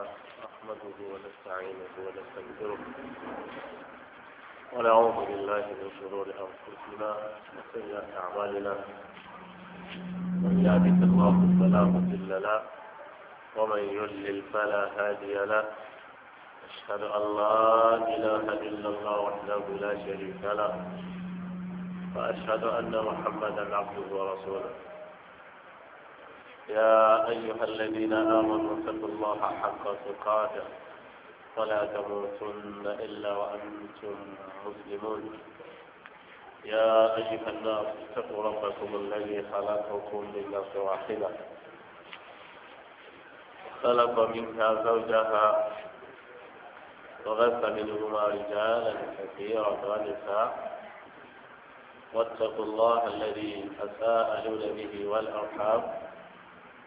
الله نحمده ونستعينه ونستغفره ونعوذ بالله من شرور انفسنا وسيئات اعمالنا من يهدك الله فلا مضل له ومن يضلل فلا هادي له اشهد ان لا اله الا الله وحده لا شريك له واشهد ان محمدا عبده ورسوله يا أيها الذين آمنوا اتقوا الله حق تقاته ولا تموتن إلا وأنتم مسلمون يا أيها الناس اتقوا ربكم الذي خلقكم من نفس واحدة خلق منها زوجها وغث منهما رجالا كثيرا ونساء واتقوا الله الذي تساءلون به والأرحام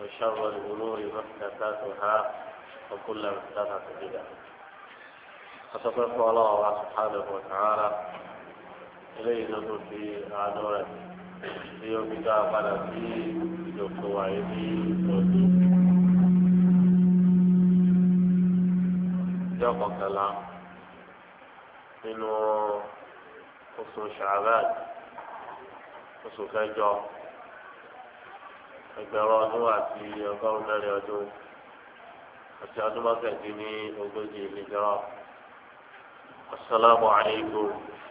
وشر الأمور محدثاتها وكل محدثة بدعة أتطرق الله سبحانه وتعالى إليه نظر في عدورة في يوم قال في يوم قواعدي جاب كلام إنه خصوص شعبات خصوص كجو ẹgbẹ̀rún ọdún àti ọgọ́rùn mẹ́rin ọdún àti ọdún mọ́kàndínní ogójì ìlẹjọrọ asalaamu alaykum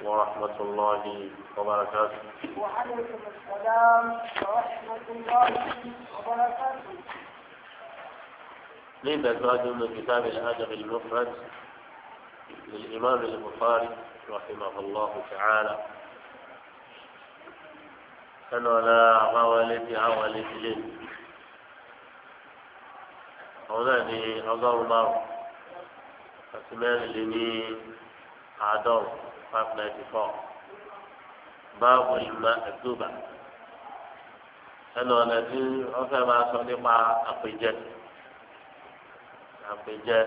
wa rahmatulahi wa barakatu. wa aleykum salaam wa rahmatulahi wa barakatu. ní ìdàgbàsókè nínú kìtàbí al-adab al-mufrad lil imam al-bukhari rahimahullahu ta'ala. ẹnu ọ̀la àbáwọlé ti àwọlé ti lé àwọn náà ní ọgọ́rùn márùn àti mẹ́rin lé ní àádọ́rùn five ninety four báwo ni ma ẹ̀dúbà ẹnu ọ̀la tí wọ́n fẹ́ máa sọ nípa àpèjẹ àpèjẹ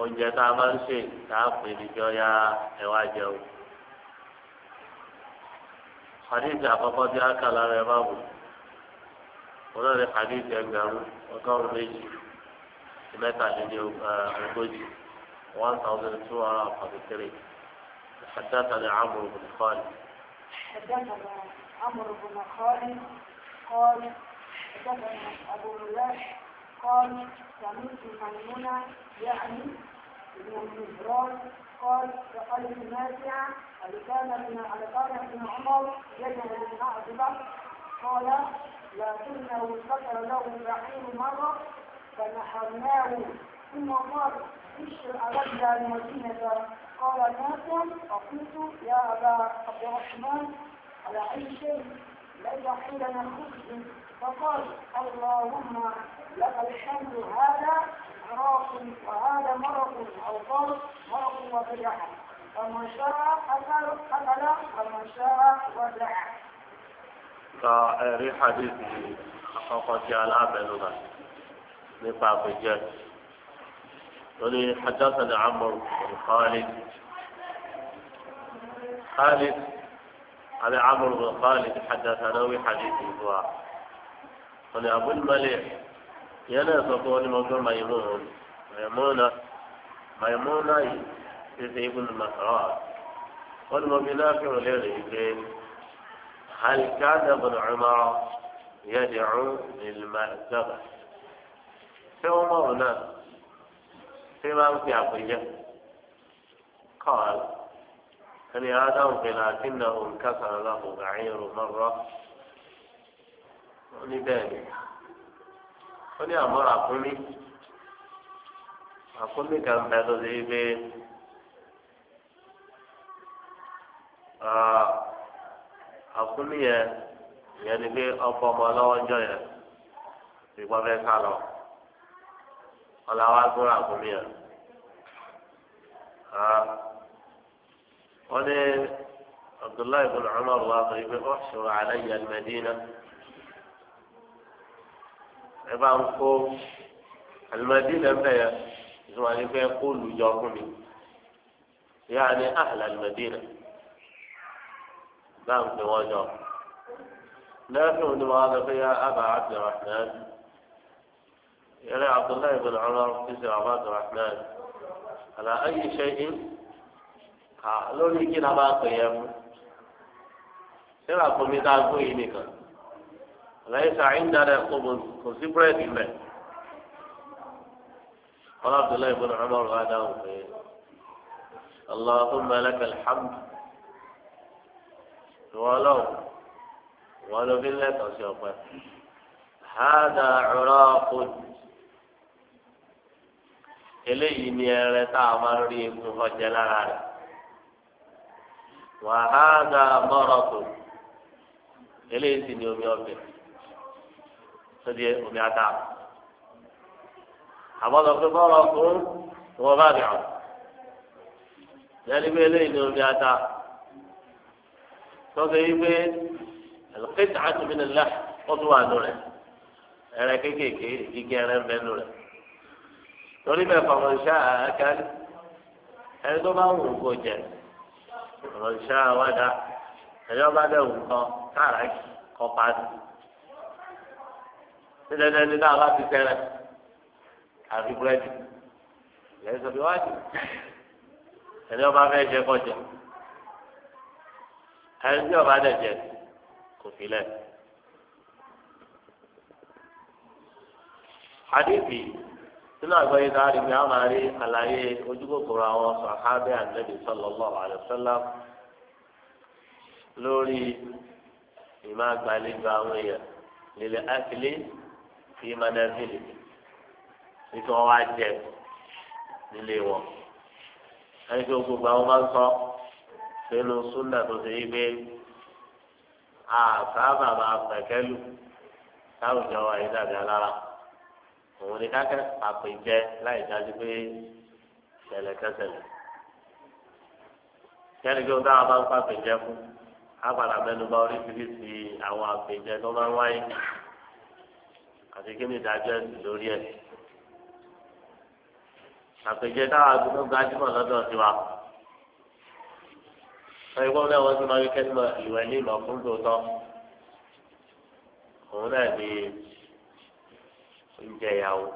oúnjẹ tá a máa ń ṣe tá a hadith àkọ́kọ́ tí a kà lára ẹ̀ máa bù wọ́n náà ní hadith ẹgbẹ̀rún ọgọ́rùn-ún méjì mẹ́tàlélẹ́ eh, ogójì one thousand two hundred and forty three حدثنا عمرو بن خالد حدثنا عمرو بن خالد قال حدثنا ابو ملاح قال سمعت ميمونه يعني بن جبران قال فقلت نافع هل كان من هل كان ابن عمر يجهل من اعظم قال لكنه ذكر له الرحيم مره فنحرناه ثم قال اشر علي المدينه قال نافع فقلت يا ابا عبد الرحمن على اي شيء ليس حين نخرج فقال اللهم لك الحمد هذا عراق وهذا مرض أو فرض مرض وبدعة فمن شاء حفل حفل ومن شاء ودع فأري حديثي أخوتي على بيننا نبقى الجد ولي حدثنا عمر بن خالد خالد على عمر بن خالد حدثنا وحديثه هو ولي أبو المليح ìyẹn náà sọ pé wọ́n ní mo gbé Maimuna Maimuna yìí ṣẹṣẹ ibùdó màkàrà wọ́n ní mo fi náà fẹ́ràn lẹ́rìí wípé alikada bọ̀dọ̀ ọmọrọ yẹ́dì ọ̀hún nílùmọ̀ ìjọba ṣé wọ́n mọ̀rún náà ṣé máa ń fi àpèjẹ kọ́ọ̀lù ẹni adáhùn fẹ́lẹ́ àti náà òǹkà sàrọ̀ láàbùgbà ẹ̀yìn rò mọ́rọ́ wọ́n ní bẹ́ẹ̀ ni. ó ní àmọ́ àkúnmí àkúnmí kan bẹ tó ṣe pé àkúnmí yẹn ìyẹn ni pé ọkọ ọmọ ọlọ́wọ́ jọ yẹn ìgbọ́n fẹ́ ká lọ ọ̀làwà gbọ́n àkúnmí yẹn wọ́n ní Abdullahi bin Umar wa ọ̀ṣọ́ àlẹ́ yẹn Medina. ẹ bá ń kó alimadi alimadina bẹ́ẹ̀ ìsúnmọ́ ní fẹ́ kó lùjọ fún mi ni yaani alimadi rẹ bá ń pè wọ́n jọ lẹ́yìn òní wọn lọ fẹ́ yá abba abdulrahman yẹlẹ abdullahi ibn umar fisi abba abdulrahman ala ayi ṣẹ́yìn ha lórí kí náà bá pè yẹ fún sílẹ̀ àkómi tá a gbóyè nìkan lẹ́yìn sàáyìn dára ẹ̀ kó bọ́ọ̀lù. kò sí búrẹ́dì mẹ́. قال عبد الله بن عمر هذا اللهم لك الحمد ولو ولو بالله تشوف هذا عراق eléyìí ni ẹrẹ tá a máa ń rí egun ọjẹ lára rẹ wàhálà mọ́rọ̀kù eléyìí sì ni omi ọbẹ̀ sódì omi ata àbọ̀dọ̀ pé bọ́ọ̀lù fún ìwọ̀n bá bìà yẹn ní bí eléyìí ní omi ata tó ṣe yí pé ẹlòkìtì àti mi nílẹ̀ ó tún wà nù rẹ̀ ẹrẹ kéékèèké igi ẹrẹ ń bẹ nù rẹ̀ torí bẹ́ẹ̀ fọmọ ìṣá àákárí ẹni tó bá wù ú kó jẹ fọmọ ìṣá àwádà ẹni tó bá dẹ̀ wù ú kọ́ káàrà kọ́ pàdé ṣe dandan ní náà láti tẹ́lẹ̀ àfi búrẹ́dì lẹ́yìn sọ pé wájú ẹni ọba fẹ́ jẹ kọjá ẹni tí ọba dẹ̀ jẹ kò fi lẹ̀. hadithi sínú àgbáyé náà rí mi á máa rí àlàyé ojúkòkòrò àwọn sàhábẹ́ ànábì sallallahu alaihi wasallam lórí ìmáàgbàlejò àwọn èèyàn lílẹ̀ ákìlẹ̀ fi manazili nítorí wọn wá jẹ nílé wọn ẹni tó gbogbo àwọn máa ń sọ pẹ̀lú súnà tó ṣe yí pé àtàbà máa pẹkẹlù táwùjọ wa yìí dàbí alára òun ni kákẹ àpèjẹ láì dájú pé ṣẹlẹ̀ kẹsẹlẹ kẹ́ni kí wọ́n táwọn máa ń pàpèjẹ fún àgbàlagbẹnubá oríṣiríṣi àwọn àpèjẹ tó máa ń wáyé àti kí ni ìdájọ́ ẹ̀sìn lórí ẹ̀. àpèjẹ táwọn àgùntàn gbajúmọ̀ lọ́dọ̀ sí wa. wọ́n yí gbọ́dọ̀ wọ́n ti máa wí kẹ́sìmọ̀ ìwẹ̀ ní ìlọ fún tòótọ́. òun náà ni oúnjẹ ìyàwó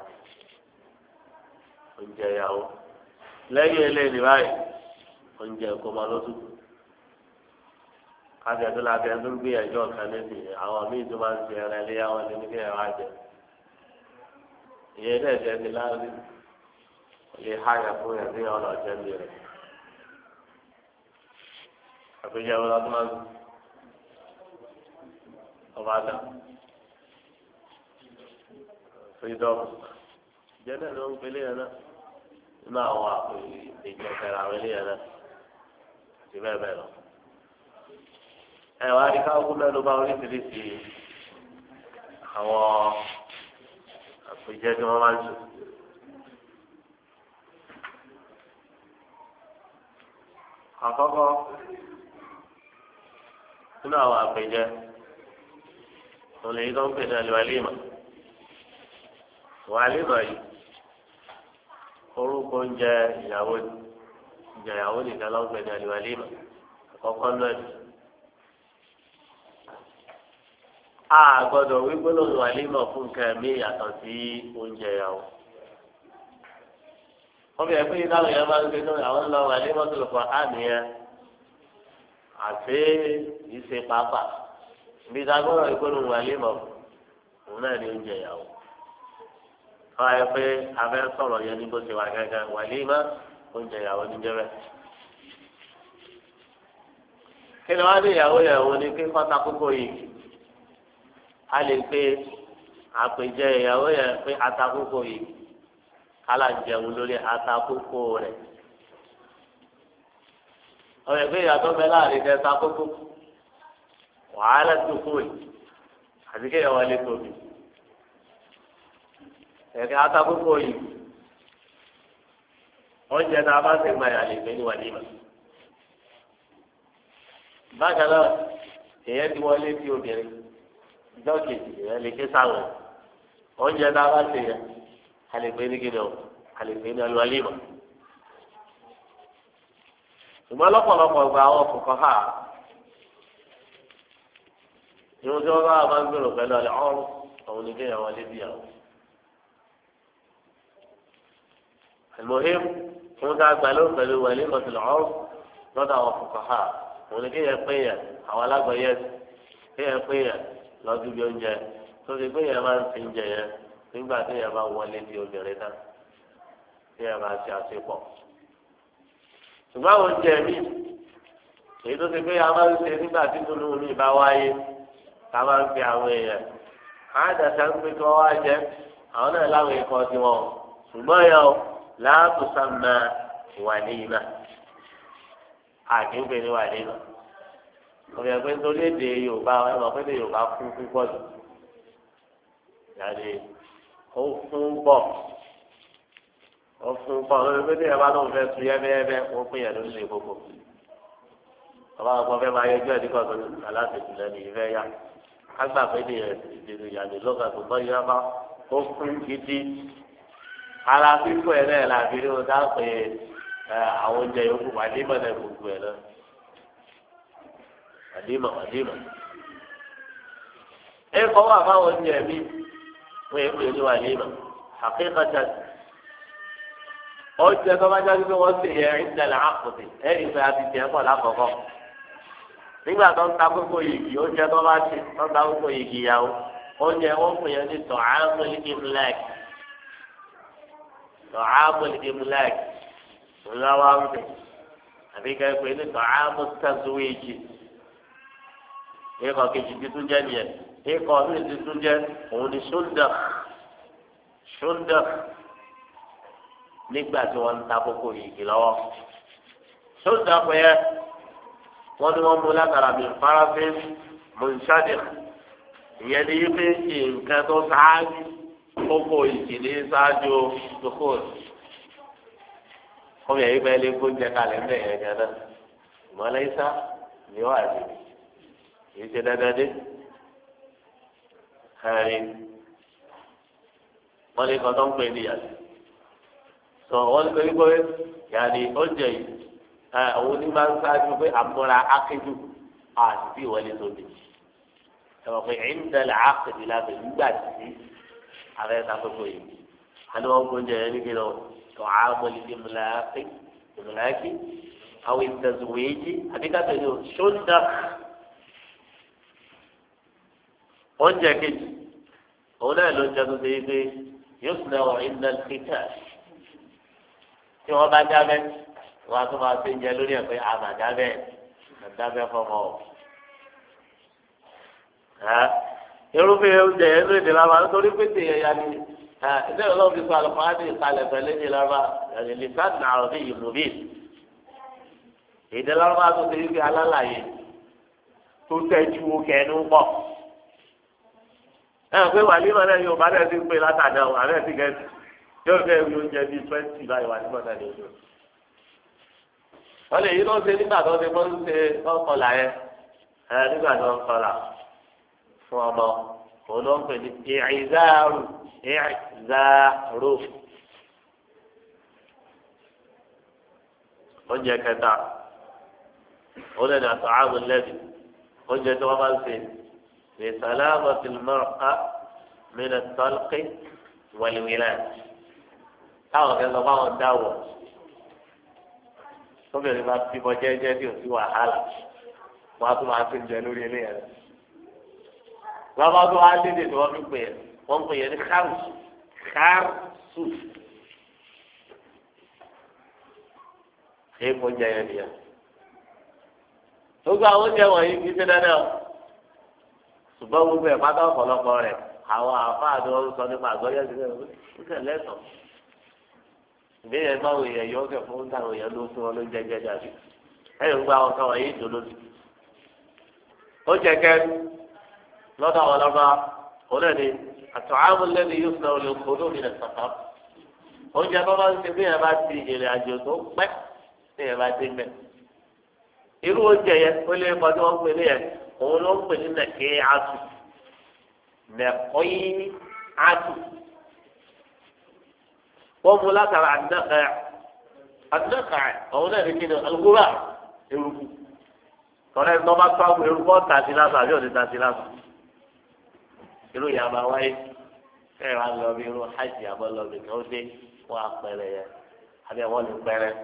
oúnjẹ ìyàwó lẹ́yìn eléyìí báyìí oúnjẹ kò máa lọ́tún kájọ tó la bẹ tó ń gbé ẹjọ́ kan níbi àwọn míì tó máa ń fi ẹran ilé àwọn ẹni kí ẹ wá jẹ ìyẹn náà jẹbi láàrin lè háyà fún yẹn ní ọ̀nà jẹbi rẹ àpèjẹ wọn lọ́dún máa ń ọba dà freedom jẹ́nà ló ń pélé yẹn náà nínú àwọn àpèjẹ ìjọsẹ̀rẹ̀ àwọn ilé yẹn náà àti bẹ́ẹ̀ bẹ́ẹ̀ lọ. ẹ wá rí káwọn kúndà ló bá oríṣiríṣi àwọn kò jẹ́ kí wọ́n máa ń sùn. àkọ́kọ́ nínú àwọn àpèjẹ òun lèyí tó ń pè náà lè wàlímà wàlímà yìí orúkọ oúnjẹ ìyàwó ìjẹyàwó nìkan ló ń pè náà lè wàlímà àkọ́kọ́ náà yìí. a gbọ́dọ̀ wí gbólóhùn wàlímọ fún nǹkan mi yàtọ̀ sí oúnjẹ yà o wọ́n fi ẹ̀fín ìdáhùn yẹn máa ń gbé náà àwọn lọ wàlímọ tó lọ fọ àmì yẹn àti ìṣe pàápàá bí ìdágbọ́dọ̀ ìgbólóhùn wàlímọ òun náà ní oúnjẹ yà o wọ́n á yẹ pé abẹ́ sọ̀rọ̀ yẹn ní bó ṣe wà gángan wàlímọ oúnjẹ yà o níjẹ́ bẹ́ẹ̀ kí ni wọ́n á ní ìyàwó yẹn òun ni kí a lè pe àpèjẹ ìyàwó yẹn pé atakókò yìí kálá jẹun lórí atakókò rẹ̀ ọ̀rẹ́ pé ìyàtọ̀ bẹ láàrin dẹ́ta kókó wàhálà tó kó yìí àti kéèyàn wọlé tóbi ẹ̀ka atakókò yìí oúnjẹ náà bá ti gbà yàrá ìgbé ní wàlímà bákan náà èèyàn ti wọlé tí obìnrin ìjọ kejì rẹ lè ké sáwọn oúnjẹ tá a bá ṣe yẹ a lè pè é ní kíni o a lè pè é ní alùpàlì mọ. ṣùgbọ́n lọ́pọ̀lọpọ̀ gba àwọn kòkó ha irun tí wọ́n bá máa ń gbèrò pẹ̀lú ọ̀lẹ́ ọ̀rùn òun ni kéèyàn wọlé bí àwọn. àlùmọ́hìm fún ká gbà ló pẹ̀lú wọlé mọ̀tìlẹ̀ ọ̀rùn lọ́dọ̀ àwọn kòkó ha òun ni kéèyàn pè àwọn alágbọ̀yẹ̀sì lọ́dún bí oúnjẹ tó ti gbé yẹn máa ń fi oúnjẹ yẹn nígbà tí yẹn máa wọlé bí obìnrin náà tí yẹn máa ṣe àṣepọ̀. ṣùgbọ́n àwọn oúnjẹ mi èyí tó ti gbé yẹn máa ń ṣe nígbà tí tó lóun mi bá wáyé ká máa ń fi àwọn èèyàn àádọ́ta ń pé kí wọ́n wá jẹ àwọn náà láwọn ikọ̀ tiwọn ṣùgbọ́n yẹn o láàtúnṣàmà ìwà níyìí náà àkíngbè ní wà níyìí náà ọ̀rẹ́ ẹgbẹ́ nítorí èdè yorùbá ẹ mọ̀ pé èdè yorùbá fún púpọ̀ yàrá ó fún bọ̀ ó fún bọ̀ lórí pé téèyàn bá lóun fẹ́ tu yẹ́bẹ́yẹ́bẹ́ wọ́n pín yẹn lórí ìkókò ọba àgbọn fẹ́ máa yẹjọ́ ẹ̀dínkù ọ̀sán aláṣẹ̀kù lẹ́nu ìfẹ́ yá kágbà pé èdè ìdènà yàrá lọ́gà tó bọ́ yẹn bá ó fún gidi ara fífọ́ ẹ̀ náà làbí ní o dáhùn pé àwọn oúnjẹ yòókù wà ní wàdìmọ̀ wàdìmọ̀. ẹ kọ́ wà fáwọn oúnjẹ mi wọ́n yẹ kó ní wàdìmọ̀ àkíkọ̀tà ọjọ́ tó bá jáde pé wọ́n sì yẹ ìdàlẹ̀ àkùtì ẹ̀ ìfẹ́ àti tiẹ̀ pọ̀ lákọ̀ọ́kọ́ nígbà tó ń ta kókó yìgì oúnjẹ tó bá ti tó ń ta kókó yìgì yàwó oúnjẹ wọn fún yẹn ní tọ̀hámùlì ìmùlẹ́kì tọ̀hámùlì ìmùlẹ́kì ńlá wa ikọ̀ kejì ti tún jẹ́ nìyẹn ikọ̀ mi ti jẹ́ òun ni ṣúndà ṣúndà nígbà tí wọ́n ń ta kókó yìí lọ́wọ́ ṣúndà pé wọ́n ní wọ́n mú látara mi farafin mùsàdì ìyẹn ní pé nǹkan tó ṣáájú kókó yìí ní ṣáájú kókó ọmọ yẹn yìí bẹ́ẹ̀ lé gbóúnjẹ kalẹ̀ ń bẹ̀ yẹn ìmọ̀lẹ́sà ni ó wà èyí ṣe dáadáa dé ẹ̀rí wọ́n lè kọ́ tó ń pè ní yàtí sọ wọ́n lè pè ní pé yàtí ó jẹ yìí àwọn onímọ̀ ń sáájú pé àmúra akéjù àti bí ìwọlé tó dé ẹ̀rọ pé ẹ̀yìn tẹ̀lé akéjù lábẹ́ nígbà tí ààrẹ sàkóso yìí àti wọn kò jẹ ẹni kí lọ tó àmọ́lé ìmúláàkì ìmúláàkì àwọn ìtẹ̀sùwéjì àbíkàtà yóò ṣó ń dàkú oúnjẹ kejì òun náà ló ń jẹ tó ṣe pé yóò sì lẹwọ iná títà tí wọn bá dábẹ wọn a tún máa ṣe ń jẹ lórí ẹ pé àmà dábẹ àdábẹ fọmọ o. irúfẹ́ oúnjẹ yẹn ló dé lára nítorí pé tèèyàn ya ni ilé ọlọ́run fi sọ àlùfáàdì ìsàlẹ̀ pẹ̀lú ní lára ẹ̀lẹ́sàn náà ọ̀dẹ ìmùbí ìdẹ́lára tó ṣe wípé alálàyé tó tẹ́jú kẹ́nu ẹ pé wàlímọ̀ náà yóò bá náà ti pè látàdá o àbẹ́ ti gẹ̀ẹ́sì yóò fẹ́ rí oúnjẹ bíi twenty láì wàlímọ̀ náà lè lò. wọ́n lè yí ló ń ṣe nígbà tó ṣe mọ́ ń ṣe ọkọlà yẹn ẹ nígbà tó ń kọlà fún ọmọ òun ló ń pè ní ìrìnzáàrù ìrìnzáàrù. oúnjẹ kẹta òun lè àtọ̀ ààbò lẹ́bi oúnjẹ tí wọ́n máa ń ṣe. لسلامة المرأة من الطلق والولاد أو كذا ما داوة tóbi ẹni bá fi bọ jẹ́jẹ́ tí o sí wàhálà wọn á tún máa fi jẹ lórí ilé yẹn wọn bá tún wá lédè tí wọn fi pè é wọn pè é ní kárùsù kárùsù èèpo jẹ yẹn nìyẹn gbogbo àwọn oúnjẹ wọ̀nyí kì í ṣe dandan o ṣùgbọ́n gbogbo ẹ̀ pátá ọ̀pọ̀lọpọ̀ rẹ̀ àwọn àáfàá ni sọ nípa àgọ́yẹ́ sílẹ̀ ó kẹ̀ lẹ́tọ̀ ìbéèrè báwo èèyàn yọ ọkẹ fún táwọn èèyàn ló fún wọn ló jẹjẹ dàbí ẹyọ gba àwọn kan wọ̀nyí tó lóbi ó jẹ kẹ lọ́dọ̀ àwọn ọlọ́ba òun ẹni àtọ̀hámù lẹ́nu yóò fún ọlọ́ kóró mi lẹ́sọ̀ kan ó lé òun ló ń pè ní nàkẹ́ àtù nàkọ́ yìí àtù wọ́n mú látara àdínàkà àdínàkà òun náà ní kíni alukóra eruku tọ́lá ẹni tó bá tó àwọn eruku ọ̀tà sí lásán àbí ọ̀dẹ tà sí lásán irú yà máa wáyé fẹ́ẹ̀ wá lọ bí irú hajj àbọ̀ lọ bí kan ó dé wọ́n á yẹn àbí àwọn lè pẹ̀rẹ̀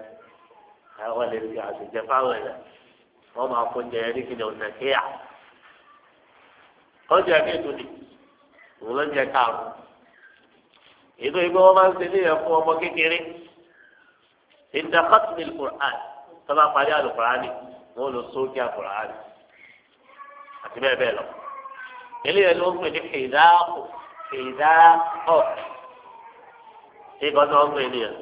àwọn lè fi àtẹ̀jẹ̀ fáwọn ẹ̀ wọ́n máa kó jẹ́ ẹni kíni ọ̀nà kéèyà. ọjà ní ìtòdì òun ló ń jẹ káàrún ètò ìgbẹ́ wọn máa ń ṣe níyẹn fún ọmọ kékeré ìdàkọ́tìmí alukur'an tó parí alukur'an wọn ò lọ sókè alukur'an àti bẹ́ẹ̀ bẹ́ẹ̀ lọ eléyẹn ló ń pè ní ìdáàkù ìdáàkọ̀ ìkọ́tọ̀ ń pè níyẹn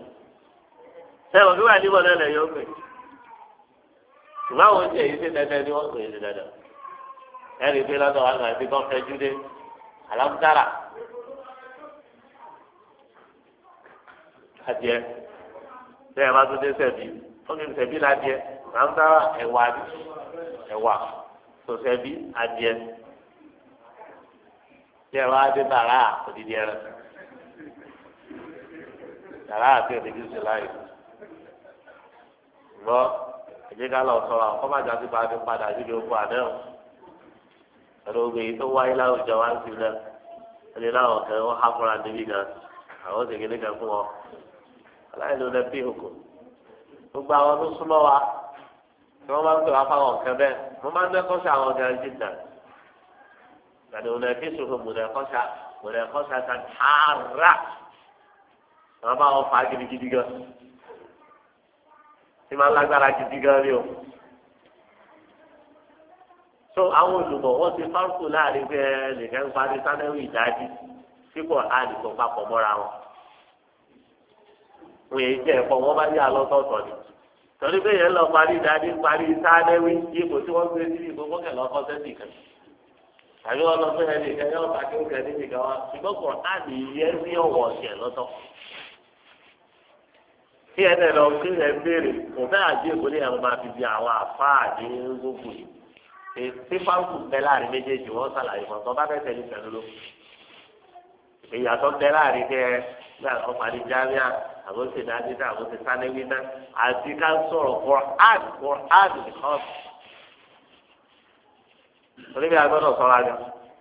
sẹ́wọ̀n bí wàá níbọ̀ náà lẹ̀ yóò pè ṣùgbọ́n àwọn oúnjẹ yìí ṣe dandan ni wọ́n pè é ṣe dandan. ẹ̀rí pé lọ́dọ̀ wa lọ́dọ̀ ibi kan fẹjú dé alámúdára adìẹ tẹ ẹ bá tún dé sẹbi wọn kì í sẹbi ládìẹ alámúdára ẹwà ẹwà tó sẹbi adìẹ tẹ ẹ bá dé bàrà òdìdí ẹrẹ bàrà àti òdìdí ṣe láàyè gbọ́ ẹ̀jẹ̀ ká sọ̀rọ̀ àwọn kọ́májà ti bá padà síbi oko àdéhùn ẹ̀rọ obìnrin tó wáyé láwùjọ wá sí lẹ ẹni láwọn kan wọ́n há fúnra níbí gan àwọn sì kéde kan fún wọn aláìní ló lẹ bí òkò gbogbo àwọn tó súnmọ́ wa tí wọ́n bá ń pè wá fáwọn nǹkan bẹ́ẹ̀ mo máa ń dẹ́kọ́ sí àwọn ọ̀gá jìnnà gbàdé òun ẹ̀fí sòfò mùnẹ̀kọ́sà mùnẹ̀kọ́sà ta tààrà wọ́n bá wọn fà á gidigidi gan tí máa lágbára gidigan ni o. Oh tó àwọn olùkọ́ wọ́n ti fárúkù láàrin pé nìkan ń parí sánéwì ìdájí tí kò àdìgbò papọ̀ mọ́ra wọn. wọ́n yẹ jẹ́ ẹ̀kọ́ wọ́n bá ní alọ́tọ̀ọ̀tọ̀ ni torí pé yẹn lọ parí ìdájí parí sánéwì ipò tí wọ́n gbé sí ìgbó kọ́kẹ́ lọ́kọ́ sẹ́sì kan. àbí wọn lọ fẹ́rẹ̀ nìkan yóò bá kéwòkẹ́ níbi kan wá ṣùgbọ́n kò àdì yẹ ní ọ̀wọ̀ ọ̀sẹ̀ lọ́tọ̀. kí ẹ fífáwù bẹ láàrin méjèèjì wọn sàlàyé wọn tó bá fẹ́ tẹ̀lé pẹ̀lú ló ìyàtọ̀ bẹ láàrin kẹ gbà ọmọ àti jamiu àbòsí dáadé náà àbòsí sanẹwì náà àti ká sọ̀rọ̀ Quran Quran nìkan oníbi agbọ́dọ̀ sọ̀rọ̀ àjọ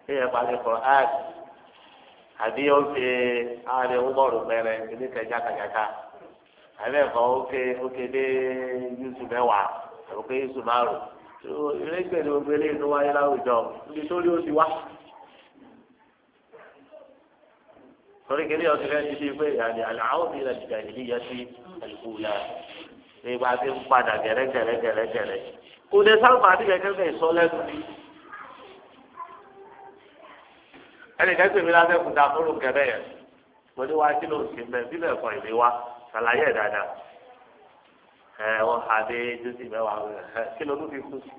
kí ẹ parí Quran àbí ó ṣe àárẹ̀ ọmọọ̀rọ̀ mẹ́rẹ̀ oníkẹjà kàkàkà àbẹ́ ẹ̀kọ́ ó ké ó ké dé yusuf mẹ́wàá àbúkẹ́ yusuf márùn tó ìrẹ́gbẹ̀ ni gbogbo eléyìí tó wáyé láwùjọ níbi tó ó ti wá. torí kí ni ọtí fẹ́ ti di pé ìyàní àlàáhùn mi lẹ́nu ìgbà yìí yẹ sí ẹ̀kú la ṣé ìgbà tí ń padà gẹ̀rẹ́gẹ̀rẹ́gẹ̀rẹ́ kò dé sábà ní kẹ́kẹ́ bẹ́ẹ̀ sọ lẹ́nu ni. ẹnì kẹ́kẹ́ mi lásẹ̀kùn ta fúrùkẹ́ bẹ́ẹ̀ mo ní wá kí ló ń ṣe mẹ́ bíbẹ̀ kan ìlé wa ṣàlàyé dáadáa ẹ wọn àdé jósì mẹ́wàá rẹ kí ló ló fi kú sí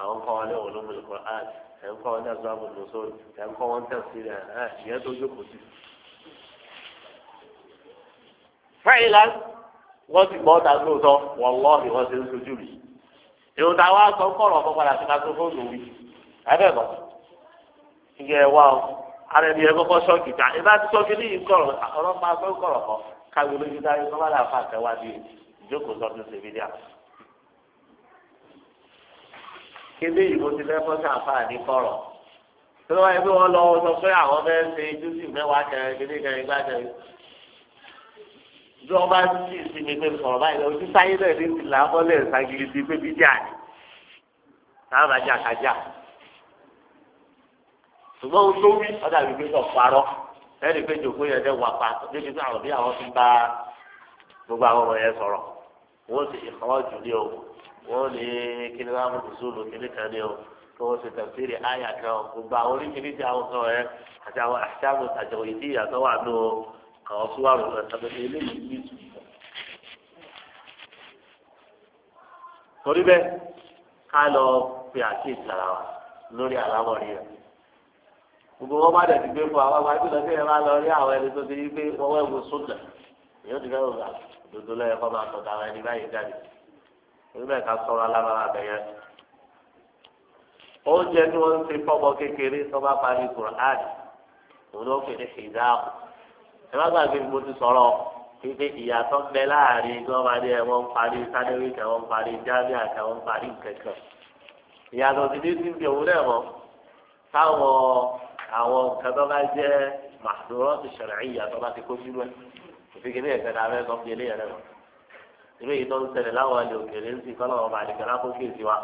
àwọn kọ́ wọn ní olómìnira kọ́ ẹ ẹ ń kọ́ wọn ní azamu lọ́sọ̀rọ̀ ẹ ń kọ́ wọn tẹ̀ sí rẹ ìyẹn tó jókòó sí. fẹ́ẹ̀lá wọ́n ti gbọ́ ta lóòótọ́ wọ́n lọ́ọ̀hì wọ́n ti ń sojú rí èrò táwa sọ kọ́rọ̀ ọ̀fọ́ padà sí kátó fóònù wí ẹ̀ẹ́dẹ̀gbọ́n ìyẹn wá ara ẹni ẹ kọ́kọ́ ṣọ́ọ̀kì ká ẹ bá ti ṣọ́ọ̀kì ní ìkọ̀rọ̀ ọlọ́pàá fẹ́ kọ́ káwé lójú dáyé kọ́ bá là fà ìjókòó sọ́dún ṣe fi kéde ìbò ti fẹ́ fọ́ sàǹfààní kọ̀rọ̀ tó wáyé pé wọ́n lọ sọ pé àwọn fẹ́ ṣe júùsì mẹ́wàá kẹrin kéde kẹrin gbá kẹrin. bí wọ́n bá sì sinmi pé sọ̀rọ̀ báyìí lọ ojú sáyé náà ní ti làbọ́lẹ̀ ṣàgìrì bíi pé bíjà ni táwọn jà kájà. ṣùgbọ́n ohun wí ọ̀dà bíi sọ̀ parọ́. ẹnì pé jòkó yẹn dẹ́ wà pa débi àwọn bí àwọn fi gbogbo àwọn ọmọ yẹn sọ̀rọ̀ wọ́n sì ìkọ́wọ́ jù o wọ́n lè ni wọ́n á mú kan ni o kí wọ́n sì tẹ̀síìrì àyà gbogbo àwọn oríṣiríṣi àwọn yẹn àti gbogbo wọn bá dẹ̀bi gbé fún àwọn àgbà tí lọ́sẹ̀ yẹn máa lọ rí àwọn ẹni tó ti yí pé wọ́n wẹ̀ wò sódà èyí ti fẹ́ wò gà dodo lọ́yẹ kọ́ máa tọ̀tà àwọn ẹni báyìí jáde èyí bẹ́ẹ̀ ká sọ̀rọ̀ alábàárà bẹ̀ yẹn. oúnjẹ tí wọ́n ń fi fọ́mọ kékeré tó bá parí kùránì òun ló fi ní ìdáàbò ẹ má gbàgbé mo ti sọ̀rọ̀ pípé ìyàtọ̀ ń bẹ láàrin gọ́ọ̀mádé ẹ̀ wọ́n ń parí sádẹ́wìkì ẹ̀ wọ́n ń parí jámíà ẹ̀ wọ́n ń parí nkẹ̀kẹ̀ ìyàtọ̀ ti dé sí ibi òun náà mọ́ táwọn àwọn nǹkan tó bá jẹ́ màdúrọ́ ti ṣẹlẹ̀ ìyá tó bá ti kó sínú ẹ̀ òfin kìíní ẹ̀sẹ̀ náà mẹ́sàn án gbélé yẹn lẹ́wọ̀n irú èyí tó ń ṣẹlẹ̀ láwọn àlè òkèlè ń sì kọ́ lọ́wọ́ máa nìkan lápò kéèsì wa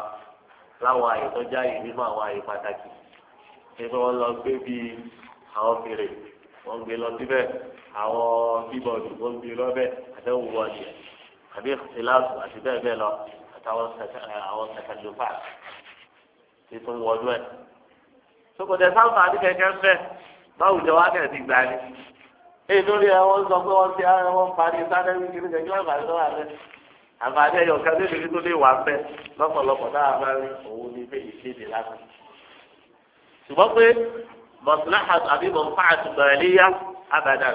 láwọn àyè tó já yìí nínú àwọn àyè pàtàkì ṣé kí wọ́n lọ gbé bí àwọn fèrè wọ́n gbé lọ síbẹ̀ àwọn bíbọ̀dù wọ́n gbé lọ́bẹ̀ àtẹ̀wò wọ̀nyí àbí ìlàsù àti bẹ́ẹ̀ bẹ́ẹ̀ lọ àtàwọn àwọn sẹ̀kẹ̀lùfà títún wọ́dún ẹ̀ sọkòtẹ sáfà ní kẹ̀kẹ́ ń bẹ jẹ wá kẹ̀sì gbà ni. èyí lórí ẹ wọ́n sọ pé wọ́n ti ara wọn parí sáré wíkì ní kẹ̀kẹ́ àgbà tó wà bẹ́ẹ̀. àǹfààní ẹ̀yọ̀ kan níbi tó lè wà bẹ́ẹ̀ lọ́pọ̀lọpọ̀ náà bá rí òun ní bẹ́ẹ̀ ìṣèlè lásán. ṣùgbọ́n pé mọ̀síláhà àbí mọ̀fáàtù bẹ̀rẹ̀líyá àbàdà.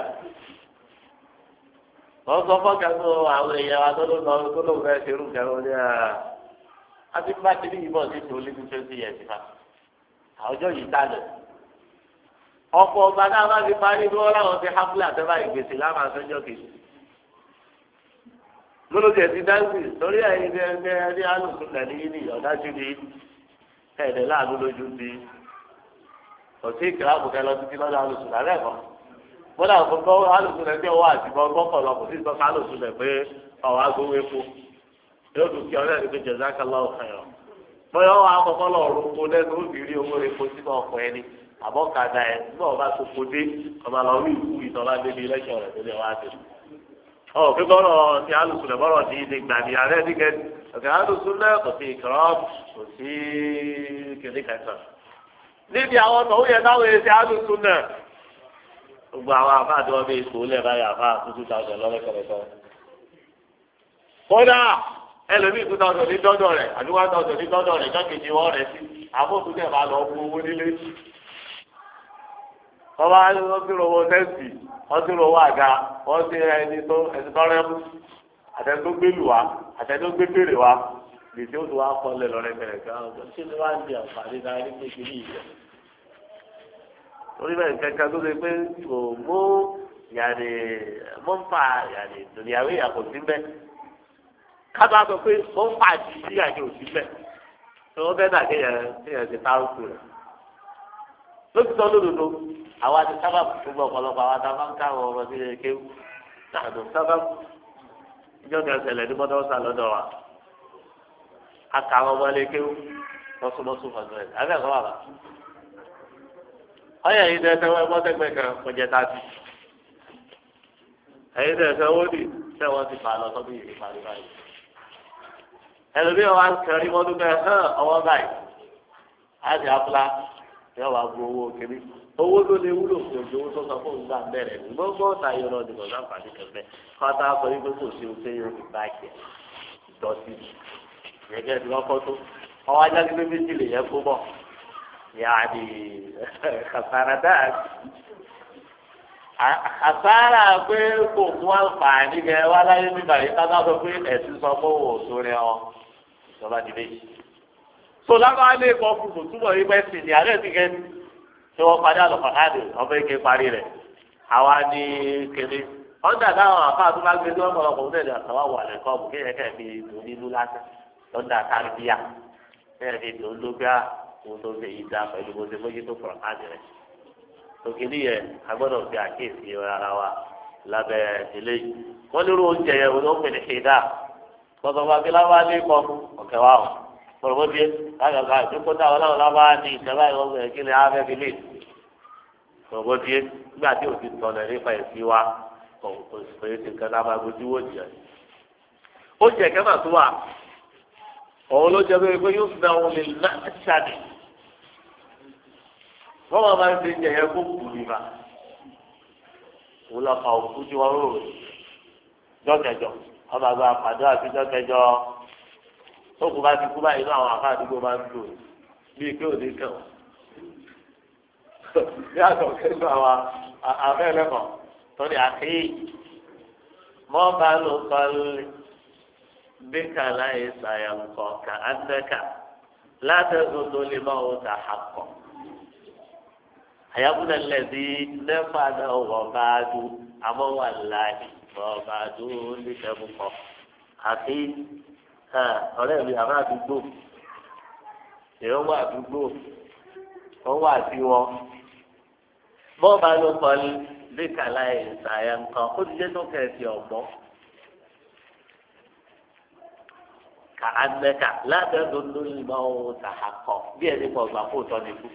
wọ́n sọ fọ́ọ̀kẹ́ fún àwọn èèyàn wa tó ló lọ tó ló fẹ́ ṣerú kẹrin ní ah, àwùjọ yìí dá lọ ọ̀pọ̀ ọba náà bá fi parí bí wọ́n láwọn ti hábúlà tẹ́lá ìgbésẹ̀ láwọn àtọ́jọ́ kejì lọ́lọ́dì ẹ̀ ti dáńsì lórí ẹ̀yin ní ẹgbẹ́ ẹni alùpùpù nàní yìí ni ọ̀dájú ni ẹ̀ẹ́dẹ̀ láàánú lójú ni òsì ìkìláàbù kẹ lọ títí lọ́dọ̀ alùpùpù àti kò sí pé epo yóò kí bóyá wọn akọkọ lọ roko lẹnu obìnrin owó epo sínú ọkọ ẹni àbọkàdá ẹ nígbà wọn bá sọkò dé ọba lọ rí ìkú ìtọ́lá débi lẹ́sẹ̀ rẹ̀ délé wá dé. ọ pé bọ́rọ̀ ti alùsùn lẹ bọ́rọ̀ ti ìdè gbàdì ààrẹ nígẹ̀ ọ̀kẹ́ alùsùn náà kò sí ìkọ́rọ́ kò sí kìnní kẹsàn. níbi àwọn ọ̀tọ̀ ó yẹ táwọn èsì alùsùn náà gbogbo àwọn àfáàdé wọn bí ìṣòwò lẹ̀ báyà ẹlòmíì tó tọ̀dọ̀ ní dọ́dọ̀ rẹ̀ àdúgbò tọ̀dọ̀ ní dọ́dọ̀ rẹ̀ jọ́kejì wọ́n rẹ̀ sí àbóòtú tẹ̀ máa lọ fún owó nílé. ọba ọdúnrún sẹ́ǹtì ọdúnrún àga wọ́n ti ẹni tó ẹni tó rẹ́ mú àtẹnugbélu wa àtẹnugbébèrè wa gbèsè ó ti wá kọ́ lẹ̀ lọ́rẹ́ bẹ̀rẹ̀ gan ọ̀gbọ́n ṣé ni wàá di àǹfààní náà ní kékeré yìí torí bẹ́ẹ̀ kátó àtọ pé ó ń pàdé sí àjẹ òsì bẹ tó bẹ náà kéèyàn kéèyàn ti táró kù rẹ lókítọ lódodo àwa ti sábà gbogbo ọ̀pọ̀lọpọ̀ àwa ta máa káwọn ọmọ sí eke náà ló sábà ìjọ kan ṣẹlẹ̀ ní mọdọ sá lọ́dọ̀ wa akáwọn ọmọ leke lọsọlọsọ fàtọ ẹ abẹ kọ bàbá ọyẹ yìí dẹsẹ wọn ẹgbọn tẹgbẹ kan kọjá tá a ti ẹyìn dẹsẹ wọn ni sẹwọn ti fà lọ sọdún yìí báyìí ẹlòmíì wa ń kẹrin mọ́tò bẹ́ẹ̀ hàn ọwọ́ báyìí àti abúlá yóò wá bu owó kiri owó tó lè wúlò fún ojú owó tó sọ fún òun gbà bẹ̀rẹ̀ ní gbogbo ọ̀tá yóò lọ dìbò láǹfààní kẹfẹ́ kọ́tà sọ wípé kò sí oṣù yóò fi bá jẹ ìdọ̀tí gẹ́gẹ́ bí wọ́n kọ́ tó ọwọ́ ajá gbé méjì lè yẹ kó bọ̀ yàrá kàfàrà dáa àsárà pé kò fún àǹfààní gẹ wá láyé nígbà yìí ká sọ pé ẹ̀sìn sọ pé òun ò ọ lọ́ba di méjì. so lábàá ilé ẹ̀kọ́ fún kò túbọ̀ yí pẹ́ sí ni àárẹ̀ ti kẹ́ ṣé wọ́n parí àlọ́kọ̀ láàdì ọbẹ̀ ike parí rẹ̀ àwa ni kéré ọ̀dà táwọn àfa tó bá gbé tó ọmọ ọkọ̀ ọ̀dẹ̀ àtàwọn wà lẹ́kọ́ ọ̀bù kí ẹ̀kẹ́ fi dùn nínú lásán lọ́dà tàbíyà ẹ̀rẹ́ fi dùn lóbíà ohun tó ṣe yìí dá pẹ̀lú bó ṣe mójú tó kọ̀ọ̀ láti rẹ̀ òkèlè yẹn agbọ́dọ̀ fi àkíyèsí ara wa lábẹ́ eléyìí wọ́n lérò oúnjẹ yẹn wọ́n ó pè ní ṣèdá tọ́sọ̀fà kí lábá ní kọ́ ọ̀kẹ́ wa o pọ̀lọ́pọ̀ bíi káàkiri àdúgbò táwọn náà lábá ní ìjọba ìwọ̀n gbẹ̀rẹ̀ kí ni afẹ́ fi lè pọ̀lọ́pọ̀ bíi nígbà tí òfin tọ̀lẹ̀ nípa ìfi wa òṣèré ti kan lábá gbójú wò jìyà. ó jẹ kẹfà tó wà òun ló jẹ pé yóò fi àwọn olè náà ṣàdé wọ́n máa máa ń fi jẹ̀yẹ kó kù nípa òun lọ́ka òkú tí wọ́n rò jọ́kẹ̀jọ́ ọba gba àpàdé àfijọ́ kẹjọ tókù bá ti kú báyìí náà àwọn afá àdúgbò máa ń lò bíi pé òde kàn wọ́n bí àtọ̀ kẹjọ àwọn afẹ́lẹ́kọ̀ tọ́lẹ̀ àké mọ́ bá lò kọ́lé bíkà láyé sàyàǹkọ̀ kà á tẹ́kà látẹ̀sùn tó lè máa wọ́n ta àkọ́ àyàbùdà lẹ́sí lẹ́fà náà wọ̀ bá a dùn àmọ́ wà láàyè ọba àdúró oníṣègùn kan àti ọ̀rẹ́ mi àbá àdúgbò èrò wà àdúgbò wọ́n wà sí wọn bọ́ọ̀bù alókọ̀ léka láì ṣàyà nǹkan ó ti jẹ́ tó kẹ̀sì ọ̀gbọ́n. ka anẹ́ka lábẹ́ lóńdó ìgbà ọ̀hún tàhàkọ́ bí ẹni kọ̀ gbà kó tọ́ ni kú.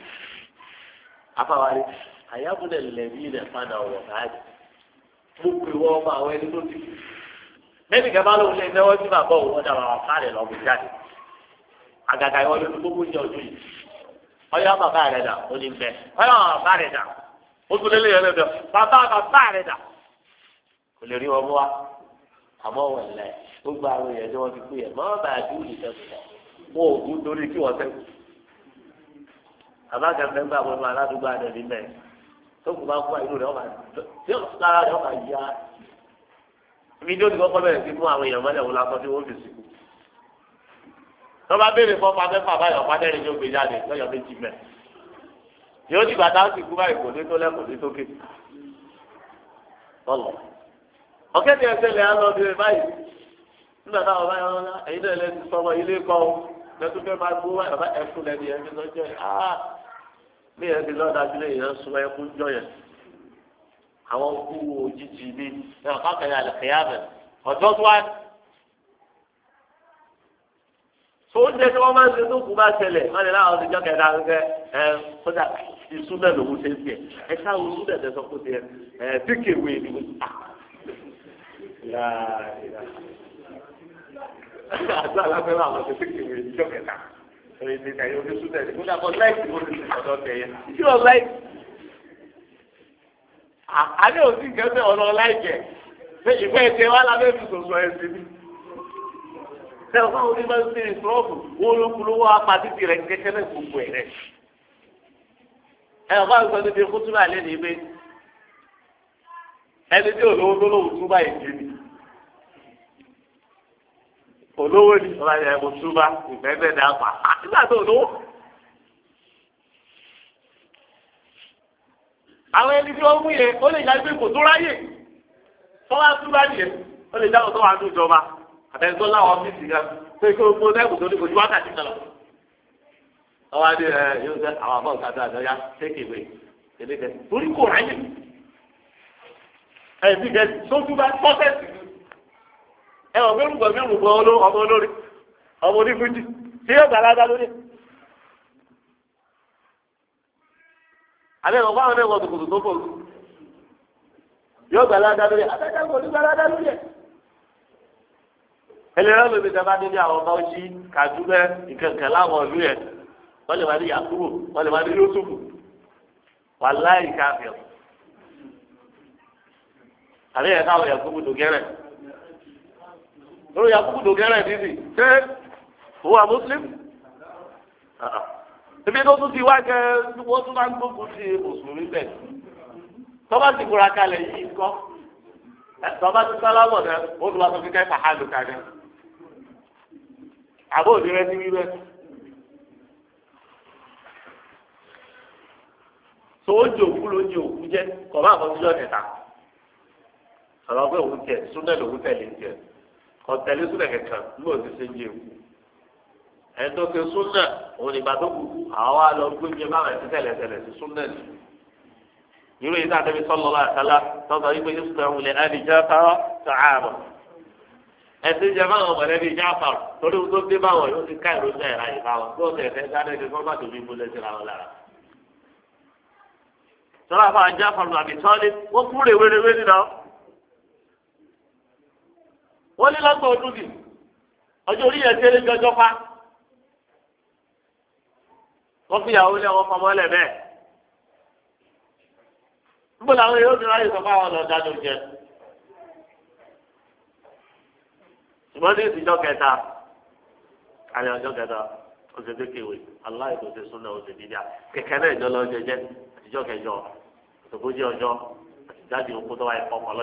afáwárí àyàbùdẹ̀ lẹ́bí rẹ̀ padà wọ̀ láàyè mo pè wọ ọmọ àwọn ẹni tó ti kú lẹ́nu ìgbà bá lóun lè náwó sí bàbá òun ọjà bàbá fáàlẹ̀ lọ́ọ́ gbé jáde àgàgà ìwọ lórí gbogbo ìjọ ọdún yìí ọyọ bàbá rẹ dà ó ní bẹ ọyọ bàbá rẹ dà ó tún lé lẹ́yìn lọ́dọ̀ bàbá bàbá rẹ dà kò lè rí wọn mú wa àmọ́ wọn lẹ gbogbo àwọn èèyàn tí wọ́n ti pè é mọ́ bàbá àdúgbò yìí sẹ́kù wọn ò kú torí kí wọ́n sẹ́kù bàbá kan fẹ́ gbà wọn aládùúgbò àdàbí mẹ́rin tó kù bá kú àìlú rẹ̀ ọ̀bà tí ó lára rẹ̀ ọ̀bà yá mi ní oṣù kọ́kọ́ bẹ̀rẹ̀ sí mú àwọn èèyàn mọ́lẹ̀ wọn lásán tí wọ́n fi sìnkú tọ́ba béèrè fún ọba mẹ́fà báyọ̀ pátẹ́rì ní ògbé jáde lọ́yọ̀ méjì mẹ́ yóò ti gbàdá sí kú báyìí kò ní tó lẹ́kọ̀ọ́ ní tó ké tọ́lọ̀ ọ̀kẹ́ni ẹsẹ̀ lẹ́yìn lọ bí báyìí nígbà táwọn báyìí bí yẹn ti lọ́ọ́ dájú lé yẹn sọ ẹkún jọ yẹn àwọn kú òjijì mi ẹ̀ ọ̀ká kẹ̀yà lè tó wá. tó ń wọ́n máa ń ṣe tó kù bá ṣẹlẹ̀ wọ́n lè láwọn ọdún jọ́kẹ̀dá ẹ̀ ẹ̀ kódà ìṣú náà lòún ṣe ń tiẹ̀ ẹ̀ káwọn oṣù tẹ̀tẹ̀ sọ fún tiẹ̀ ẹ̀ díkèwé ni mo ta. àti aláfẹ́ máa wọ́n ṣe díkèwé jọ́kẹ̀dá torí ti kàyé omi sútẹ̀ ní kódà kọ́ láìsí mo ti sọ̀dọ̀ tẹ̀yẹ o láìsí. àní òsì kẹsẹ̀ ọ̀nà ọláìjẹ ṣé ìfẹ́ ẹ̀kẹ́ wa lábẹ́ fi sòsò ẹ̀sìn mi. ṣé o fáwọn onímọ̀ sí ìṣòro wọn olókùnrin wọn apàdé tirẹ̀ kẹ́kẹ́ náà gbogbo ẹ̀ rẹ̀. ẹ ọ̀fà sọ níbi kútúrà lẹ́nu ibẹ̀ ẹni tí olówó tó lówó túbà ìdí olówó ni ọba yẹ kó túbà ìfẹ́ bẹ́ẹ̀ dá pa nígbà tó olówó. àwọn ẹni tí wọ́n mú yẹ ó lè yára kò tó ráyè tọ́lá túbà nìyẹn ó lè dáhùn tó wà ní ìjọba àtẹnudọ́ láwọn ọ́fíìsì kan pé kí o gbọ́ lẹ́kùn tó ní kò ju wákàtí kan lọ. ọba adé ẹ yóò jẹ àwọn abọ́ nǹkan tó àjọyá tékèwé kéde kẹ torí kò ráyè. ẹ̀ bí kẹ tó túbà pọ́sẹ̀sì ẹ wọ mẹrùngbọ mẹrùngbọ ọmọ olórí ọmọ onífújì tí yóò gbà ládá lórí. àbẹ ìwọ̀n fáwọn náà wọ tòkòtò tó fò yóò gbà ládá lórí àtàkà kò ní gbà ládá lórí ẹ. ẹlẹ́rọ lóbi tẹ́ bá dé ní àwọn ọmọ ọjí kàdúgbẹ́ ìkẹ̀kẹ̀ láwọn ọ̀lú yẹn wọ́n lè wá ní Yakubu wọ́n lè wá ní Yusufu wàláì káfíọ̀ àbí ẹ̀ka àwọn Yakubu tó gẹ́rẹ̀ lórí akókò tó gẹ́rẹ́ dídì ṣé òwò à muslim ebi tó tún ti wá gẹ wọ́n tún máa ń gbógun ti mùsùlùmí bẹ̀ tọ́ba ti kura kalẹ̀ yìí kọ́ tọ́ba ti sálámọ̀ dẹ ó tún wá sọ fún kẹfà hàn lùkà dẹ àbó òdi rẹ ti wí bẹ. tó jẹ òkú ló jẹ òkú jẹ kọ̀ máa fọ́ ọ̀rọ̀ pé òun tẹ̀ súnlẹ̀ lòun tẹ̀lé ń tẹ̀ ọ̀tẹ̀lẹ̀ súnà kẹ̀kẹ́ ló ti ṣe yé ewu ẹ̀tọ́ kẹ súnà òun ìgbà tó kù àwa lọ gbé mi máa ti tẹ̀lẹ̀ tẹ̀lẹ̀ sí súnà ni irú yìí sáà tẹ́bi sọ́lọ́ àtàlá tọ́sọ̀ yìí pé yóò sọ ẹ̀hún lẹ̀ ẹni jẹ́ sáà sọ ààbọ̀ ẹ̀sìn jẹ́ báwọn mọ̀lẹ́bí jẹ́ àpà torí wọn tó dé báwọn yóò ti ká ìró náà ráyè báwọn tó ọ̀sẹ̀ ẹ̀fẹ́ sáré ní fọ́nmá tó fi múlẹ̀ sí làwọn wọ́n kúrè wérewé nínú wọ́n ní lọ́gbọ̀n ọdún bì ọjọ́ orí yẹn kéré jọjọ́ pa wọ́n fi ìyàwó lé wọn fọmọ́ lẹ̀ bẹ́ẹ̀ níbo làwọn yóò dúró ayé àwọn ọ̀dà ló jẹ ṣùgbọ́n ní ìsìnjọ́ kẹta àlẹ́ ọjọ́ kẹta kékeré aláì ṣe súnà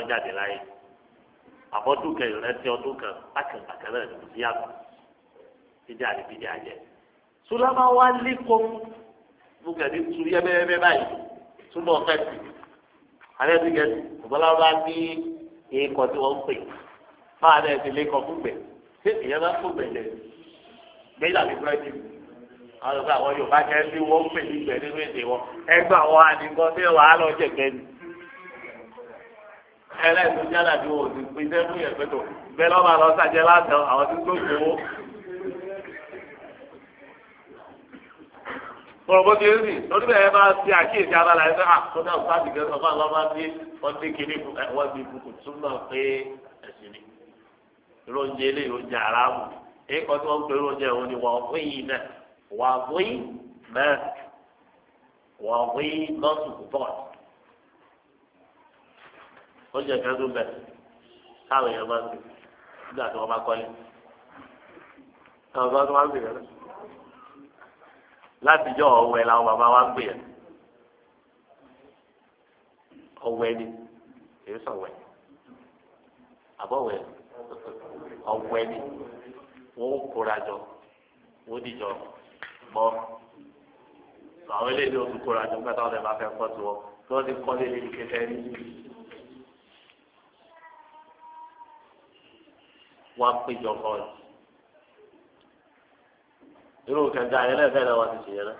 náà àbọ̀dún kan ìrẹsì ọdún kan bákẹ́bàkẹ́ náà ló ti yàtọ̀ bíjà ní bíjà jẹ. sùlámà wá lékòó mú kẹ́ni tu yẹ́bẹ́yẹ́bẹ́ báyìí túbọ̀ fẹ́ẹ̀sì alẹ́ ti gẹ̀ẹ́sì ọ̀bọ̀láwá ní ikọ̀ tí wọ́n ń pè fáwọn alẹ́ ti lékọ̀ fúnpẹ̀ ṣé ìyẹn bá fúnpẹ̀ lẹ̀ gbé ìlànà ìbúrẹ́dì àwọn Yorùbá kẹ́ẹ́ sí wọ́n ń pè ní ìgbẹ́ nínú èdè wọn ẹlẹ́sìn jálà bí wọ́n ti pín sẹ́fù yẹn pẹ́tò bẹ́ẹ̀ lọ́ba lọ sàjẹ́ látàn àwọn tí ń owó. Pọ̀rọ̀bọ̀ ti lórí bẹ́ẹ̀ ah, bá ti àkíyèsí abala ẹ̀ fẹ́ tó náà sáàtì kẹ́ sọ fún àlọ́ba ní ọdún kìíní wọ́n ti bukú túmọ̀ pé ẹ̀sìn ni. Lóúnjẹ ilé ìròyìn àràmù ẹ̀kọ́ tí wọ́n ń pè lóúnjẹ òun ni wọ́n yìí náà wà yìí ó jẹ kẹdùn bẹ káwọn èèyàn máa ń sè nígbà tí wọn bá kọ́lé àwọn bá tó máa ń sè yẹn látijọ́ ọ̀wẹ́ làwọn bàbá wa ń gbé yẹn ọ̀wẹ́ ni èyí sọ̀wẹ́ àbọ̀wẹ́ ọ̀wẹ́ ni wọ́n ó kóra jọ wọ́n dìjọ bọ́ àwọn eléyìí ó tún kóra jọ nígbà táwọn ẹ̀ bá fẹ́ kọ́ tiwọn tí wọ́n ti kọ́ lé lé ní kékeré. wá péjọ kọ́ọ̀tù irú kẹ̀kẹ́ ayé lẹ́fẹ̀ẹ́ náà wá ti ṣèyẹ náà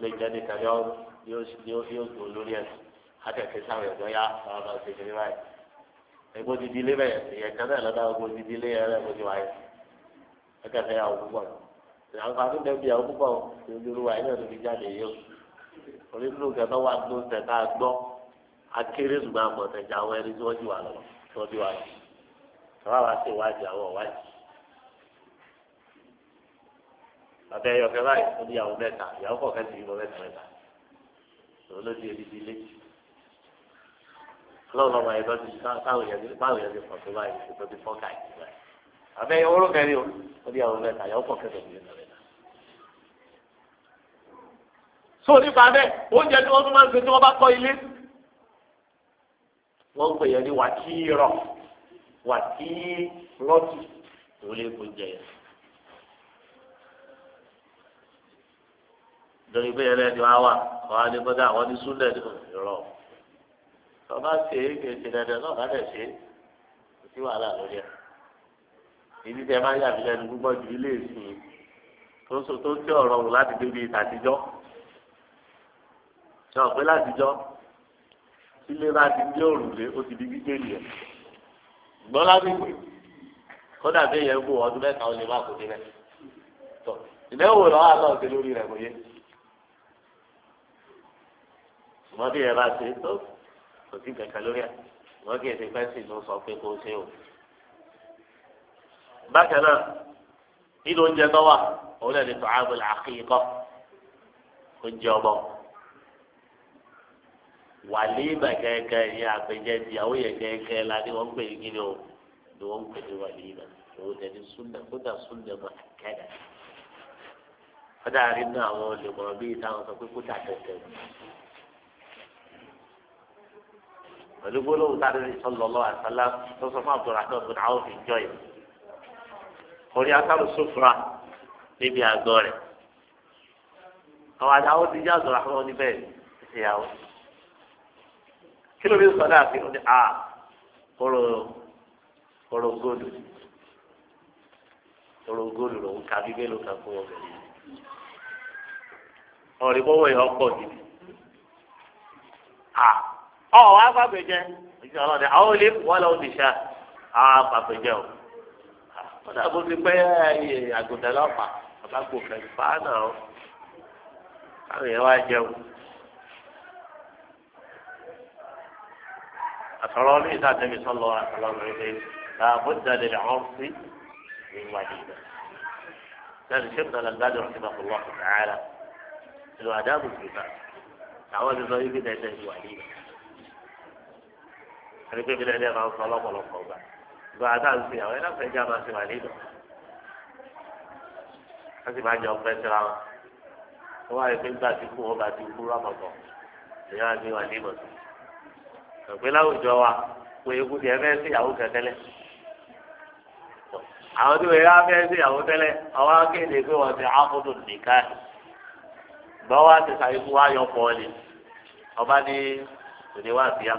lè jẹ́ nìkan yóò yóò tó lórí ẹ̀ akẹ́kẹ́ sáré ọ̀dọ́ yá àwọn ọ̀dọ́ ṣe kiri báyìí ẹgbẹ́ ti di ilé bẹ́ẹ̀ ìyẹn kan náà lọ́dọ̀ ẹgbẹ́ ti di ilé yẹn lẹ́gbẹ́ ti wáyé akẹ́kẹ́ yà wò púpọ̀ àwọn kan tó dẹ̀ bí yà wò púpọ̀ lórí wáyé náà ló fi jáde yó orí irú kẹ̀kẹ́ wà tó tẹ̀ ká gbọ́ akéré ṣùgbọ́n àmọ̀tẹ̀jà àwọn sọ́wọ́ wa ṣe wájú àwọn wájú. bàbá ẹ̀yọ̀ fẹ́ báyìí ìyàwó mẹ́ta ìyàwó kọ̀ọ̀kan ti yíwọ mẹ́ta mẹ́ta òun ló di ebi di ilé. ọlọ́run ọmọ ẹ̀dọ́ ti báwọn èèyàn ti pọ̀ tó báyìí tó ti fọ́ọ̀kà yìí báyìí. bàbá ẹ̀yọ̀ wọ́n kẹ́rin o ó ní ìyàwó mẹ́ta ìyàwó kọ̀ọ̀kan ti yíwọ mẹ́ta. so nípa bẹ́ẹ̀ oúnjẹ tí wọ́n tún máa ń ṣe tí wọ́n bá kọ́ ilé wọ́n pè yẹn ní wàkíìrọ̀ wà tí rọ́ọ̀tì tó lè kó jẹ yẹn. lórí pé yẹn lẹ́nu á wà wọ́n á ní kọ́dà àwọn ní súnlẹ̀ ní ìrọ̀. ọba ṣe é kéde dandan náà bá dẹ̀ ṣe é kò sí wàhálà lórí ẹ̀. ìdí tẹ máa ń yàgbé lẹ́nu gbogbo ju ilé ìsìn tó so tó tí ọ̀rọ̀ wò láti débi ìtàtijọ́. sọ látijọ́ sílé bá ti dé òrùlé ó ti di gbígbé nìyẹn gbọ́n ládùúgbò kódà bí èèyàn gbò ọdún mẹ́ta ó lè má kó délẹ̀ tó ìdẹ́wò lọ́wọ́ àtọ̀ ṣe lórí rẹ̀ kò yé ṣùgbọ́n bí ẹ bá ṣe tó kò sí kẹ̀kẹ́ lórí ẹ̀ ṣùgbọ́n kí èsì pẹ́sì ló sọ pé kó ṣe o. bákan náà nínú oúnjẹ tó wà òun náà ni tọ́ àbúlà àkìkọ́ oúnjẹ ọmọ wàlíìmà kẹ̀kẹ́ yẹn àpèjẹ ti àwọn yẹn kẹ̀kẹ́ la ni wọ́n ń pè ní kíni o ni wọ́n ń pè ní wàlíìmà òun tẹ̀lé súnà kódà súnà mọ̀ kẹ́dà kódà rí nínú àwọn olùmọ̀ bíi táwọn sọ pé kódà tẹ̀tẹ̀ mọ̀ pẹ̀lú gbólóhùn tá a lè sọ̀lọ̀ lọ́wọ́ àtàlà tó sọ fún Abdulrahman bin Awf fi jọ yìí orí asálù sófra níbi àgọ́ rẹ̀ àwọn àdáwọ̀ ti jẹ́ Abdulrahman níbẹ̀ ìṣèyàwó kí ló fi sọdá àti ọdẹ a ah, kóró kóró góòlù kóró góòlù lòún ka bíbélì ló ka fún ọbẹ yìí ọ̀rẹ́ bọ́wọ́ yìí ọ̀pọ̀ gidi a ọ̀ wá fàgbẹ́jẹ́ ìjọ ọlọ́dẹ àwọn olè wọ́n lọ́wọ́ ti ṣá àwọn fàgbẹ́jẹ́ o wọ́n dàbò ti pẹ́ àgùntàn lọ́pàá bàbá gbòkè fáánà o káwọn yẹn wá jẹun. أفرامي إذا دمي صلى الله عليه وسلم لا بد للعرف من وجيبة لأن شبه الألباد رحمه الله تعالى له آداب الكفاء دعوة إلى إذا يتهي وجيبة أنا كيف لا يلقى الصلاة ولا الصوبة بعد أن فيها وإلا فإجابة سوى ليبا حسب عن جواب بيت العرب هو يقول باتي كوه باتي كوه رفضه يا أبي وليبا سوى pẹ̀pẹ́ láwùjọ wa pé ikú tiẹ̀ fẹ́ sí ìyàwó kẹtẹ́lẹ̀ àwọn tí wọ́n yá fẹ́ sí ìyàwó tẹ́lẹ̀ àwọn akéde pé wọ́n ti ákótó nìkan bọ́wá ti sàyẹ̀kú wa yọ pọ́ọ̀lì ọba ní òde wá sí ya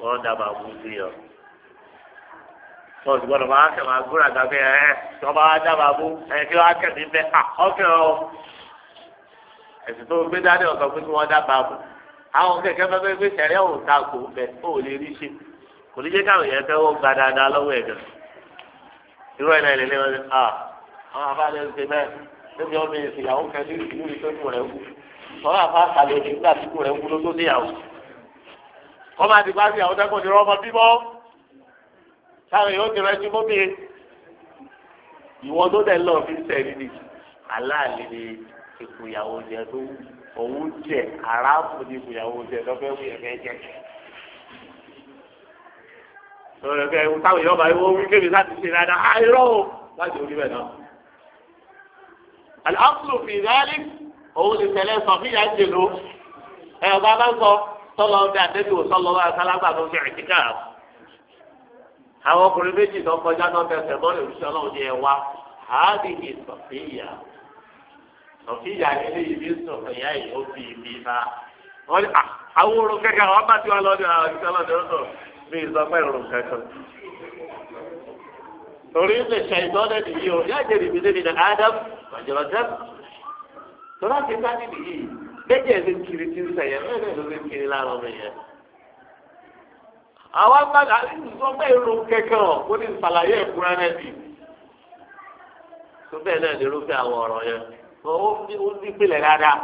wọ́n dábàá kú sí ọ tọ́sí gbọ́dọ̀ máa kẹ́ máa gbúra gàgbé ẹ̀ ẹ́ tọ́ba dábàá kú ẹ̀ kí wọ́n á kẹ́ bẹ́ẹ̀ ọ̀kẹ́ ọ̀ ẹ̀sìn tó gbé dání ọ̀sán pé kí wọ́n dábàá bò àwọn kẹ̀kẹ́ fẹ́ fẹ́ gbé sẹ̀rẹ́ ò ta kò bẹ̀ ó lè rí ṣe kò ní jẹ́ káwọn yẹn fẹ́ wọ́n gba dáadáa lọ́wọ́ ẹ̀dọ̀ irú ẹ̀ náà lè lé wọn à àwọn afáàlẹ́ ń ṣe bẹ́ẹ̀ níbi ọmọ ìsìyàwó kan ní ìlú ìtọ́jú rẹ̀ wù sọ́wọ́ àfa àkàlẹ̀ òní nígbà tí kò rẹ̀ wúlò tó níyàwó wọ́n máa ti bá sí àwọn tẹ́kọ̀ọ́ ní rọ́mọ bímọ táwọn èèyàn ti rẹ́ sí mọ́bìnrin ìwọ́n tó dẹ̀ lọ́ọ̀ fi ń sẹ̀rí ni aláàlẹ́ ni ìkùyàwó jẹ tó òun jẹ aráàbù ní ìkùyàwó jẹ lọ́fẹ́ wù yẹn fẹ́ jẹ. lọ́rọ̀ ẹgbẹ́ ewu táwọn èèyàn bá yẹ wọ́n wí kébi láti ṣe dáadáa á irọ́ o láti orí bẹ̀ náà. àlùfáà fi ìdáyàlí òun ti tẹ̀lé sọ fún ìyá jẹ lọ ẹ̀ ọba bá sọ sọlọ ọdẹ àtẹ́bí sọlọ ọba sálágbà tó fi ẹ̀tíkà àwọn ọkùnrin méjì tó kọjá náà fẹsẹ̀ bọ́ọ̀lù ìṣọ́lọ́ òfin ìyá nílé ìbí sùn ìyá yìí ó fi ìbí ma wọn ní ah, àwọn orun kẹkẹ àwọn bá ti wà lọ́dọ̀ àwọn àti sọlọdọ ọdọ mi ìsọpẹ ìrùn kẹkẹ. torí ń lè ṣe ìtọ́lẹ̀ nìyí o yá jẹ́ ìbí débi ní adam ọ̀jọ̀rọ̀ jẹ́ tọ́lá ti ká ní nìyí méjì ẹ̀sìn kiri ti ń sẹ̀yẹ mẹ́rin ló fi ń kiri láàrọ̀ mi yẹn. àwọn bá ìsọpẹ ìrùn ó ń dípìlẹ̀ dáadáa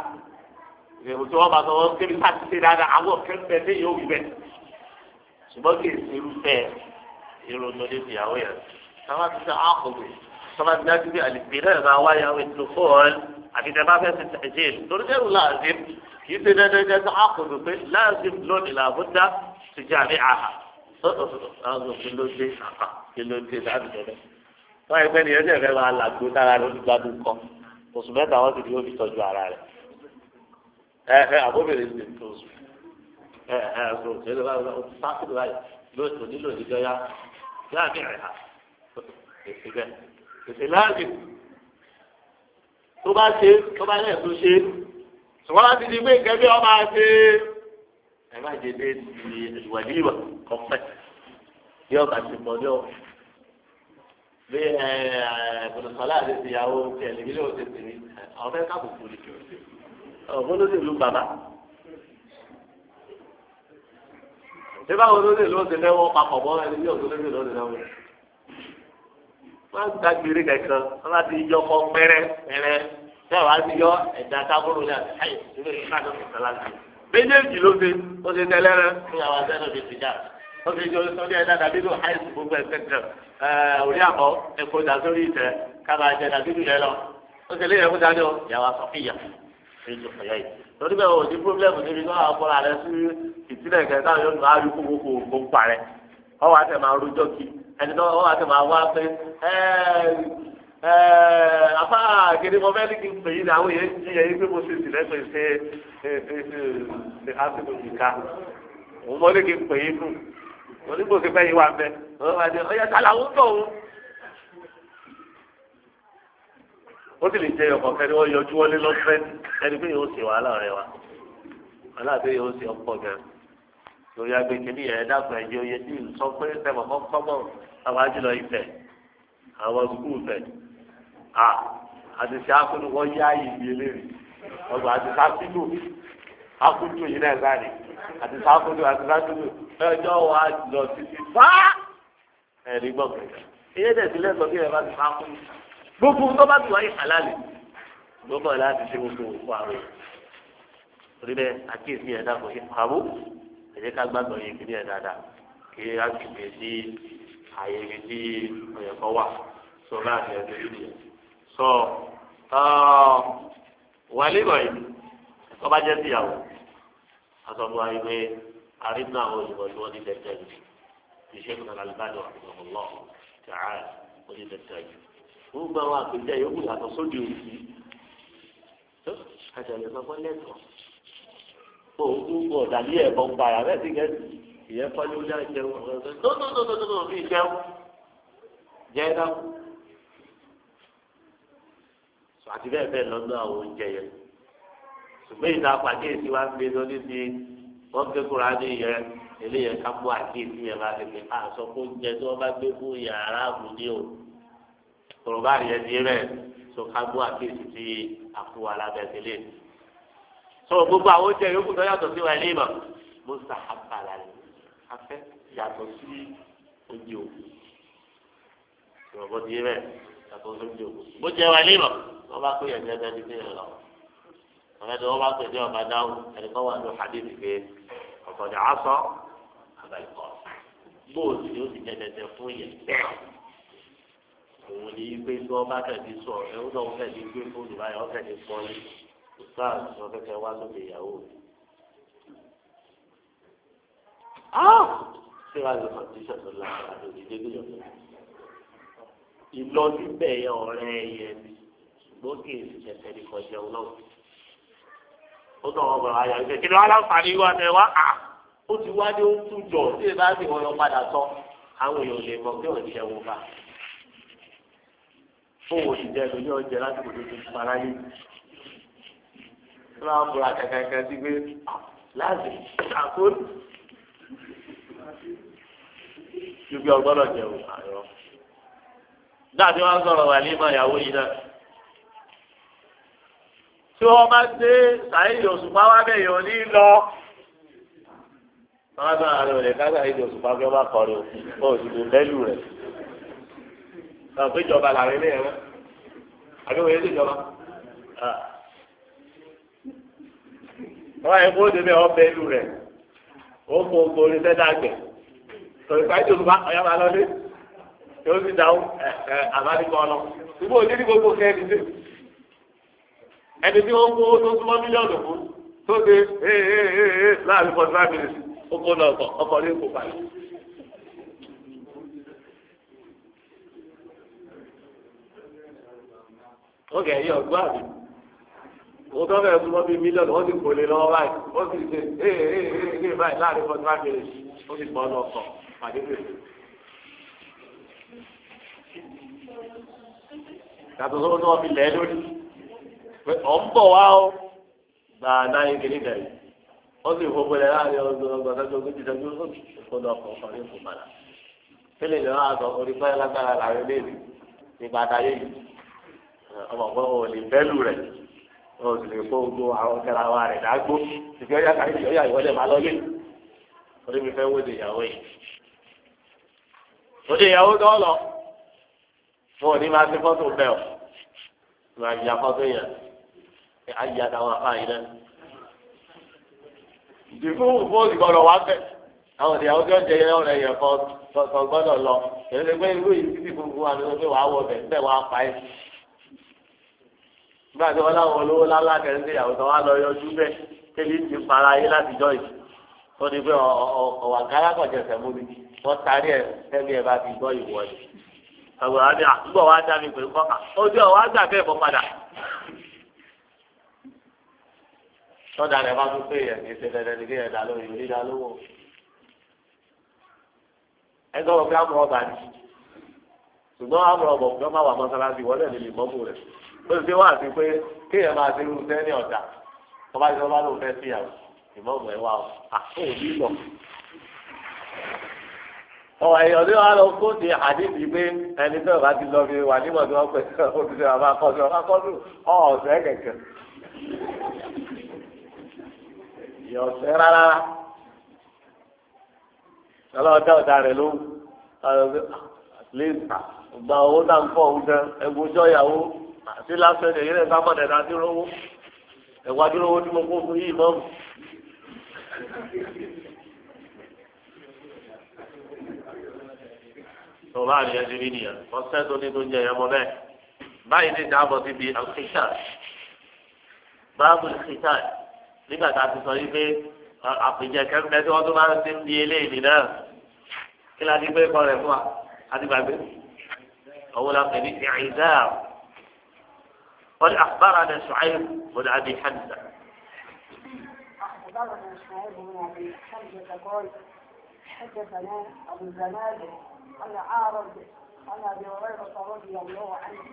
ìrẹ̀wò tí wọ́n bá sọ wọ́n kébí láti ṣe dáadáa àwọn kẹ́mbẹ́ lé yóò wí bẹ́ẹ̀ ṣùgbọ́n kì í ṣe irúfẹ́ ìrònú níbi ìyàwó yẹn sábà ti sọ àkọ́gbé ah, sábà ti dájú bí àlìpé náà máa wáyà àwọn ètò fóònù àti tẹ bá fẹ́ ti tẹ̀jé lórí dẹ́rù láàzim kì í ṣe dandan jẹ́ sọ àkọ́gbé ah, pé láàzim lónìí làbúdá ti jẹ́ àmì àhà ọ̀sọ̀ oṣù mẹ́ta wọ́n ti di omi tọ́jú ara rẹ̀ ẹ ẹ àbóbìnrin ti tó oṣù ẹ ẹ ọ̀sùn òṣèlú báyìí o ti sáfìlì báyìí yóò tó nílò níjọ yá yá mi rẹ̀ ha èsì bẹ́ẹ̀ èsì láàbì tó bá ṣe tó bá yẹ tó ṣe ṣùgbọ́n láti di pé nǹkan bí wọ́n máa ṣe ẹ má jẹ dé ti ìwà ní ìwà kọ́fẹ́ bí ọba ti mọ ní ọ̀hún bí ẹ bùnùsọ̀lá àti ìyàwó kẹlẹ̀ ilé òde tèmi àwọn fẹ́ káàbù kú ni ọ̀gbọ́n ló dé ìlú bàbá. ṣé báwo ló dé ìlú òde lẹ́wọ́ papọ̀ mọ́ ẹni bí òde ló dé ìlú òde lẹ́wọ́ máa ń dágbére kankan wọn bá ti yọ kọ pẹrẹ pẹrẹ tẹ wàá ti yọ ẹdá kábúrò ní àti ayé ìdílé ìfàdé méjèèjì ló ṣe ó ṣe tẹlẹ rẹ ní àwọn abẹ́rẹ́ ó fi jọ ẹ̀dá dàbí ló háì gbogbo ẹ̀sẹ̀ kan orí àmọ́ ẹ̀kọ́ dà sórí ìtẹ̀ kábàá jẹ dàbí yẹn lọ ó sì léyìn ẹ̀kú dájọ́ yàrá sọ̀fìyà ètò ọ̀yà yìí lórí bẹ́ẹ̀ o ní pírọ́blẹ́mù níbi tó àwọn ọkùnrin rẹ sí ìtìlẹ̀ kẹta yóò máa rí kókó kó kó parẹ́ ọwọ́ àti máa rojọ́ kí ẹni tó ọwọ́ àti máa wá pé afa onígbò fífẹ́ yìí wà mẹ́ ọ̀yà sálà ń tọ̀ òun. ó sì lè jẹ́ ọkọ̀ kẹ́ni wọ́n yọjú wọlé lọ́fẹ́ ẹni pé yóò ṣe wàhálà rẹ wa wàhálà yóò ṣe ọ̀pọ̀ gan. lórí agbègbè ní ẹ̀ẹ́dá kan ẹ̀yẹ oyè tí ìlú sọ pé sẹ́mọ̀ kọ́ kọ́mọ̀ àwọn àjùlọ ìfẹ́ àwọn sukùl fẹ́ à àti ṣe akúnú yá ìdílé rẹ̀ ọgbà àti ṣe akúnú akúnú náà sáré àti sáfúdù àti sáfúdù ẹjọ́ wa lọ títí fá ẹ̀rí gbọ́ iye tẹ̀sí lẹ́sọ̀ bí ẹ bá ti sáfúdù gbogbo tó bá ti wáyé àlàlẹ̀ gbogbo ẹ̀ láti ṣe gbogbo òkú àrùn torí bẹ́ẹ̀ àkíyèsí ẹ̀dá kò ṣe pàrọ̀ ẹ̀jẹ̀ ká gbàgbọ́ yìí kiri ẹ̀ dáadáa kí á gbèbè sí àyè ibi tí ọ̀yẹ̀kọ́ wà sọ láti ẹ̀jẹ̀ yìí sọ wàlíbọ̀ yìí kọ́ bá jẹ́ síyàwó asọ́gbọ́n ayé pé àrídùn àwọn òyìnbó tí wọ́n ti tẹ̀tẹ̀ jù ti ṣe kùnà lálùbádọ̀ àbùdọ̀mọ̀lọ́ tààrà ó ti tẹ̀tẹ̀ jù. gbogbo àwọn àpèjẹ yòókù yàtọ̀ sódì òsì àjàlẹ̀ sọ́kọ́ lẹ́tọ̀ọ́ òun kú kú ọ̀dà ní ẹ̀bọ̀ ń para bẹ́ẹ̀ sì kẹ́sì ìyẹn kọ́ ló dá jẹun tótótótótó fi jẹun jẹ́ dáhùn. àti bẹ́ẹ̀ bẹ́ẹ̀ lọ́dọ̀ àwọn oúnjẹ yẹn ṣùgbọ́n ìta pàkíyèsí wa ń gbé lórí ti wọ́n ké kura ní yẹ eléyẹ ká bọ́ àkíyèsí yẹn bá tètè ká sọ kó jẹ tí wọ́n bá gbé fún yàrá àbùdí o sọ̀rọ̀ bá yẹ di rẹ̀ sọ ká bọ́ àkíyèsí ti àfúwà lábẹ́ tẹ́lẹ̀. sọ̀rọ̀ gbogbo àwọn oúnjẹ yòókù tó yàtọ̀ sí wa ilé ìmọ̀ musa abala ni afẹ́ yàtọ̀ sí oúnjẹ òkú sọ̀rọ̀ di rẹ̀ yàtọ̀ sí oúnjẹ òkú bó jẹ wa ilé ìmọ̀ wọ́n bá kó yẹ ọ̀rẹ́ tí wọ́n bá pè ní ọba dáhùn ẹni kọ́ wà ní hadith pé ọ̀kọ̀dà aṣọ àbàlùkọ́ bóòlù ni ó ti dẹ̀dẹ̀dẹ̀ fún yẹn bẹ́ẹ̀ òun ni pé tí wọ́n bá tẹ̀lé sọ ẹ̀ ń lọ́wọ́ tẹ̀lé gbé fóònù báyọ̀ ọ́ tẹ̀lé sọ yìí sáà sọ fẹ́fẹ́ wá lóde ìyàwó mi. Ah! ṣé wàá lọ kọ̀ǹtíṣàn tó lára lórí débìlì ọ̀sẹ̀? ìlọ síbẹ̀ yẹn ọ̀rẹ́ yẹn ni ṣùgbọ́n kì ní kọjá ọlọ́run ó tọ̀ wọn bọ̀rọ̀ ayọ̀ ìgbẹ́ kí ló wá láǹfààní wá tẹ wá à ah, ó ti wá ní ó jọ tí ẹ sì wọn lọ padà sọ àwọn èèyàn lè mọ pé òun jẹ wọn bá fún òun ti jẹ lórí ọjẹ láti kò tó ti para yé tí wọn bọ̀rọ̀ àkàkàkà sí pé láti àkóso ju bí ọgbọ́dọ̀ jẹun àyọ. dáàbí wọn sọ̀rọ̀ wà ní ìmọ̀ ìyàwó yìí náà. tí wọ́n bá dé sàyíd òṣùpá wá bẹ̀ yọ̀ ní lọ. wọ́n bá àrẹ òde wọ́n bá kọ́ rẹ̀ ó sì lè lẹ́lù rẹ̀. náà pé ìjọba làwọn wọ́n yẹ kó débẹ̀ rẹ̀ ó kó o gbórí sẹ́dá gbẹ̀. sọ̀rọ̀ sàyíd òṣùpá ọ̀yá máa lọ dé yóò sì dáhùn ẹni tí wọ́n kó tó súnmọ́ mílíọ̀nù fún tó ṣe ee ee ee láàrin forty five minutes ó kó lọ ọkọ̀ ọkọ̀ ní èkó balẹ̀. ó kẹ̀ yí ọgbọ́n àbí wọ́n tó fẹ́ súnmọ́ bíi mílíọ̀nù wọ́n ti kò lè lọ́wọ́ báyìí wọ́n sì ṣe ee ee ee báyìí láàrin forty five minutes ó sì bọ́ lọ ọkọ̀ pàdé pèsè. Yàtọ̀ sọ́wọ́ tí wọ́n pé ọ̀ ń bọ̀ wá o gbà náà ń kiri dẹ̀ ó sì fò gbẹlẹ̀ láàrin ọdún ọgbọ̀n tó gbé jìdá gbé òkè ìfọdọ̀ ọkọ̀ ọ̀kan ní ìfò padà kílè ní wọn àtọ orí fẹ́ lágbára làwọn eléyìí nípa àtàyè yìí ọmọ pé o lè bẹ́lù rẹ̀ o sì lè kó gbogbo àwọn kẹra wa rẹ̀ dágbó ìfẹ́ ọ̀yà kàrí ìfẹ́ ọ̀yà ìwọlé máa lọ́lé orí mi fẹ́ wọ́de ìyàwó yìí òde ìyàwó tó lọ wọn ò máa ti fọ́tò bẹ́ẹ̀ máa ya fọ́tò yẹn. ayé àtàwọn afá yìí lẹ́nu. ìdìbò fóònù gbọ́dọ̀ bẹ̀ àwọn ìyàwó tí wọ́n jẹ yẹn ọ̀rẹ́ yẹn gbọ́dọ̀ lọ èdè pé irú yìí títí gbogbo wa ni wọ́n fi wàá wọ bẹ̀ bẹ́ẹ̀ wàá pa ẹ́. nígbà tí wọ́n láwọn olówó lálá kẹrin ìyàwó tó wá lọ yọjú bẹ́ẹ̀ ti para ayé yìí tó pé ọ̀wà mú mi wọ́n tarí ẹ̀ tẹ́lẹ̀ ẹ̀ bá fi gbọ́ wa sọ́dà rẹ̀ bá tún pé yẹn kì í ṣe dandan ní kí yẹn dá lórí orí dá lówó. ẹgbẹ́ wọn fi àmọ́ ọba ni ṣùgbọ́n àmọ́ ọba òkú ọmọ àwọn mọ́sálásí wọlé ní lèmọ́mù rẹ̀ ó sì ṣe wá àti pé kí yẹn máa ṣe irú iṣẹ́ ní ọ̀dà ọba ìṣẹ́ ọba ló fẹ́ sí àwọn ìmọ̀ọ̀mù ẹ̀ wá o àfọ̀ òbí lọ. ọ̀wọ̀ èèyàn ní wàá lọ kó ti àdébí pé ẹni tó bá ti lọ fi wà nímọ̀ tí wọ́n pẹ̀ yọ ọ̀sẹ̀ rárá ọlọ́ọ̀dá ọ̀dà rẹ̀ ló lẹ́sà gba ah, ah, owó náà ń fọ òun gan ẹgbẹ́jọ́ ìyàwó àti lásán ẹ̀yìn rẹ̀ bá mọ̀nà ẹ̀dá dúrówó ẹ̀wà dúrówó tí mo kó fún yìí mọ́mù. tó bá rí ọ̀sẹ̀ tó ní tó ń nígbà tá a ti sọ yìí pé àpèjẹ kẹ́kẹ́ tí wọ́n tó máa ń ti ń di eléyìí náà kí la ti gbé kọ́ rẹ̀ fún wa àti gbàgbé ọ̀wọ́ la pè ní ìrìndáà wọ́n ní àkùbára ní sùáyé bọ̀dọ̀ àbí hànà. أخبرنا شعيب بن أبي حمزة قال حدثنا أبو الزنادق أن عارض عن أبي هريرة رضي الله عنه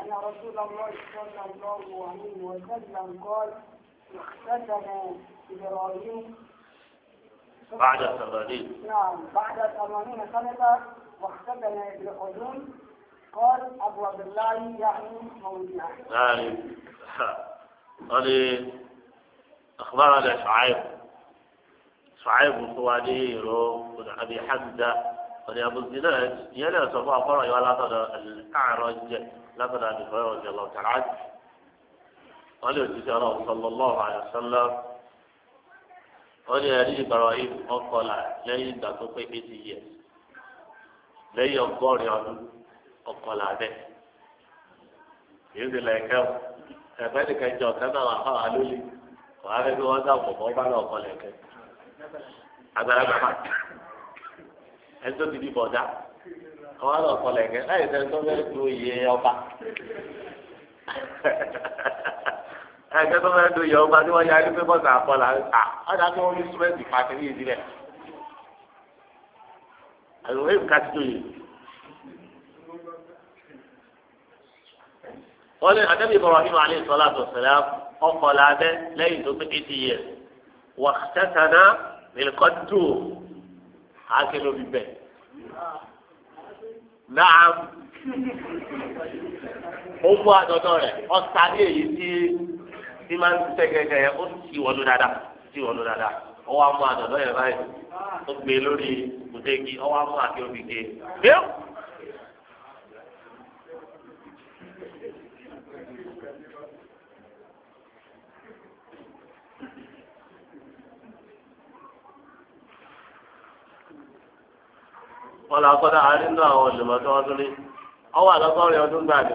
أن رسول الله صلى الله عليه وسلم قال اختتم إبراهيم بعد الثمانين نعم بعد الثمانين سنة واختتم بالقدوم قال أبو عبد الله يعني مولى نعم قال أخبرنا شعيب شعيب صواني بن أبي حمزة قال أبو الزناد يلا سبع فرع ولا ترى الأعرج لا ترى أبي هريرة رضي الله تعالى عنه wọ́n lè ti sọ̀rọ̀ sallallahu alaihi wasallam wọ́n lè rí Ibrahim lẹ́yìn ìgbà tó pé years lẹ́yìn ọgọ́rin ọdún ọkọlà bẹ́ẹ̀ kì lẹ́kẹ́ o ẹ̀fẹ́ nìkan jẹ ọ̀kẹ́ náà wà fáwọn alólè fẹ́ kí wọ́n dáàbò bọ́ bá ẹgbẹ́ tó fẹ́ẹ́ do yọ ọgbà tí wọ́n yarí pé bọ́sà àpọ̀là à ọ̀dà tí wọ́n ní súnmẹ́ǹtì pàtẹ́lì yìí sílẹ̀ àlùwẹ̀ ìkàtí tó yẹ. wọ́n lé àdébí Ibrahim aleyhi sọlá tó ṣẹlẹ̀ ọkọ̀ làbẹ́ lẹ́yìn tó pé eighty years wà tẹ́tàná nìkọ́tù àkèlò bíbẹ̀. náà ó bọ́ àdọ́dọ́ rẹ̀ ọ̀sán ní èyí tí tí máa ń tẹ kẹ̀kẹ́ yẹn ó ti wọnú dáadáa ti wọnú dáadáa ọwọ́ amú àdọdọ yẹn báyìí ó gbé lórí kùtẹ́kì ọwọ́ amú àti omi ké bíó. wọn lọ akọ́dá àárín náà àwọn olùmọ̀tò ọdún ní ọwọ́ àlọ́gọ́rin ọdún gbà ní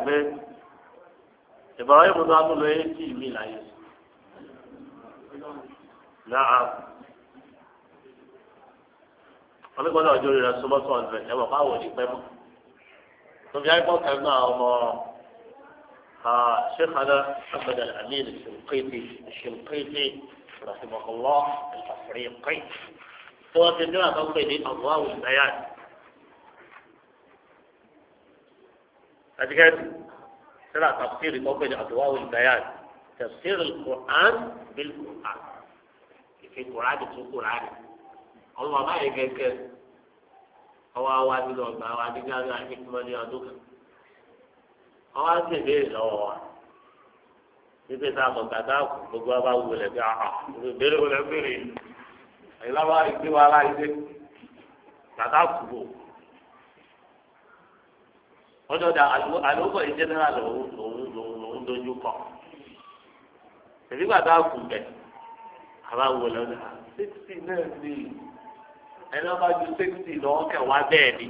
Ibrahim tó a tún lọ eighty mi láyé náà wọ́n gbọ́dọ̀ ọjọ́ rẹ̀ súnmọ́ two hundred ẹ̀wọ̀n báwo ni pẹ́ mọ́ tóbi àìpọ̀ kan náà ọmọ ṣèkàdá abdul amin ṣèkìtì ṣèkìtì rahimahullah al-afriqi tó wọ́n ti dúró àtọ́kùn ní àwọn àwùjọ yára. àti tíra tafsiri kọ́kọ́ ní àdúwáwò ìgbàyà tafsiri Qur'an bil Qur'an ìfi Qur'an tó Qur'an ọmọ ọba yìí kẹ̀kẹ́ ọwọ́ awa nínú ọgbà wa ní gáàgá ìkúmọ́ ní ọdún kan ọwọ́ á sì béèrè lọ́wọ́ wa níbi tá a mọ̀ gàdá gbogbo ọba wulẹ̀ bí aha ìbéèrè wulẹ̀ béèrè ìlànà ìgbéwàlá ìdè gàdá kúrò. ọjọ́ da àlùkò yìí lòun lòun lòun lòun kọ. Èmi gbà kù bẹ̀, àbá wò lọ́dọ̀. Ah, sixty náà ni ẹni ọba ju sixty lọ ọkẹ́ bẹ́ẹ̀ ni.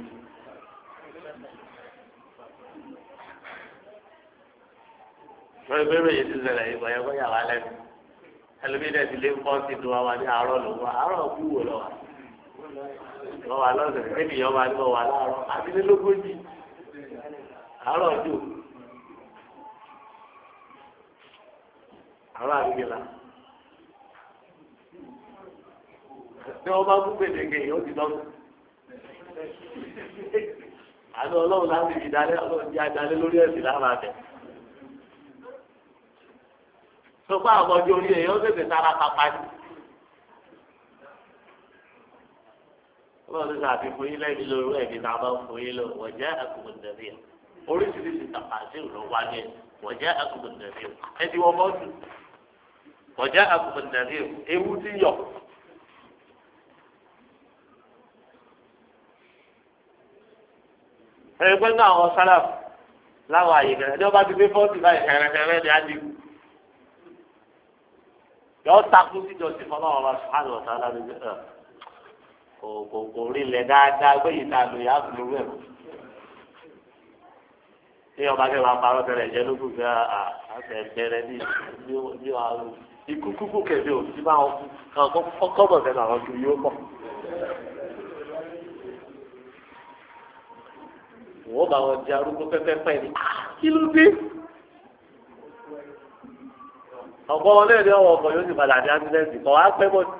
Wọ́n yóò bẹ̀rẹ̀ yìí ti ṣẹlẹ̀ yìí bọ̀yẹ̀ bọ́yà wá lẹ́nu. Ẹlòmíì náà ti lé ń kọ́ sí tiwa wá ní àárọ̀ lòun àárọ̀ kú wò lọ ní àárọ̀ jù àárọ̀ àgbègbè tí wọ́n bá mú gbèdéke yìí ó ti lọ́nà àná ọlọ́run láti fi dalẹ́ ọlọ́run jẹ́ adalẹ́ lórí ẹ̀sìn lára rẹ̀ sọpá àwọn ọjọ́ orí ẹ̀yọ́ tètè sára pápá ni ọlọ́run ti sàfihàn yín lẹ́yìn lórí ẹ̀mí náà bá ń fún yín lọ wọ́n àkùnrin dẹ̀bíyà oríṣiríṣi tàpáṣí ló wá ní wọ̀jẹ́ àgùnbọ̀n nàbí o ẹni wọ́n bọ́ sùn wọ̀jẹ́ àgùnbọ̀n nàbí o ewu ti yọ. ẹgbẹ́ náà àwọn sálàfù láwọn àyè kẹrẹ ẹjọ́ bá ti dé fọ́ọ̀tì báyìí kẹrẹkẹrẹ ni á di kú. yọ takú síjọ sí fọlọ́wọ́n bá sùpáàlì ọ̀tá lábẹ́ kò kò kò rí ilẹ̀ dáadáa gbé yìí tá a lò yà á fi lórí ẹ̀kọ́ ní ọba kẹ́ máa parọ́ tẹ́lẹ̀ jẹ́ lókùn fẹ́ àṣẹ bẹ̀rẹ̀ ní ní àrùn ikú kúkú kẹ̀mí ò sí máa kọ́ kọ́bọ̀ tẹ́lẹ̀ àwọn ju yóò pọ̀. wọ́n bá wọn di arúgbó pẹ́pẹ́pẹ́ ni kí ló dé. ọ̀pọ̀ wọn lè ní ọwọ́ ọkọ̀ yóò sì padà ní ásídẹ́ǹtì kọ́ wá pẹ́ bọ́ọ̀dù.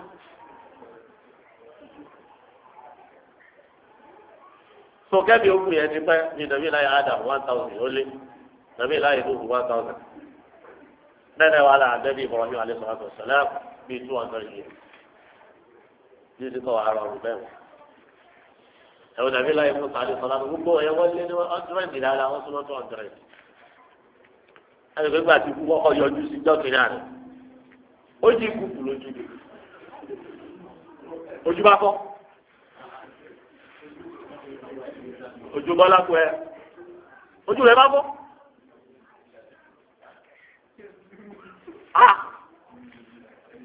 so kẹ́mi ogun yẹn ti pẹ́ ní nàbí láyé adam one thousand ó lé nàbí láyé lóhùn one thousand bẹ́ẹ̀ wà láà bẹ́ẹ̀ bí ibrahim alayhi salatu wasalam bíi two hundred years yìí ti kọ́ ara ọ̀rùn bẹ́ẹ̀ ẹ̀wọ̀n nàbí láyé fún sàlẹ̀ sọlá gbogbo ẹ̀ wọ́n lé ní hundred ní wọ́n súnmọ́ two hundred ẹ̀rọ ìgbà tí kú kọ́kọ́ yọjú sí dọ́kìnrin àná ó jí kúkú lójú ojú bọ́lá kú ẹ ojú rẹ bá bọ́.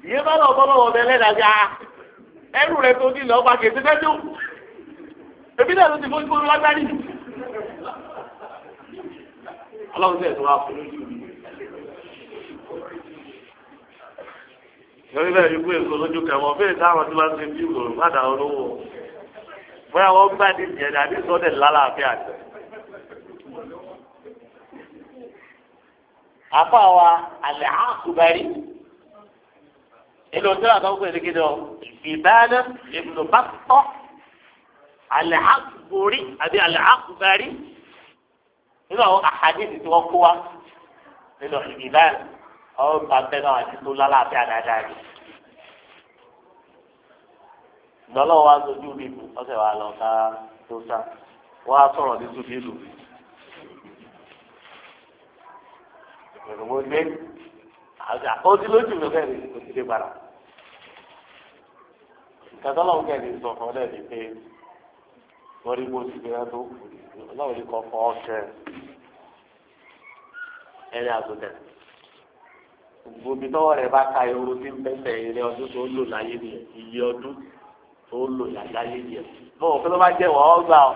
ìyẹn ah! bá lọ bọ́ lọ́wọ́ bẹ lẹ́dàá ah! ẹrù rẹ tó ní lọ́ọ́ bá kèsì fẹ́ tó ebi náà ló ti fojú fojú lágbárí. ọlọ́run tẹ̀ tó wá fún mi. lórí bẹ́ẹ̀ ni pé èso lójú kẹwọ́n fèrè táwọn ti máa ń ṣe bí ìgbòho má dà ọ́ lówó bóyá wọ́n gbá ní ìyẹn ní àbí sọ́dẹ̀ lálàáfíà tẹ̀. afa wa alẹ́ àkùbárí ìlú tí wàá kọ́ pé kí ni ọ ìbáná ìbùdó bá tọ́ alẹ́ àkùbárí àbí alẹ́ àkùbárí nínú àwọn àhàdìsì tí wọ́n kó wa nínú ìbáná ọ̀rọ̀ bàbá náà àti tó lálàáfíà dáadáa yìí lọ́lọ́wọ́ wa sojú bíbu ọ̀sẹ̀ wa lọ ká tó sá wọ́n á sọ̀rọ̀ ní sojú bíbu. ìrùwọ́n lé àgbà ó ti lójú mi fẹ́ẹ́ ní oṣù tó padà. ìkàtọ́lọ́wọ́ kẹ́lẹ́ sọ fún ọ náà ní pé wọ́n rí bó ti gbé ẹ́ tó ọlọ́run ní kọ́ fọ́ ọ̀kẹ́ ẹ̀rẹ́ àgùntẹ̀. gbogbo ibi rẹ̀ bá ka ìhoro tí ń bẹ́sẹ̀ ìrẹ́ ọdún tó ń lò láyé ni iye ọdún tó lò yàgá yé yẹ bó o fẹ́ ló máa jẹ́ wọ́n ọ́ gbà ọ́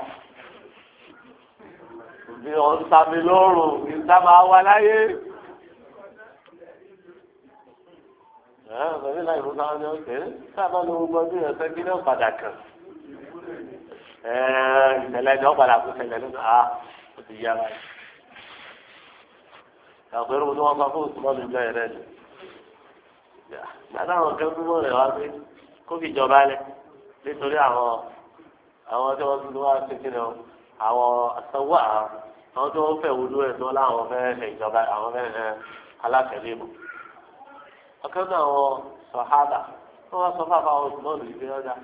òbí ọ̀hún sami lóòrùn kì í sábà wà láyé. Bẹ̀rẹ̀ láì fún sáwọn ọjọ́ ṣe é sábà ló ń gbọ́dọ̀ yẹn fẹ́ kí ní ọ̀padà kan. Ìṣẹ̀lẹ̀ ni ọ̀padà kò ṣẹlẹ̀ nínú a ah, ó ti yá báyìí. Àpẹẹrẹ wọn ni wọ́n sọ fún òṣùmọ́ mi gbọ́ ẹ̀rẹ́ ni. Gbàdá àwọn kẹ́kọ̀ọ́ rẹ̀ wá pé kó fi jọba nítorí àwọn àwọn tí wọ́n ti wá ṣe kí ni o àwọn àtọwọ́ àwọn tí wọ́n fẹ́ wúlú ẹ̀ tó láwọn fẹ́ ìjọba àwọn fẹ́ alákẹ̀lé ìbò. ọ̀kan àwọn sọ̀hádà tó wọ́n sọ fáfá àwọn òṣùwọ̀n lù ìgbé ọjà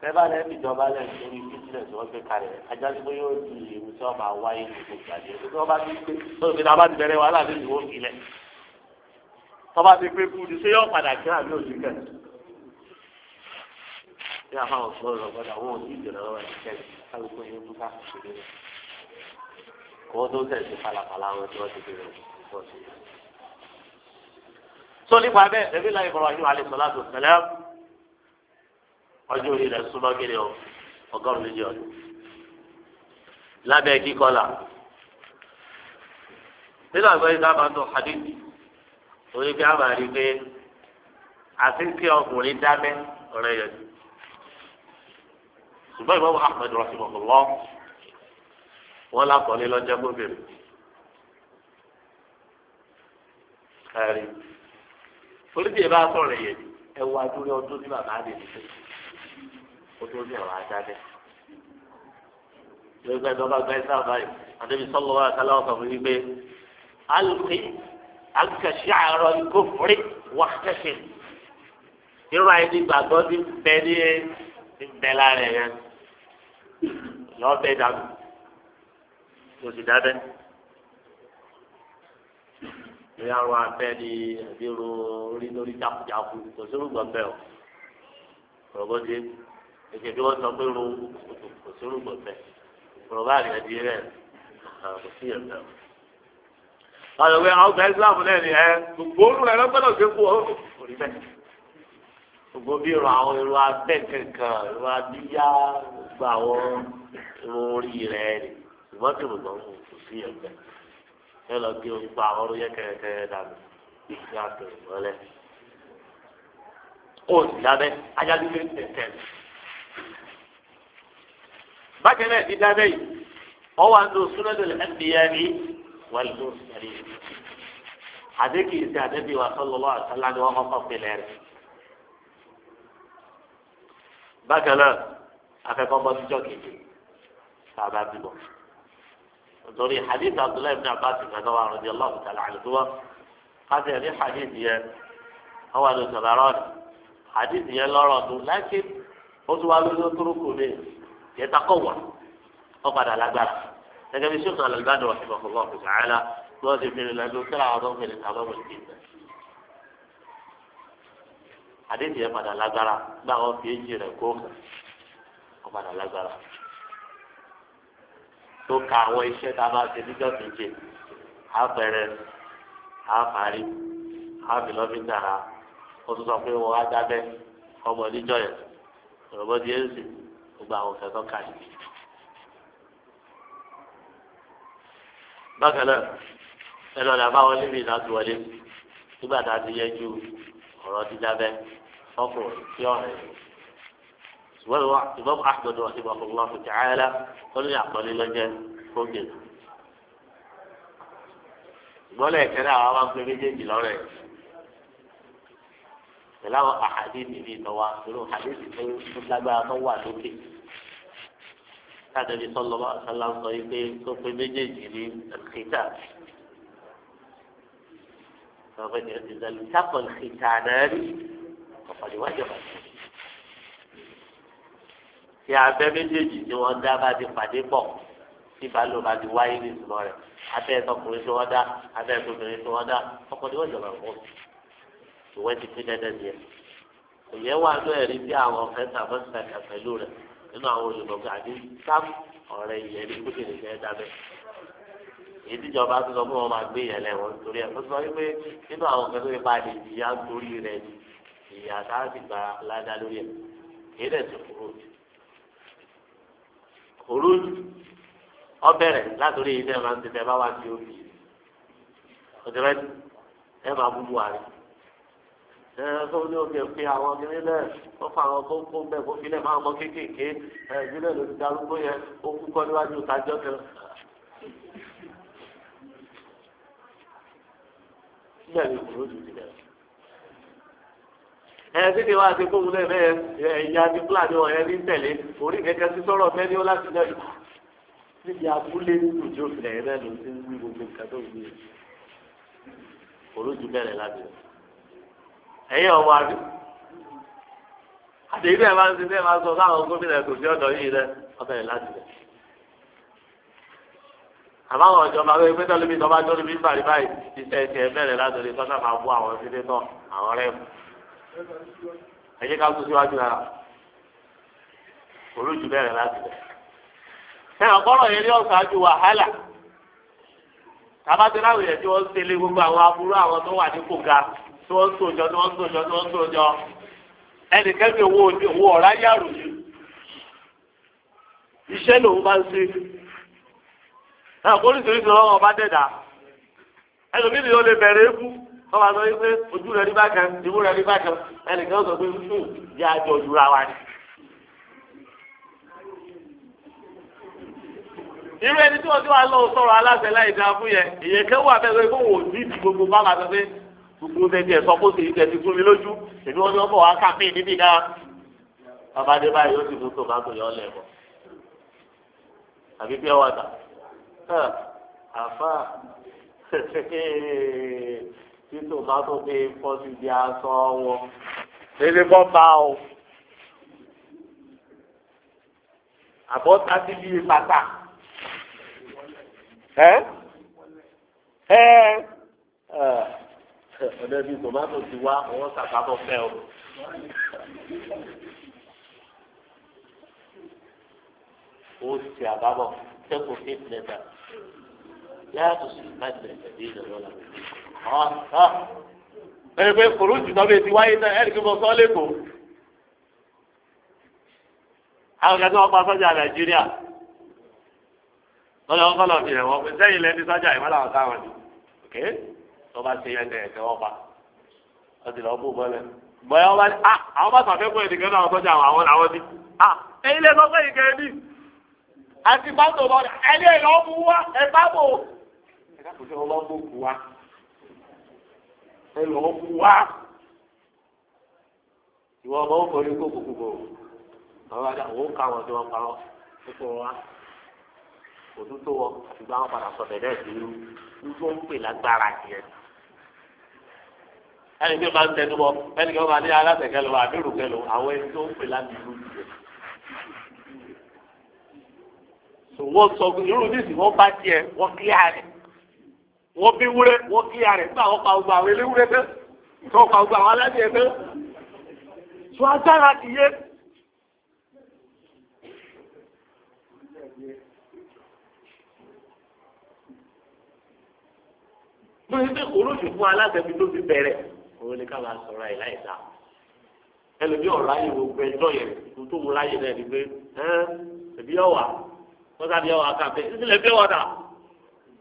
bẹ́ẹ̀ lẹ́yìn ìjọba lẹ́yìn lórí bísíǹnẹ̀ tí wọ́n gbé kalẹ̀ ajá tí yóò di ìlú tí wọ́n máa wáyé ní gbogbo àdé tí wọ́n bá ti pé lórí mi bá ti bẹ̀rẹ̀ wàhálà nínú ìwọ́n tí a máa gbọ́ ọ̀rọ̀ gbọ́dọ̀ àwọn òbí ìjọba wa ti tẹ̀lé kálukú yín kú ká ṣe lé rẹ̀. kọ́wọ́ tó ń tẹ̀lé sí palapala àwọn tí wọ́n ti bẹ̀rẹ̀ pọ̀ sí i. tó nípa bẹ́ẹ̀ ẹbí láì bọ̀rọ̀ yín alẹ́ sọ láti òṣèlè ọjọ́ orí rẹ̀ súnmọ́ kéde ọgọ́rùn-ún méjì ọdún. lábẹ́ kíkọ́lá nínú àgbẹ̀ yìí dábàá ṣùgbọ́n ìmọ̀ ahmed rahimahullah wọn lákọ̀ọ́lé lọ́jọ́ gbóbìnrin kárí oríṣi ìbá sọ̀rọ̀ yẹn ẹ wá dúró ọdún tí bàbá rẹ̀ ti fẹ́ o tó ní ọ̀rọ̀ ajáde lórí pé ẹ̀dọ́ bá gbẹ́ sábà yìí àdébí sọ́lọ́ wa kálá ọ̀sán fún wípé alùpùpù alùkàṣí àárọ̀ ikó fúri wà kẹ́kẹ́ irú àyè gbàgbọ́ ní bẹ́ẹ̀ ní bẹ́ẹ̀ lára yẹn yọ bẹ dànù tó sì dábẹ lóyún àrùn abẹ ni àbí ro orí lórí jákujáku kò sí rúgbọn bẹ o rọgbọ dé èké bí wọn sọ pé ro kò sí rúgbọn bẹ rọgbà rẹ di rẹ kò sí yẹn bẹ o. àwọn ìwé àwọn ọgbà islam náà ni ẹ gbogbo olùrẹ̀ lọ́gbọ́dọ̀ gbé kú ọ òrí bẹ́ẹ̀ gbogbo bí irun àwọn irun abẹ́ kankan irun abíyá gba àwọn irun orí rẹ̀ ni ṣùgbọ́n kí ló ń kó sí ẹ̀gbẹ́ ẹ lọ gé orí pa àwọn oróyẹ kẹrẹkẹrẹ dànù ìṣe àtẹ̀wé mọ́lẹ̀ ó sì dábẹ́ ajálùgbé tẹ̀tẹ̀ bákan náà ti dábẹ́ yìí ọwọ́ àti òṣùlẹ̀dọ̀ ẹ̀ǹdíyà ni wọ́n lè lọ́ọ́ sẹ́yìn àdékìí sí àdébíwá sọ́lọ́lọ́ àtàlá ni wọ́n kọ́kọ́ pinnu rẹ̀ bákan náà akẹ́kọ̀ọ́ bọ́ síjọ́ kejì bàbá bíbọ nítorí hadith abdullahi ibn abbas ìgbàdàn wa rọ̀bì allah ta'ala àlùtúwà káṣí ẹ̀rí hadith yẹn wọ́n wà ní sọ̀rọ̀ hadith yẹn lọ́rọ̀ tó láti ó tún wá lórí tórókù mi yẹn takọ̀ wà ó padà lágbára gẹ́gẹ́ bí sèkàn alẹ́ ìbàdàn wa ṣe bọ̀ fún wọn kò sàárẹ̀ la wọ́n ti fi rìn lẹ́nu kíra àwọn ọmọ ìrìn àwọn ọmọ ìrìn àdéhùn yẹn padà lágbára gbà wọn fi èjì rẹ̀ kó wọn padà lágbára tó ka àwọn iṣẹ́ tá a bá ṣe níjọ́ méje àpẹẹrẹ àparí àbìlọ́fíńdàrà ó tún sọ pé wọ́n á dábẹ́ ọmọ níjọ́ yẹn ọ̀rọ̀bọ́ di ẹ̀sìn gbogbo àwọn òfẹ́ tọ́ka yìí. bákan náà ẹ lọ́ọ́ dàbá wọlé mi láti wọlé nígbà tá a ti yẹ ju ọ̀rọ̀ dídábẹ́. فصل صيام والوقت إمام أحمد رحمه الله تعالى قل يعقل لك فوجد ولا يكرا عرام في مجيج لوري فلا أحاديث في تواصل حديث في مطلقة نوع لكي النبي صلى الله عليه وسلم صيفين صف مجيج للختام إذا التقى الختانان ọ̀pọ̀lọpọ̀ ìwádìí ọ̀pọ̀lọpọ̀ tí abẹ́ méjèèjì tí wọ́n dá bá ti pàdé pọ̀ tí balùwẹ̀ bá ti wáyé ní ìsúná rẹ̀ abẹ́ ẹ̀tọ́kùnrin tí wọ́n dá abẹ́ ẹ̀tọ́kùnrin tí wọ́n dá ọ̀pọ̀lọpọ̀ ìwádìí ọ̀pọ̀lọpọ̀ ìwé ti pín dandan díẹ̀ òye wà ló ẹ̀rí bí àwọn ọ̀fẹ́ sàbọ̀sàkà pẹ̀lú rẹ̀ nínú àwọn olùdókè àti sáàmù ọ̀rẹ́ ìyẹn ní kúkìrì jẹ́ dábẹ́ èyí tíjọba tó sọ fún wọn máa gbé ìyẹn lẹ́wọ̀n torí ẹ̀ ló sọ wípé nínú àwọn ọ̀fẹ́ tó fi pa torí rẹ̀ ni ìyá tá a sì gba ládá lórí ẹ̀ kì í dẹ̀ tó kúròjù kúròjù ọbẹ̀rẹ̀ látòrí yìí dẹ̀ máa ń tẹ̀lé bá wà sí omi ọ̀dẹ̀rẹ̀ ẹ̀ máa búbu àrí ẹ̀ẹ́dọ́ ní omi ẹ̀fẹ́ àwọn ọmọdé náà wọ́n fa àwọn tó ń kó bẹ́ẹ̀ kó filẹ̀ máa mọ kéékèèké ẹ̀ẹ́dílẹ̀ ló ti darúgbó yẹn ó kú kọ́ níwájú ìtajọ́ kan. Nígbà mi kúrò lù ẹ̀sìn ni wọ́n á ti kó wulẹ̀ bẹ́ẹ̀ ẹ̀yà ti fúlàní ọ̀rẹ́ ní tẹ̀lé orí kẹ̀kẹ́ sí sọ̀rọ̀ mẹ́ni ó láti náà níbi abúlé lòdì òfin ẹ̀yẹ náà ló ti ń wí gbogbo nǹkan tó wù yẹn olójú bẹ̀rẹ̀ lábẹ́ ẹ̀yẹ ọ̀wọ́ àbí àti ilé ẹ̀ máa ń ti bẹ́ẹ̀ máa sọ káwọn gómìnà kò sí ọ̀dọ̀ yìí rẹ ọbẹ̀rẹ̀ láti rẹ̀ àbáwọn ọ̀jọba wẹ́ẹ́ pé tọ́lú mi tọ́ bá bàrí báyìí iṣẹ́ ti ẹ̀ bẹ̀rẹ̀ látòrí kọ́sà máa bú àwọn sílé náà àwọn rẹ́ẹ̀mù. ẹ jẹ́ ká tó síwájú ara olójú bẹ̀rẹ̀ láti bẹ̀. ẹ ọ̀pọ̀lọ̀ yẹn ní ọ̀sáájú wàhálà tabatẹ́lá tí wọ́n ń gbogbo àwọn aburú àwọn tó wà ga tí wọ́n ń sojọ́ tí wọ́n ń sojọ́ tí wọ́n ń sojọ́ ẹnìkan owó ọ̀rá yìí iṣẹ́ lòun bá ń ṣe tọ́wọ́ sọ wípé ojú rẹ̀ rí bákan ìwú rẹ̀ rí bákan ẹnìkan sọ pé fún hmm, ìyá àjọ ojú ra wa ni. irú ẹni tí wọ́n ti wá lọ sọ̀rọ̀ aláṣẹ láì dáa fún yẹn ìyẹn kẹ́ wà bẹ́ẹ̀ pé wò ní ti gbogbo bá bàtà pé gbogbo tẹ̀tẹ̀ sọ kó sì tẹ̀tẹ̀ fún mi lójú èmi wọ́n ní wọ́n bọ̀ wá kàmí níbí náà bàbá dé báyìí ó sì mú tòmátò yọ ọ́ lẹ́ẹ̀mọ́ àbí bí ọwọ́ àtà àfà tí tòmátò pé fọ́sí di aṣọ wọn lédè bọ́ bá o àbọ̀tá sí bíi bàtà ẹ ẹ ọ̀dọ̀ bíi tòmátò ti wá wọ́n sàkábọ̀ fẹ́ o. ó ti àbábọ̀ kẹ́kọ̀ọ́ fífi lẹ́tà yàtọ̀ sí ìbàdàn ìbàdàn ìdàgbọ́n làwọn ìbí. ẹni pé kòrò jùlọ bíi ti wáyé náà ẹni pé sọ lẹ́kọ̀ọ́ àwọn kan sọ́jà nàìjíríà lọ́dọ̀ wọn kọ́lọ̀ fi ẹ̀wọ̀n sẹ́yìn lẹ́ni sọ́jà ìmọ̀lá ọ̀tá ni ok tó bá tẹ̀ lọ bú bọ́lẹ̀ bọ́yá bá ní ah, àwọn bá sọ́jà àwọn ni ah, pé àti ẹlò ọkù wá ìwọ ọmọ ó kọrí kó kókó bò ọmọ adá òun ká wọn tí wọn parọ́ kókó wá òtún tó àtìgbà wọn padà sọ bẹ́ẹ̀ sí irú irú ń pè lágbára yẹn ẹni tí ó bá ń tẹnu bọ ẹni tí ó bá ní alátẹkẹlò àdúrókẹlò àwọn ẹni tó ń pè láti irú yẹn wọ́n sọ irú nísìnyí wọ́n bá tiẹ̀ wọ́n kílíà rẹ̀ wọ́n bí wúrẹ́ wọ́n kí ààrẹ gbà wọ́n pa gbogbo àwọn eléwúrẹ́ tán tí wọ́n pa gbogbo àwọn alájẹ tán. tó agbára ti yé. mo ní pé olóṣù fún alátẹ̀bí tó ti bẹ̀rẹ̀ òun ni ká máa sọ̀rọ̀ àyè láì dá ẹlòmí ọ̀rọ̀ ayé gbogbo ẹjọ́ yẹn tó wù láyé náà ni pé ẹ́ ẹ̀bí ọ̀wà wọ́n sábẹ́ ọ̀wà kàfẹ́ ìsìlẹ̀ bí ọ̀wà náà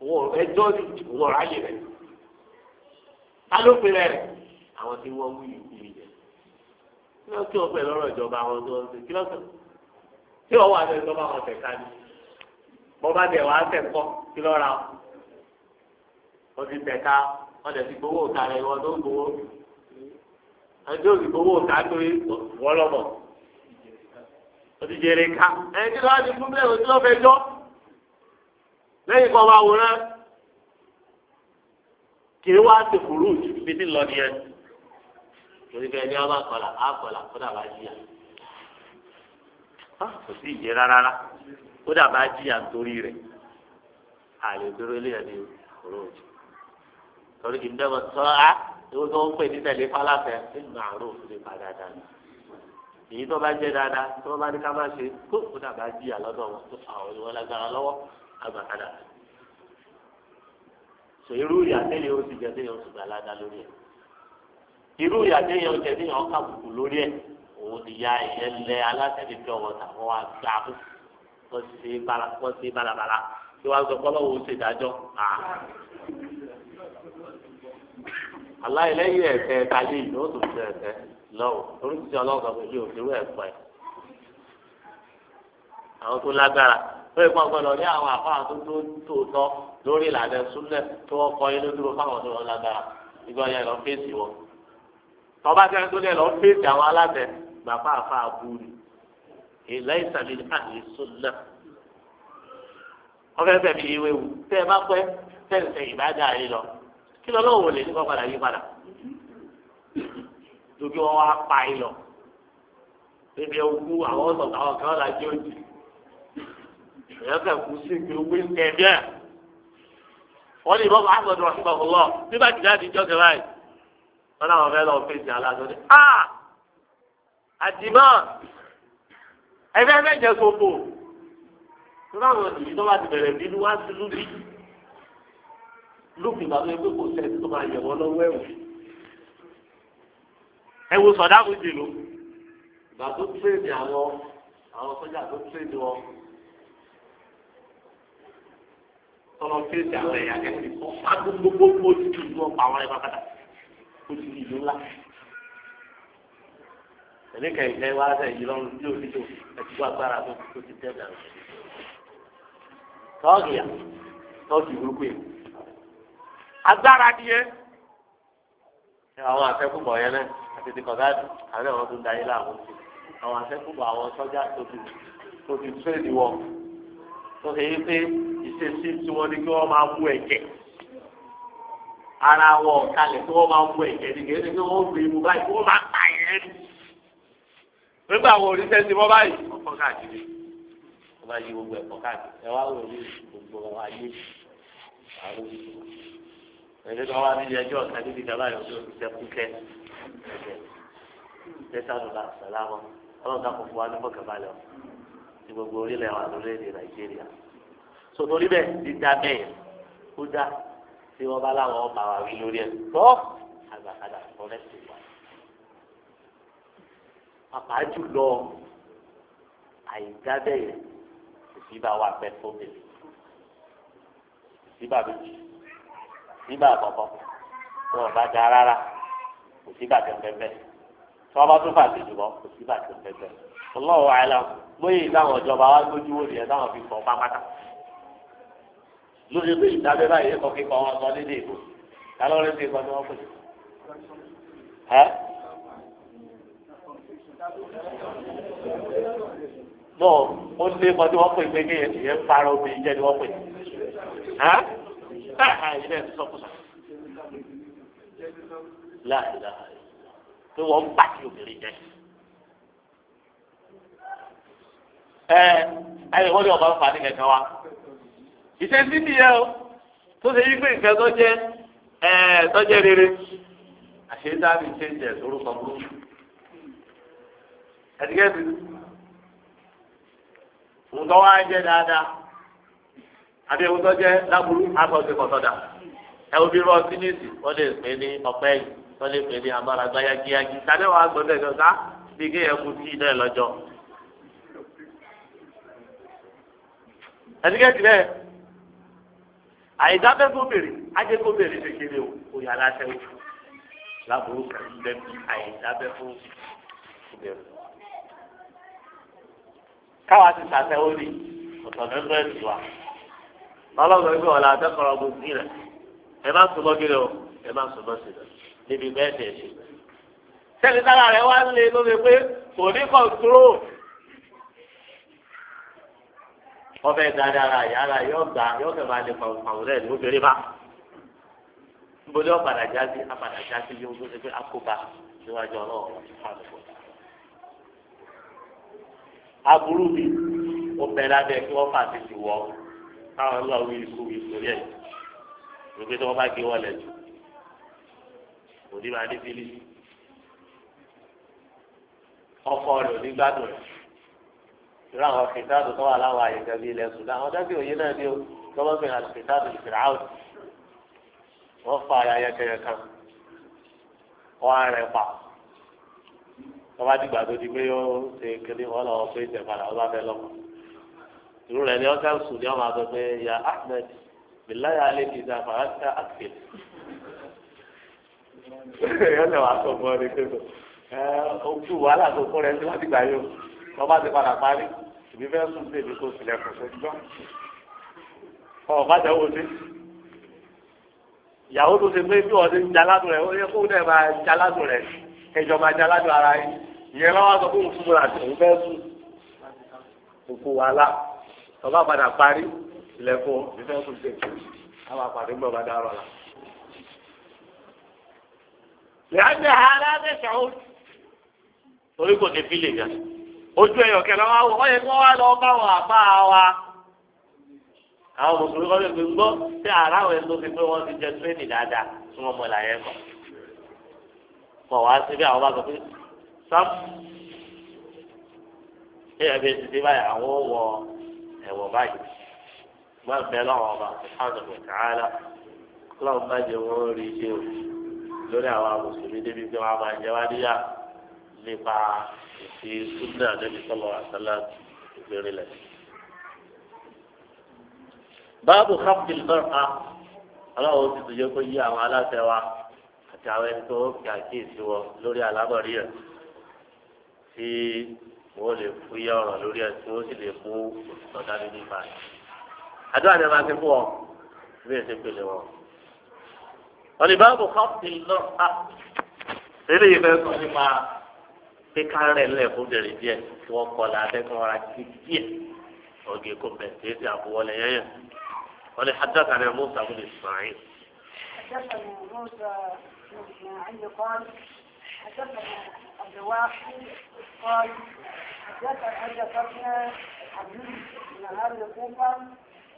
wọn ẹjọ́ wọn ráyè rẹ̀ ta ló pe àwọn tí wọ́n wí ìwé yẹn kí ló kí wọ́n pè lọ́rọ̀ ìjọba àwọn tó ń ṣe kí ló tí wọ́n wà ní ìjọba àwọn tẹ̀ka ni bọ́ba tẹ̀ wá tẹ̀kọ́ kí lọ́ra wọ́n ti tẹ̀ka wọ́n tẹ̀ ti gbowó òkà rẹ̀ wọ́n tó ń gbowó ẹjọ́ òsì gbowó òkà torí wọ́lọ́mọ̀ ó ti jèrè ká ẹni tí wọ́n ti fún bẹ́ẹ̀ òsì lọ́fẹ̀ẹ́jọ́ lẹ́yìn kan máa wòran kì í wá sí kùrú ibi tí ń lọ nìyẹn torí bẹ́ẹ̀ ni a máa kọlà á kọlà kó dàbá jìyà ah, kò sí ìyẹn rárá kó dàbá jìyà nítorí rẹ̀ àlè dúró lè ní kùrú òjò torí kì í dẹ́gbẹ́ sọ á ewu tó ń pè ní tẹ̀lé fáláfẹ́ ní màrú ní padà dáná èyí tó bá jẹ́ dáadáa tó bá ní ká má ṣe kó kó jìyà lọ́dọ̀ wọn tó àwọn ìwọlẹ́gbàrá lọ́wọ́. agbàkadà so irú ìyá téèyàn ó sì jẹ téèyàn ó sì gbà ládàá lórí ẹ irú ìyá téèyàn ó jẹ téèyàn ó kàbùkù lórí òun ti ya ìyẹn lẹ alásẹ̀dẹ̀ fi ọwọ́ tà wọ́n gbà fún balabala tí wọ́n á sọ kọ́lọ́ wo ṣe dájọ́ aláìlẹ́yìn ẹ̀fẹ́ káyé yìí ó ṣe ẹ̀fẹ́ lọ́wọ́ oríṣiríṣi ẹ̀fọ́ ẹ̀. àwọn tó lórí kan gbọ́dọ̀ ní àwọn àfáà tó tó tòótọ́ lórí ìlànà súnlẹ̀ tó wọ́n kọ́ inú dúró fáwọn tó wọn lágbára ìgbà yẹn lọ fèsì wọn. tọ́ba tẹ́lẹ̀ tó lẹ̀ lọ fèsì àwọn alábẹ̀ bàbá àfáà búrú ìlà ìsàlẹ̀ àti súnlẹ̀. wọ́n fẹ́ bẹ̀ bí ìwé wù tẹ́ ẹ bá pẹ́ tẹ̀sẹ̀ ìbájà yìí lọ kí lọ́wọ́ wò lè ní kọ́ padà yí padà lójú wọn wá pa yìí lọ bébí ogún àwọn ọ̀sán èèyàn kà sí ìgbé owó ẹ̀mí ẹ̀ wọ́n ní ìbọn ahmed rahimahullah nígbà tí jáde ìjọ kẹfà yìí wọ́n náà wọ́n fẹ́ lọ fèsì aláàtọ̀ ní a àdìmọ́ ẹgbẹ́ mẹ́jẹ gbogbo tó bá wọn nìyí tó bá ti bẹ̀rẹ̀ bínú wá sí lúbí lúbí bàbá ẹgbẹ́ kò sẹ́ni tó máa yẹ̀ wọ́n lọ́wọ́ ẹ̀wù ẹ̀wù sọ̀dá kò jìnnú ìgbà tó tẹ̀lé tọ́lọ́ fèsì àwọn ẹ̀yà kẹ́kẹ́ ọ̀pá gbogbogbò ti tù ní ọ̀pá àwọn ẹ̀fà padà ó ti di ìlú ńlá. Ẹ̀mí kẹ̀kẹ́ wá sẹ̀ yìí lọ́rùn tí ò nílò ẹ̀tí wá gbára tó tó ti tẹ̀ dàrú. Tọ́ọ̀gì yà tọ́ọ̀gì burúkú yẹn. Agbára ni yẹn. Àwọn afẹ́kùbọ̀ yẹn náà àti ti kọ̀gáàdì àwọn ẹ̀wọ̀n tó ń darí láàmú sí. Àwọn tó ṣe é pé ìṣesí tí wọ́n ní kí wọ́n máa mú ẹ̀jẹ̀ ara wọn kalẹ̀ kí wọ́n máa mú ẹ̀jẹ̀ ní kí wọ́n gbé ibú báyìí kí wọ́n máa pa ẹ̀yẹ́ nù. nígbà wo orí sẹ́ńtì mọ́ báyìí ọkọ̀ káàkiri wọ́n máa yí gbogbo ẹ̀kọ́ káàkiri ẹ wá wò ní gbogbo ayé àrùn ẹ̀jẹ̀ tó wá nílé ẹjọ́ ọ̀sán níbi ìjọba yóò tó ti sẹ́kù kẹ́ ẹ̀jẹ̀ lẹ́sà lọ́la sàlámọ́ ọlọ́run dàpọ̀ fún wa ní fọ́kànbalẹ̀ ọ̀ ní gbogbo orílẹ̀ wa lórílẹ̀-èdè nàìjíríà sòtòrí bẹ́ẹ̀ dídá bẹ́ẹ̀ ó dá tí wọ́n bá láwọn ọba wa wí lórí ẹ̀ tọ́ àgbàkadà fọ́rẹ́sì wa pàápàá jùlọ àyíká bẹ́ẹ̀ ìsìnbà wà pẹ́ tó bẹ̀rẹ̀ ìsìnbà méjì ìsìnbà àkọ́kọ́ tí wọ́n bá ga rárá kò síbà kẹ́kẹ́ bẹ́ẹ̀ tí wọ́n bá tún fàṣẹ jùlọ kò síbà kẹ́kẹ́ bẹ́ẹ̀. Allahu a'lam bóyá ìdáhùn ìjọba wa gbójú wò nìyẹn táwọn fi fọ pápátá lórí pé ìdábẹ́ báyìí kọ́ kíkọ́ wọn sọ nílé ìbò kálọ́ rẹ̀ ti kọ́ ni wọ́n pè é. nọ ó lé kọ́ ni wọ́n pè pé kí ìyẹn para obìnrin jẹ́ ni wọ́n pè é. ilé ẹ̀ sọ́kùsà láìláì pé wọ́n ń pàtí obìnrin jẹ́. ẹ ayé wọ́n ní ọba ń fani kankan wa ìṣe sí nìyẹ o tó ṣe yí pé nǹkan tó jẹ ẹ tó jẹ rere àṣetáàbí ṣe ń jẹ lórúkọ burúkú ẹ̀dígẹ́sì ńlọ wá jẹ dáadáa àbí ewu tó jẹ lábúrú àgbọ̀dé kọ̀tọ̀dà ẹ̀wù bí rọ sínìsì wọ́n lè pè ní ọ̀pẹ́ yìí wọ́n lè pè ní gbáyagíyagí gbọ́dọ̀ ìjọba bí kéèyàn kú sí ilé ẹnikẹ́ni bẹ́ẹ̀ àyíká bẹ́ẹ̀ kó bèrè ajé kó bèrè kékeré o kò yà láṣẹ o láburú kàdí bẹ́ẹ̀ bí àyíká bẹ́ẹ̀ kó bèrè. káwa ti sàtẹ́wó ni ọ̀tọ̀ mẹ́fẹ́ ti wà lọ́lọ́gbọ̀n gbé ọ̀la àtẹ́kọ̀rọ̀ gbòógì rẹ̀ ẹ má sùn mọ́ kílẹ̀ o ẹ má sùn mọ́ sílẹ̀ níbi bẹ́ẹ̀ tẹ̀ ṣe. sẹ́ni tára rẹ̀ wá ń lé lórí pé kò ní kọ̀ńtúrò ọfẹ fẹ́ da ya yàrá yóò gbà yóò fẹ́ máa lè pàwọ́ pàwọ́ rẹ̀ ló fẹ́rẹ́ bá. níbo ni wọ́n apàdà já yóò tó pé akóba níwájú ọlọ́run aburú mi ó bẹ kí fà irú kìtàdù tó wà láwọn àyè gẹbi ilẹ̀ Sudan àwọn dábì òye náà ni ó tọ́wọ́ fi hàn kìtàdù fìràwù wọ́n fa ayẹyẹ kẹyẹ kan wọ́n á rẹ̀ pa tọ́ba dìgbà tó di pé yóò ṣe kéde wọ́n lọ pé ìtẹ̀ padà wọ́n bá fẹ́ lọ́kọ̀ irú rẹ̀ ni ọ́sẹ̀ sùn ní ọmọ àgbẹ̀ pé ya Ahmed bìláyà alẹ́ ti dà fàràkà àkìlẹ̀ yọ́n lè wàá sọ fún ọ ní pé ó kú wàhálà tó kún rẹ̀ sí láti gbà yóò lọ́ba ti padà parí ìbí fẹ́ sùn sí èmi kò sílẹ̀ kò sí gbọ́. ọ̀bá jẹ́ owó sí. ìyàwó tó ṣe pé bí wọ́n ti ń jaládùn rẹ̀ ó yẹ kó dẹ̀ máa jaládùn rẹ̀ ẹjọ́ máa jaládùn ara yín. ìyẹn lọ́wọ́ sọ fún òfin múra tòun fẹ́ sùn. òkú wàhálà lọ́ba padà parí ìlẹ̀kùn ìbí fẹ́ sùn sí èmi. àwọn àpàdé gbọ́ bá dárọ̀ la. lẹ́yìn àti àárẹ̀ àti kò ní fílẹ̀ gan ojú ẹyọ kẹlẹ wa wọ ọyẹ kó wa lọ bá wọn àbá wa àwọn mùsùlùmí kọ́ lóògbé gbọ́ tí ara àwọn ẹni tó fi pé wọ́n ti jẹ tírénì dáadáa tí wọ́n mọ̀ láyé kọ́ mọ̀ wá síbi àwọn bá sọ pé sam ẹ̀yà bíi ti dé báyìí àwọn wọ ẹ̀wọ̀ báyìí wọ́n ń lọ́wọ́ ọba ṣáàdùn ìtàhálà ọlọ́run bá jẹ wọ́n rí iṣẹ́ o lórí àwọn mùsùlùmí débi pé wọ́n á máa jẹ wá níyà nípa àti súnà àdébí sọlọ àtàlà ìgbèrè lẹ. báàbù káfíńtì mẹ́ta aláwọ̀ ti tó yẹ kó yí àwọn aláṣẹ wa àti àwọn ẹni tó kà kíyèsí wọn lórí alábọ̀rí rẹ̀ tí wọ́n lè fún yẹ ọ̀rọ̀ lórí ẹ̀ tí wọ́n sì lè mú ọ̀dà nínú ìgbà rẹ̀. àdúrà ni a máa fi fún ọ bí ẹ ṣe pèlè wọn. ọ̀nì báàbù káfíńtì mẹ́ta eléyìí fẹ́ sọ nípa pé kárẹ̀ ńlẹ̀ fún bèrè díẹ̀ tí wọ́n kọ́ la abẹ́kùn ara ti díẹ̀ ọ̀gẹ̀ kò bẹ̀ tí èsì àbúwọlé yẹ́yẹ́ wọ́n lè hajjá kan náà mọ́sá fún ìsmáyìn. حدثنا عبد الواحد قال حدثنا عبد بن هاري الكوفة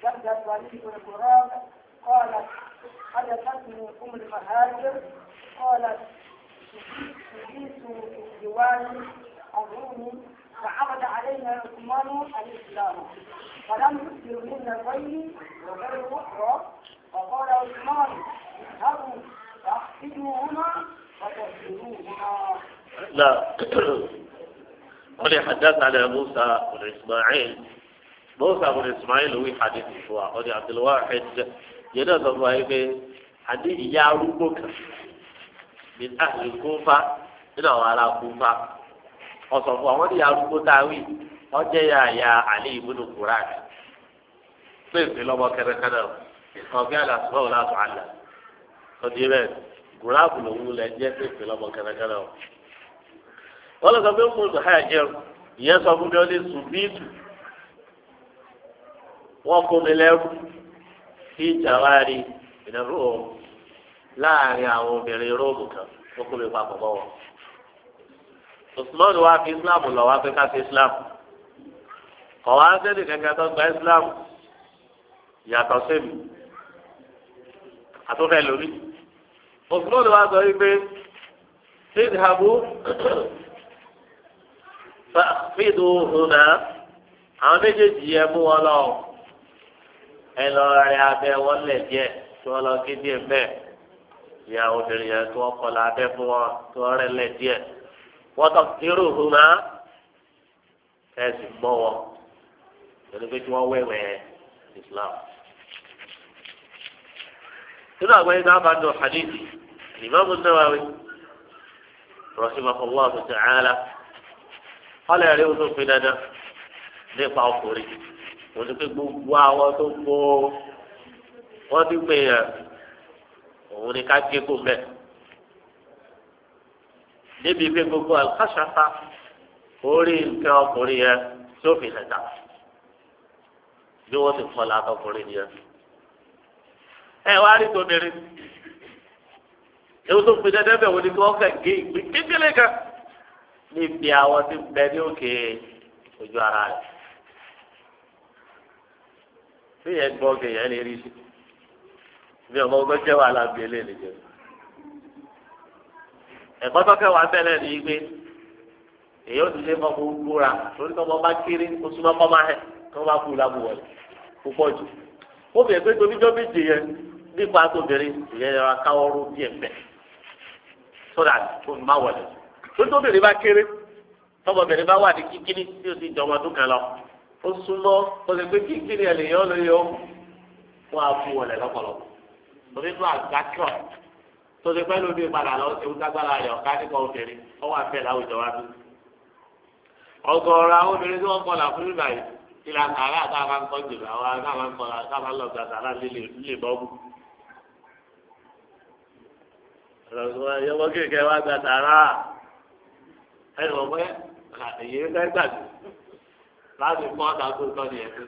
حدث وليد بن قراب قالت حدثتني ام المهاجر قالت فعقد عليها عثمان الاسلام فلم يكثر من الغي وغير اخرى فقال عثمان اذهبوا فاحفظوهما فتهجروهما لا قال حدثنا على موسى بن اسماعيل موسى بن اسماعيل هو حديث الشواء قال عبد الواحد جنازه الرهيبه حديث يا bí àti kúfà nínú àwọn ará kúfà ọ̀sọ̀ fún àwọn ìyá arúgbó tá a wí wọ́n jẹ́ ya ya àlẹ́ ìbúdó kúrán pé ìpè lọ́mọ kẹrẹkẹrẹ ìkànnì àlàsùnmọ́ ò láàtọ̀ àlà ọdí rẹ̀ kúrán lòun lẹ jẹ́ pé ìpè lọ́mọ kẹrẹkẹrẹ o. wọ́n lọ sọ pé mo sùn hàn ìyẹn sọ fún mi ó lè sùn bíìtù láàrin àwọn obìnrin róòmù kan ó kó mi papọ̀ mọ́ wọn. Usman wá fi Islam lọ wá pé ká fi Islam kọ̀ wá sẹ́ni kankan tó gba Islam yàtọ̀ sẹ́mi àtúfẹ́ lórí. Usman wá sọ wípé ṣíṣàbù fídù hùnà àwọn méjèèjì yẹ mú wọn lọ ẹ lọ rẹ abẹ wọn díẹ̀ tí wọn lọ gé díẹ̀ bẹ́ẹ̀ ìyá obìnrin yẹn tí wọ́n kọlà abẹ́ fún wọn tí wọ́n rẹ̀ lẹ̀ díẹ̀ wọ́n tọ́ irú òhun náà kẹ́sì gbọ́ wọn pẹ̀lú pé kí wọ́n wẹ̀wẹ̀ Islam. nínú àgbáyé náà bá dùn hadith Imam Nawawi rahimahullahu ta'ala ọ̀lẹ́ rẹ̀ ó tó fi dandan nípa ọkùnrin mo ti pé gbogbo àwọn tó gbó wọ́n ti pè yẹn òun ni ká gé kó mbẹ débi pé gbogbo àkàṣàfà orí nǹkan ọkùnrin yẹn tí ó fi hàn dà bí wọn ti fọlá àtọkùnrin yẹn ẹ wá rí tòmìnrin ewu tó fi dẹdẹ bẹ wọn ni kí wọn fẹ gé ìpín kékeré kan níbi àwọn tí bẹ ní òkè ojú ara rẹ bí yẹn gbọ́ kéèyàn lè rí sí mi ò ọgbẹ́ jẹ́ wàhálà bíi eléyìí jẹ́ ẹ̀kọ́ tọ́kẹ́ wa bẹ́lẹ̀ ní igbe èyí ò ti lé mọ́ kó gbóra lórí tọ́mọ bá kéré kó súnmọ́ kọ́ máa hẹ̀ tó bá kú púpọ̀ jù ó bẹ̀rẹ̀ pé nípa ìyẹn díẹ̀ sódà má wọlé tó bá kéré bá wà ní tí ti torí tó àgbà kọ̀ tó ti pẹ́ lómi padà lọ ewu tágbára rẹ̀ ọ̀ká nípa obìnrin ọwọ́ àfẹ́ láwùjọ wa bí. ọgọ́ra obìnrin tí wọ́n kọ́ là fún ìgbà yìí ìlà sàrà tá a máa ń kọ́ jùlọ àwọn tá a máa ń kọ́ la tá a máa ń lọ gba sàrà lílè bọ́ọ̀bù. ọ̀rọ̀ kéèké wa gba sàrà ẹnì wọ́n èyí ń gbàgbé láti kọ́ ọ̀dà tó tọ́ ni ẹ̀sìn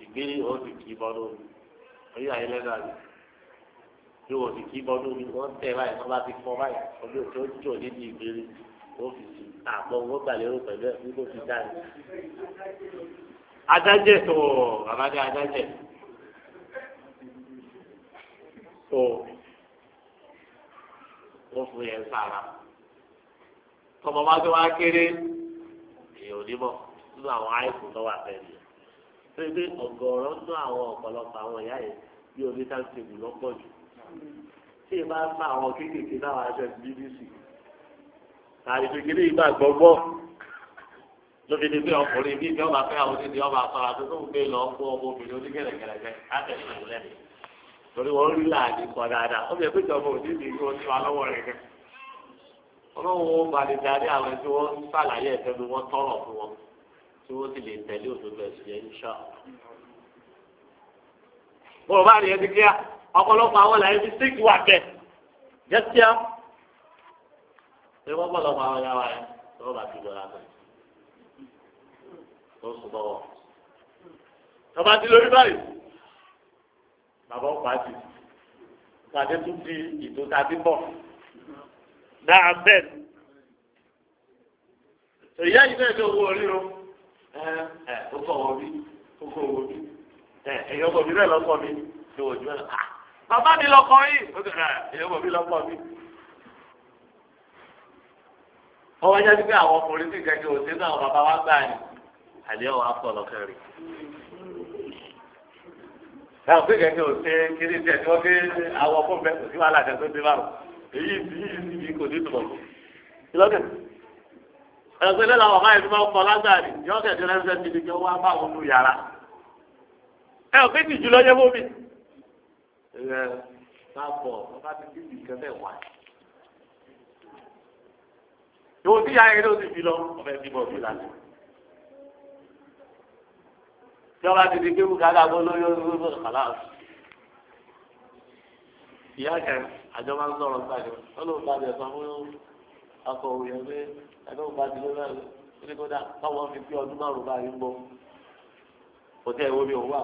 ìgbé ó sì kí bọ́dún mi orí àyè lẹ́nu àlè bí wọ́n sì kí bọ́dún mi wọ́n tẹ̀ báyìí wọ́n bá ti fọ́ báyìí ọdún tó jò nídìí ìgbéri ó fi sí àgbọ̀ wọ́n gbàlérò pẹ̀lú ẹ̀ bí kò fi dá ní. adájẹ́ tó bàbá ní tó wọ́n fún yẹn sára tọmọ bá tó wá kéré èèyàn ò ní mọ̀ nínú àwọn àìsàn tó wà fẹ́ẹ́ pé pé ọ̀gọ̀ọ̀rọ̀ ń dún àwọn ọ̀pọ̀lọpọ̀ àwọn ìyá yẹn bí omi tá ń ṣe bù lọ́pọ̀ jù tí ì bá ń bá àwọn kéékèèké láwọn aṣọ bbc àti kékeré ìgbà gbọ́gbọ́ lóbi ni pé ọkùnrin bíi bí ọba fẹ́ àwọn onídìí ọba afárá tó tóun gbé lọ fún ọmọ obìnrin onígẹ̀rẹ̀gẹ̀rẹ̀ àtẹ̀sẹ̀ lẹ́nu torí wọn rí láàdì kọ dáadáa ó bẹ pé ìjọba òdì ní ìlú ọtí wa lọ́wọ́ rẹ̀ kẹ́ ọlọ́run ó balẹ̀ darí àwọn tí wọ́n ń sàlàyé ẹ̀fẹ́ tí wọ́n sì lè tẹ̀lé òdodo ẹ̀sìn yẹn ṣá. bọ́lá bá rèé dídí à ọ̀pọ̀lọpọ̀ àwọn làyé fi síkì wà bẹ̀ jẹ́sí à. ṣé wọ́n pọ̀lọpọ̀ àwọn yàrá yẹn tí wọ́n bá ti lọ́ra pẹ̀ tó sùn bọ́wọ́. tọ́ba ti lórí báyìí bàbá ọ̀pá ti pàdé tún di ìtò tàbí bọ̀ dáa bẹ́ẹ̀. èyí á yí bẹ́ẹ̀ tó owó orí o. ẹ ẹ ọkọ wọn bí ọkọ wọn bí ẹ mi ah bàbá mi lọkọ yìí ẹ mi lọkọ mi. wọ́n wáyé wípé àwọn ọkùnrin sì náà bàbá gbà ní àlẹ́ ọ̀ kiri wọ́n àwọn ọkùnrin sí wàhálà tó èyí ti yí kò ní ẹgbẹ́ lẹ́la ọ̀gá yẹn tó bá kọ́ lágbàdì yọ kẹ̀kẹ́ lẹ́sẹ̀ ti di kí wọ́n bá wọn lu yàrá. ẹ ò kéjì jùlọ yẹ fún mi. ẹ bá bọ̀ bá ti bí nìkan bẹ́ẹ̀ wá. ìwọ tí yàrá yẹn ló ti fi lọ ọbẹ̀ bí bọ̀ bí lálẹ́. tí ọba ti di kébù kága bó lóyún lóyún lóyún kàlá. ìyá kẹ àjọ máa ń sọ̀rọ̀ gbàdé ọlọ́run gbàdé ẹ̀ akọ òye pé ẹgbẹ́ òun bá ti lé náà ní kódà káwọn fi pé ọdún márùn-ún báyìí ń bọ̀ kò tẹ́ ìwé mi ò wà.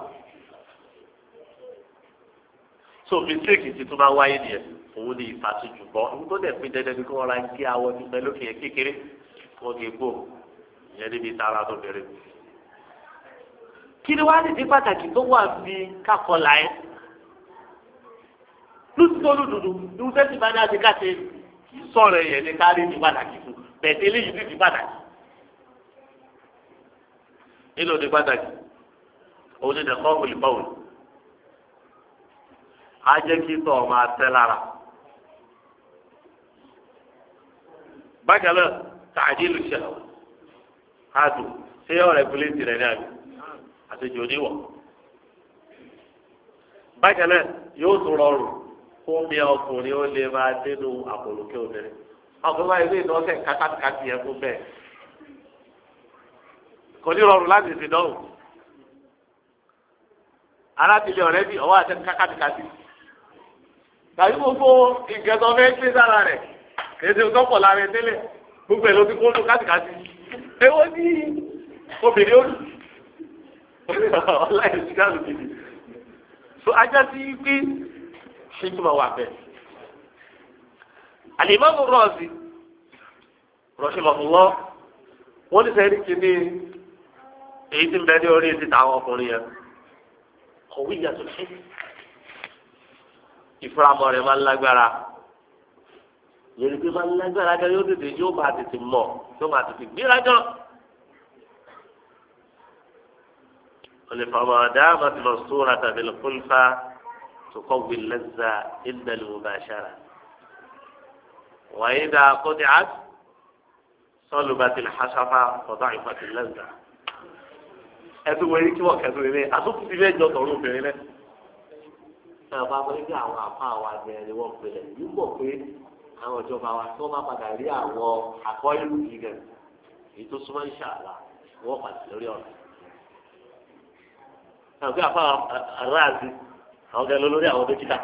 so mistake ti tún máa wáyé nìyẹn òun ní ìfàtújù bọ́ ohun tó dẹ̀ pín dandan ni kí wọ́n ra kí awọ ti pẹ́ lókè yẹn kékeré wọ́n kì í gbò ìyẹn níbi tara tó bẹ̀rẹ̀. kí ni wàá nìdí pàtàkì tó wà bí kákọlà yẹn lùtùtù olùdùdù ìwúsẹ́sì bá ní àti káṣe sísọ̀rọ̀ yẹn ní kárí ti pàtàkì fún bẹ̀tẹ̀ eléyìí ti ti pàtàkì. nílò ní pàtàkì òun ni nìkan kò lè jẹ́ kí tọ̀ máa tẹ́ lára. bákan náà tààdí ìlú ṣẹlẹ̀ adùn ṣé ọ̀rẹ́ pílẹ́ǹtì rẹ̀ ní àná bákan náà yóò fún mi ọkùnrin ó lè máa dénú àpòlùkẹ́ obìnrin ọkùnrin báyìí lè dán sẹ́yìn kátàkátì yẹn fún bẹ́ẹ̀ kò ní rọrùn láti fi dánwò alábìlẹ̀ ọ̀rẹ́ bí ọwọ́ àtẹ́ni kátàkátì tàbí gbogbo ìgẹ̀dọ̀ fẹ́ gbé sára rẹ̀ èdè ọ̀tọ́pọ̀ lára ẹ̀ tẹ́lẹ̀ gbogbo ẹ̀ ló ti kó lù kátàkátì èwo ní obìnrin ó lù ọláyé sí dáàbò kìíní so ajá sí pé hikima wà bẹ́ẹ̀. alimami rọọsi rọṣimọfọlọ wọn ní sẹẹrí kìíní èyí tí ń bẹ ní orí ti tàwọn ọkùnrin yẹn kọwé ìyàtọ̀ sí ìfúramọ́ rẹ̀ máa ń lágbára yẹri pé máa ń lágbára gan yóò tètè yóò máa tètè mọ̀ yóò máa tètè gbéra gan. olùfọwọ́ dáhùn ti sóra tàbí lọ fún fa. تقوي اللذة إلا المباشرة وإذا قطعت صلبت الحشفة وضعفت اللذة ẹtù wọ ikú ọkẹtù ilé àtúntò ti fẹẹ jọ tọrọ obìnrin rẹ. ẹ bá wọlé bí àwọn àpá àwọn agbẹ̀rẹ̀ ni wọ́n pè lẹ̀ yìí mọ̀ pé àwọn ìjọba wa tí wọ́n bá padà rí àwọn àkọ́yìnrú yìí gẹ̀ èyí tó súnmọ́ ìṣàlá wọ́n pàṣẹ lórí ọ̀rọ̀. ẹ̀gbẹ́ àpá aráàlú àwọn kẹlẹ lórí àwọn dókítà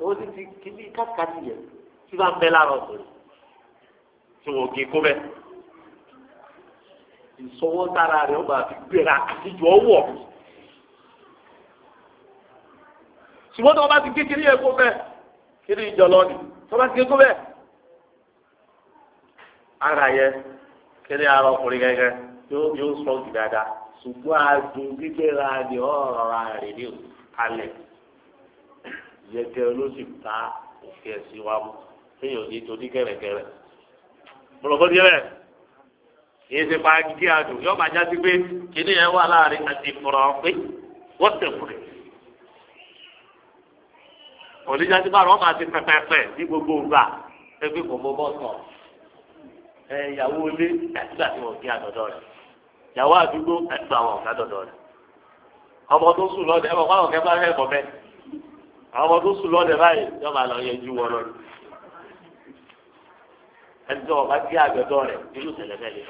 ó ti ti kíní káàkiri yẹn tí bá ń bẹ lára ọ̀sẹ̀ tí wọn kì í kó bẹ́ẹ̀ ìsọwọ́ sára rẹ̀ ó bá fi gbéra àtijọ́ wọ̀ ṣùgbọ́n tí wọ́n bá ti gé kíní yẹn kó bẹ́ẹ̀ kíní ìjọlọ ni tí wọ́n bá ti gé kó bẹ́ẹ̀ ara yẹn kíní ara ọkùnrin gẹ́gẹ́ yóò yóò sọ jù dáadáa ṣùgbọ́n adùn gbígbéra ni ọ̀rọ̀ rẹ̀ ní kalẹ̀ yẹtẹ olóṣù ta òfin ẹ̀sìn wa mú téèyàn ní torí kẹrẹkẹrẹ. bọ̀lọ̀kọ́ díẹ̀ bẹ́ẹ̀ kì í ṣe pa kíkí adùn yóò máa jásí pé kíní yẹn wà láàrin àti ìfọ̀rọ̀ pé wọ́n tẹ̀ fúrẹ̀. oníjàsí bá wọn máa ti pẹpẹpẹ ní gbogbo ògbà pé kò mọ bọ́ọ̀tọ̀ ẹ̀yàwó ilé àti ìgbà tí wọ́n gbé àdọ́dọ́ rẹ̀ ìyàwó àdúgbò ẹ̀tọ́ àwọn ọ̀gá dọ̀dọ̀ rẹ̀ ọmọ tó sùn lọ́dẹ ẹ̀mọ̀ fáwọn kẹfà ẹ̀kọ́ bẹ́ẹ̀ àwọn ọmọ tó sùn lọ́dẹ báyìí yọ máa lọ yẹjú wọn lọ ẹni tó ọba jẹ́ àgbẹ̀dọ̀ rẹ̀ nínú ìṣẹ̀lẹ̀ bẹ́ẹ̀ lè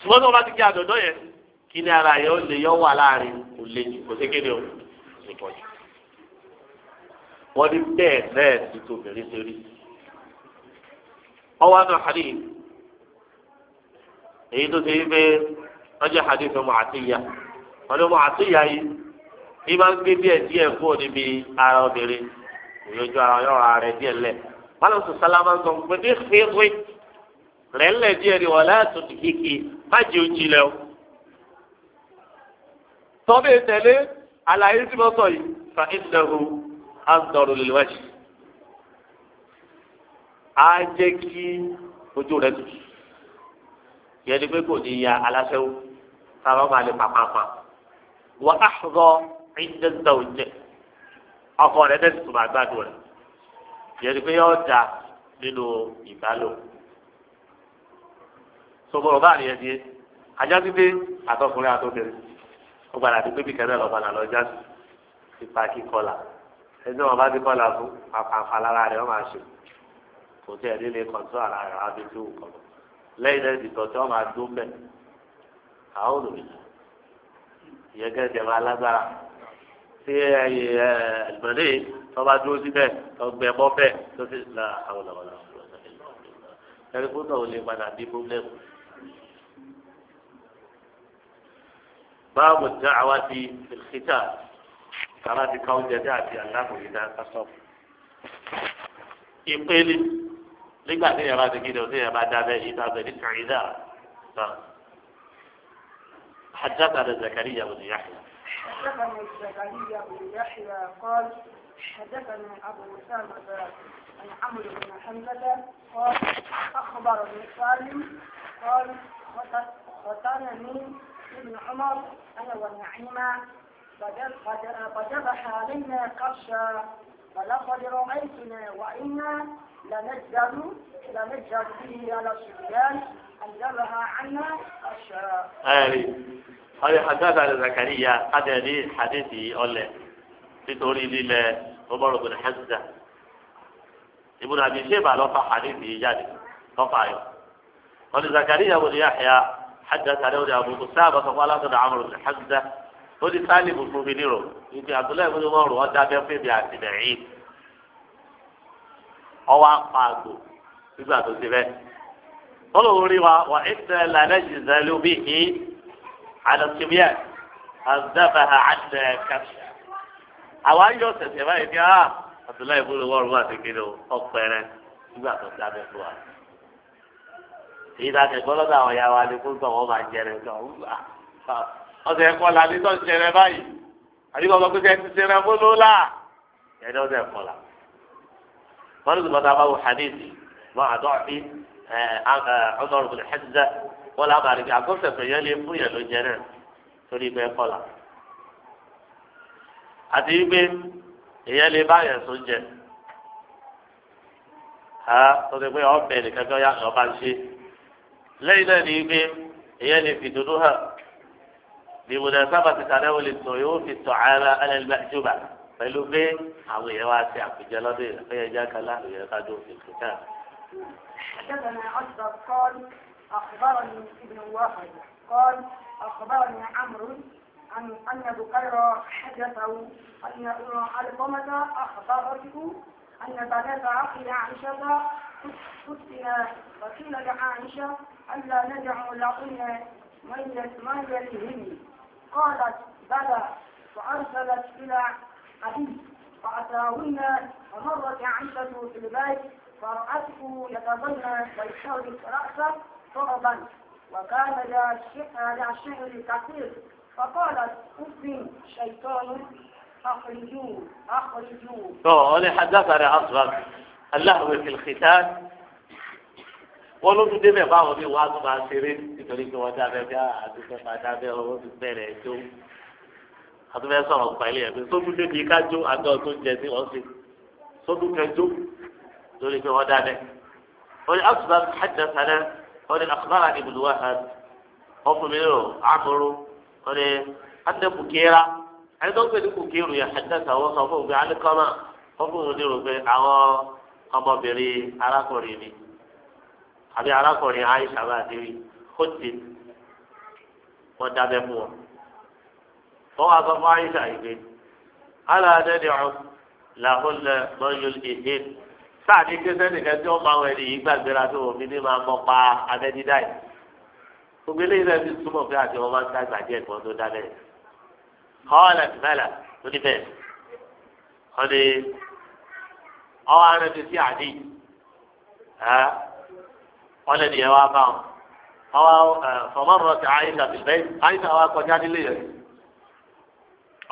ṣùgbọ́n tó ọba ti jẹ́ àgbẹ̀dọ̀ yẹn kí ni ara yẹn ó lè yọ wà láàrin kò lè jù kò sékéde o lè pọ̀ jù wọ́n ní bẹ́ẹ̀ bẹ́ẹ̀ ti tóbi èyí tó ṣe wípé wọ́n jẹ́ hadith Mu'atiyya wọ́n ní Mu'atiyya yìí bí máa ń gbé díẹ̀ díẹ̀ kú níbi ara obìnrin ìyójú ara yọ̀rọ̀ ara rẹ̀ díẹ̀ lẹ̀ wọ́n lọ sọ sálámà ń sọ pé ní xixi rẹ̀ ń lẹ̀ díẹ̀ ni wọ́n láti kìkì má jẹ́ ojì lẹ̀ tọ́bí tẹ̀lé àlàyé tí mo sọ yìí fa innahu azdaru lil wajh jẹ́ kí ojú rẹ̀ tutù yẹn ni pé kò ní ya aláṣẹwó sábà máa lè pàpàpà wà á rọ ìdẹ́ntà òjẹ ọkọ rẹ dẹ́sí tó máa gbádùn rẹ yẹn ni pé yọ da nínú ìbálò sọgbọrọ bá rí ẹdí ajá gbígbé àtọkùnrin àtọkùnrin ó gbàdá tó gbé bí kẹlẹ lọ gbàdá lọ jásí ipa kíkọlà ẹni wọn bá ti kọlà fún àpàǹfà lára rẹ wọn máa ṣe kò tí ẹ nílé kọńtò ara rẹ wọn á fi tú òkọlọ lẹ́yìn náà ìdìtọ̀ tí wọ́n máa dún bẹ́ẹ̀ àwọn olùdíje ìyẹn gẹ́gẹ́ máa lágbára tí ẹ̀ẹ́dẹ̀gbẹ̀rẹ̀ tọ́ba dúró síbẹ̀ tọ́gbẹ́ mọ́ bẹ́ẹ̀ tó fi la àwọn làwọn ẹni kó náà ò lè padà bí problem. báwo ní àwa ti fìlìkítà kára ti ká oúnjẹ dé àti àlámòyí dá kásọ̀. ìpele. nígbà tí yẹn bá ti kéde òtí yẹn bá dábẹ́ ìdábẹ́ حدثنا عن kàìdá زكريا بن يحيى حدثنا زكريا بن يحيى قال حدثنا أبو سامة عن عمرو بن حمزة قال أخبر ابن سالم قال ختنني ابن عمر أنا والنعيمة فذبح علينا قرشا فلقد رأيتنا وإنا لنجهل لنجهل به على السفيان أنزلها عنا الشراء. Ọyọ Hadada Zakariya Adẹ̀rí Hadithi ọlẹ̀ nítorí lílẹ̀ Umar bin Hamza. Ibn Abi Shayba ló fa Hadithi jáde lọ́fà yọ. Wọ́n ní Zakariya bin Yahya Haddatha Adéwòdì Abu Usama sọ fún Alásọ̀dọ̀ Amr bin Hamza. Ó ní Sálì Bùsùn fi nírò. Ìgbìyànjú lẹ́yìn fún Umar ọ̀dà bẹ́ẹ̀ fún ibi àtìlẹ́yìn ọwọ́ apá àgbò nígbà tó ti bẹ́ẹ̀. wọ́n lòun rí wa wà ìtẹ̀ lànàjì zẹ́lú bí i àdàtúmíà àdàbàhà àdà kàfíà. àwa yọ sẹ̀sẹ̀ báyìí ní àá àtúnlá ìbúrò wọ́n rúwà sí kiri ọpẹrẹ nígbà tó ti abẹ́ fún wa. ìdá kẹ̀kọ́ lọ́dọ̀ àwọn ìyá wa ni kó gbọ́ wọn máa jẹrẹ lọ. Ah, ọ̀sẹ̀ ẹ̀kọ́ la tó ń jẹrẹ báyìí àdìgbò ọmọ pé kẹ́ ti jẹrẹ fún wọn ní sọgbọn táwọn hadithi wọn àdọ́ọ̀fì ọdọọrọ bìnrin hajjá wọn làwọn àrùbí àgọ́fẹ̀fẹ̀ yẹn lè fún yẹn ló jẹ náà torí bẹ́ẹ̀ kọ́la àti wípé èyàn lè bá yẹn sọ jẹ ha tó ti pé ọbẹ̀ nìkan tó yá ọba ń ṣe lẹ́yìn náà ni wípé èyàn lè fi dúdú hàn bí mo dẹ̀ sábà ti sàlẹ̀ wọlé tó yóò fi tọ̀ ara alẹ́ lẹ́jọ́ bàtà pẹ̀lú pé àwọn èèyàn wá sí àpèjẹ lọ́dún yìí fẹ́yẹ jákàlá èèyàn ká dó òfin kìtà. حدثنا أشرف قال أخبرني ابن واحد قال أخبرني عمرو أن أن بكير حدثه أن أم علقمة أخبرته أن بنات عقل عائشة فتنا وقيل لعائشة ألا ندع لهن من يلهن قالت بلى فأرسلت إلى أبي فأتاهن فمرت عائشة في البيت فرأته يتظلم ويشرب رأسه شربا وكان ذا الشعر كثير فقالت أف شيطان أخرجوه أخرجوه. أوه حدثني أصلا اللهو في الختان wọ́n ló tún débẹ̀ báwọn mi wá tó máa ṣeré nítorí pé wọ́n dábẹ́ bí àdúgbò máa dábẹ́ ọwọ́ fi bẹ̀rẹ̀ tó àtúfẹ́ sọ̀rọ̀ pẹ̀lú ẹ̀ pé sódún débi kájó àgbẹ̀ tó ń jẹ sí wọ́n sí sódún kẹjọ lórí pé wọ́n dáadẹ́. wọ́n ní asùnà hajjá sálẹ̀ wọ́n ní akhbara ibn Wahab ọkùnrin rò àmúrú wọ́n ní adé kùkéra ẹni tó ń pè ní kùkéru yẹn hajjá sàwọ́ sọ fún ògbé alikọ́mà ọkùnrin ní rò pé àwọn ọmọbìnrin arákùnrin ni. àbí arákùnrin Aisha bá a ti rí kó ti wọ́n wọ́n wá sọ fún àyíṣà ìgbé aláàdẹ́dẹ̀ ọ̀hún làhùnlẹ̀ lọ́yọ̀ èdè sáàdì kẹsẹ́ nìkan tí wọ́n máa wọ ẹni yìí gbàgbéra tó omi ní máa mọ́ pa abẹ́dídá yìí gbogbo eléyìí rẹ̀ fi túmọ̀ pé àti wọn máa ń ká ìgbàdí ẹ̀gbọ́n tó dá lẹ́yìn kọ́ọ̀lẹ̀ mẹ́lẹ̀ tó ní bẹ́ẹ̀ wọ́n ní ọwọ́ ara ti sí àdí wọ́n lè nìyẹn wá bá wọn ọwọ́ fọmọ́rọ̀ ti àyíṣà bìbẹ́ àyíṣà wa kọjá nílé yẹn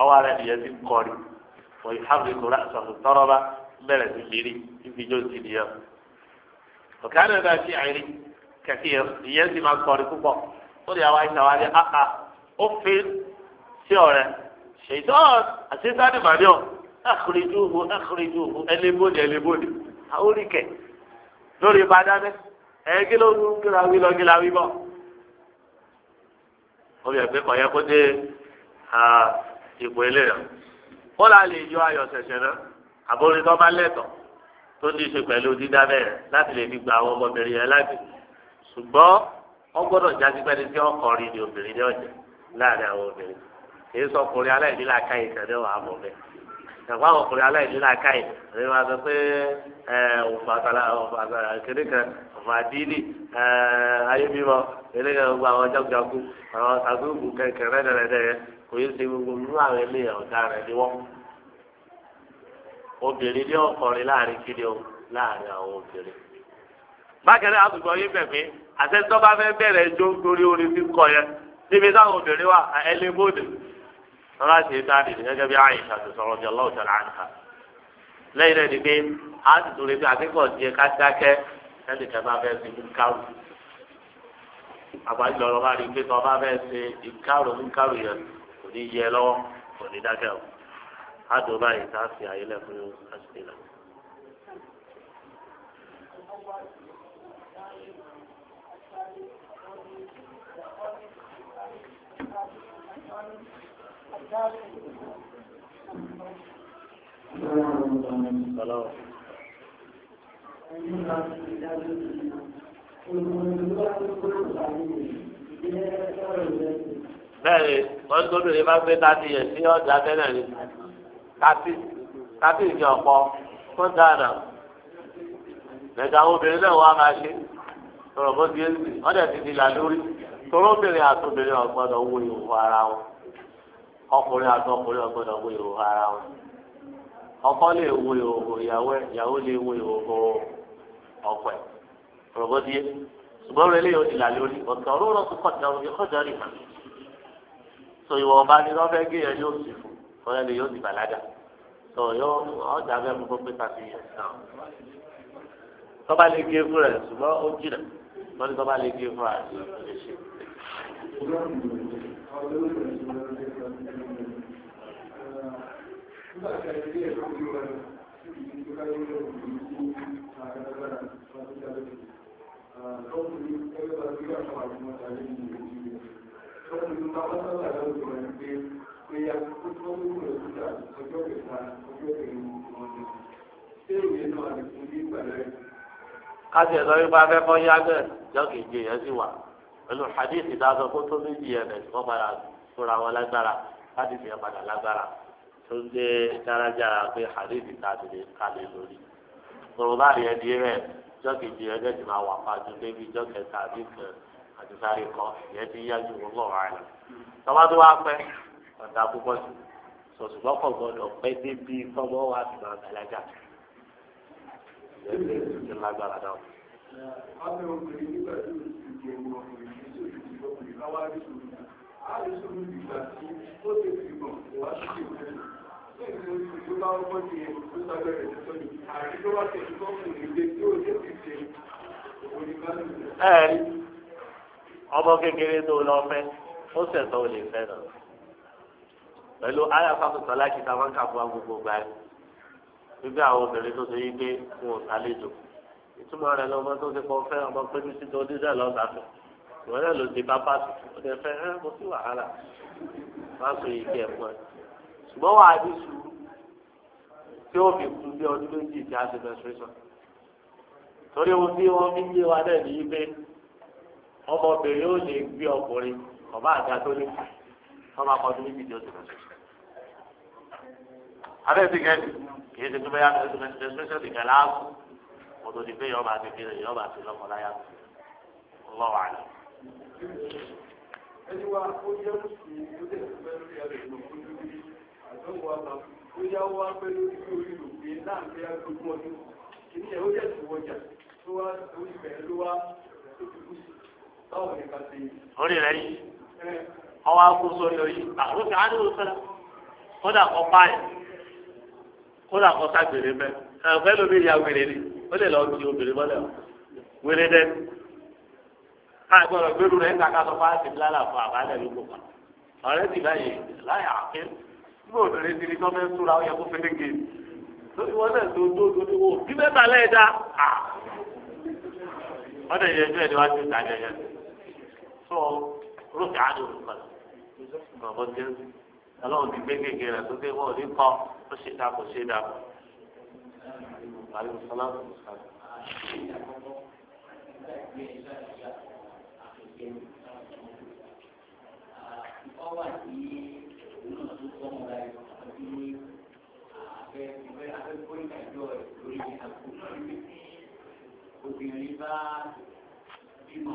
ọwọ́ ara nìyẹn ti ń kọrin wọ́n yìí hábìlì kò rà sọ̀rọ̀ tọ́rọ́bà bẹ̀rẹ̀ sí lérí ibi yóò ti nìyẹn. ọ̀kà náà bá ti àìrí kẹ̀kẹ́ ìyẹn ti máa kọrin púpọ̀ ó lè àwọn àìsàn wa ní àhà ah, ah, ó fi sí ọ̀rẹ́ ṣètò àti sani màdíọ̀ ẹ̀kúrìdúhù ẹ̀kúrìdúhù ẹlẹ́bọ̀nì ẹlẹ́bọ̀nì àóríkẹ̀ lórí ìbádámẹ́ ẹ̀yẹ ipò eléyà ó là lè yọ ayọ̀ ṣẹ̀ṣẹ̀ náà àbórí tó bá lẹ́tọ̀ tó ní í ṣe pẹ̀lú dídá bẹ́ẹ̀ láti lè fi gba àwọn ọmọbìnrin yẹn láti ṣùgbọ́n wọ́n gbọ́dọ̀ jáde pẹ́ni tí wọ́n kọrin ní obìnrin ní ọ̀jẹ̀ láàrin àwọn obìnrin kìí sọkùnrin aláìníla káyè tẹ̀lé wàá mọ̀ bẹ́ẹ̀ ẹ̀fọ́ àwọn ọkùnrin aláìníla káyè ẹ̀rẹ́ máa sọ pé ẹ̀ òfàtàlà òfàtàlà kéde kan òfàdínì ẹ̀ ayébímọ kéde kan gbogbo àwọn jágunjágun àwọn kò yẹ ṣe gbogbo nínú àwọn eléyà ọ̀daràn ni wọ́n. obìnrin ní ọkùnrin láàrin kíni o láàrin àwọn obìnrin. bákan náà àtùgbọ́ yín bẹ̀ pé àtẹ́tọ́ bá fẹ́ bẹ̀rẹ̀ ẹjọ́ nítorí orin tí kọ yẹn níbi táwọn obìnrin wà ẹlẹ́bọ̀dẹ̀. wọ́n bá ṣe tá a nìyí gẹ́gẹ́ bí àyíṣà tó sọ̀rọ̀ bí ọlọ́run ṣọlá àǹkà. lẹ́yìn náà ni pé a ti torí pé akẹ́kọ̀ọ́ di ká dákẹ́ ẹnìkan bá fẹ́ ṣe kárù àgbájọ ọ̀rọ̀ rí i pé tọ́ bá fẹ́ ṣe ìkárù ń yẹn ní yẹ lọ́wọ́ kò ní dákẹ́ o àdó báyìí tá a fi àyè lẹ́kùn àṣìṣe lọ. Bẹ́ẹ̀ni wọ́n gbọ́dọ̀ yẹn bá gbé tàbí yẹn sí ọjà tẹ́lẹ̀ ni tàbí tàbí ìjọ ọ̀pọ̀ fún dáadáa lẹ́tà àwọn obìnrin náà wà máa ṣe sọ̀rọ̀ bó ti ń sìn wọ́n dẹ̀ ti di là lórí torobìnrin àtobìnrin ọ̀gbọ́dọ̀ wo ìhòòhò ara wọn ọkùnrin àtọkùnrin ọ̀gbọ́dọ̀ wo ìhòòhò ara wọn ọkọ lè wo ìhòòhò ìyàwó ìyàwó lè wo ìhòòhò ọkọ ẹ̀ sọ̀rọ̀ bó ti yé ṣùgbọ́n rẹ̀ lè yóò di là lórí ọ̀tọ̀ ọ̀rọ̀ ọ̀rọ̀ kọ̀ọ̀tà ọ̀rọ̀ so ìwọ ọba ni wọn fẹ́ gé yẹn yóò sì fún ọyọ lè yóò di bàlágà so yóò ọjà bẹ mú pé pàṣẹ yẹn náà tọ́ba lè gé fún rẹ̀ ṣùgbọ́n ó jìnà wọ́n ní tọ́ba lè gé fún rẹ̀ lè ṣe. Thank lọ́sùn tó bá wọ́n sọ́lá lọ́sùn rẹ̀ pé pé ya tó tó ń mú rẹ̀ síta ọjọ́ kẹta ọjọ́ kẹrin wọn ni. Ṣé ìwé náà lè fún bí ìgbàlá rẹ̀? Káṣí ẹ̀ sọ wípé afẹ́fọ́ yá bẹ́ẹ̀ jọ́ kéje yẹn sì wà. Pẹ̀lú hadith ìdájọ́ kó tó méjì yẹn bẹ̀ wọ́n padà tóra wọn lágbára hadith yẹn padà lágbára tó ń dé dáradá pé hadith ìdájọ́ kalẹ̀ lórí. Kòròbá yẹn di rẹ̀ jọ́ kéje yẹn gẹ̀ ti sáré kọ́ ìyẹn ti yá ju ọlọ́run àìlọ́ tọ́wọ́ tó wá pẹ́ ọ̀dà púpọ̀ sí sọ̀tùgbọ́n kọ̀ gbọ́dọ̀ pẹ́ débi tọ́wọ́ wa ti máa gbàlájà ìyẹn ti lágbára dáhùn. Àwọn ọmọ kékeré tó lọ fẹ́ ó sẹ̀tọ́ ò lè fẹ́ nà pẹ̀lú ayáfàkùsọ láti ta máa ń kàbọ̀ gbogbo gbà yẹn gbígbé àwọn obìnrin tó ṣe yí pé wọn ò sálejò ìtumọ̀ rẹ̀ lọ́mọ tó ṣe pọ̀ fẹ́ ọmọ pé ní títí oníṣẹ́ lọ́sàtọ̀ ìwọ náà ló di bàbá tó ó lè fẹ́ ẹ́ mo sí wàhálà má sọ yìí kí ẹ fún ẹ ṣùgbọ́n wàá ní sùúrù tí ó fi kú bí ọdún méjì tí a ti bẹ̀ sọ́sọ́ torí ohun tí wọ́n fi ń yé wa náà nìyí pé ọmọbìnrin ó lè gbé ọkùnrin ọba àga tó ní ọba akọdún méjì tí ó ti rẹ̀. abẹ́ ti kẹ́ni kì í ṣe pé bẹ́ẹ̀ ẹ̀sìpẹ́sẹ̀ ti kẹ́ láàbù mọ́tò ti pé yọ̀ọ́ba ti kéré yọ̀ọ́ba ti lọ́kọ̀ láyà tó lọ́wọ́ àná. ẹni wa ó yẹ kó sì ó lè fẹ́ lórí ẹ̀rọ ìlú àdánwò àbá ó yá wá pé lórí orí òkè láàrin àgbègbè ọdún kìnìyàn ó yẹ kó wọjà tó wá lórí bẹ̀rẹ̀ ló wá tó fi kú orí rẹ̀ yìí ọwọ́ akó sórí orí àwọn ti àdúgbò kódà kọ́ báyìí kódà kọ́ ságbèrè bẹ́ẹ̀ ẹ̀fẹ́ lómi ìyá wèrè ni ó lè lọ di obìnrin mọ́lẹ̀ o wèrè dẹ́ àgbọ̀rọ̀ gbèrú rẹ̀ kàkà sọ fáwọn ti bílálà fún àbálẹ̀ ló gbọ̀ ọ̀rẹ́ ti báyìí láyà àfẹ́ bí obìnrin ti ní kọ́ fẹ́ súra ó yẹ kó fẹ́rẹ́ gé lórí wọn náà tó tó tó wò bí mẹ́ta lẹ́ẹ̀dá ọ̀dẹ̀ yẹn ju ẹ̀ tó rúkì àdó nìkan ọ̀bọ̀ tí ọlọ́run ti gbé gègé rẹ̀ tó dé wọ́n ní kọ́ ó ṣe dà kó ṣe dà obìnrin bá bímọ.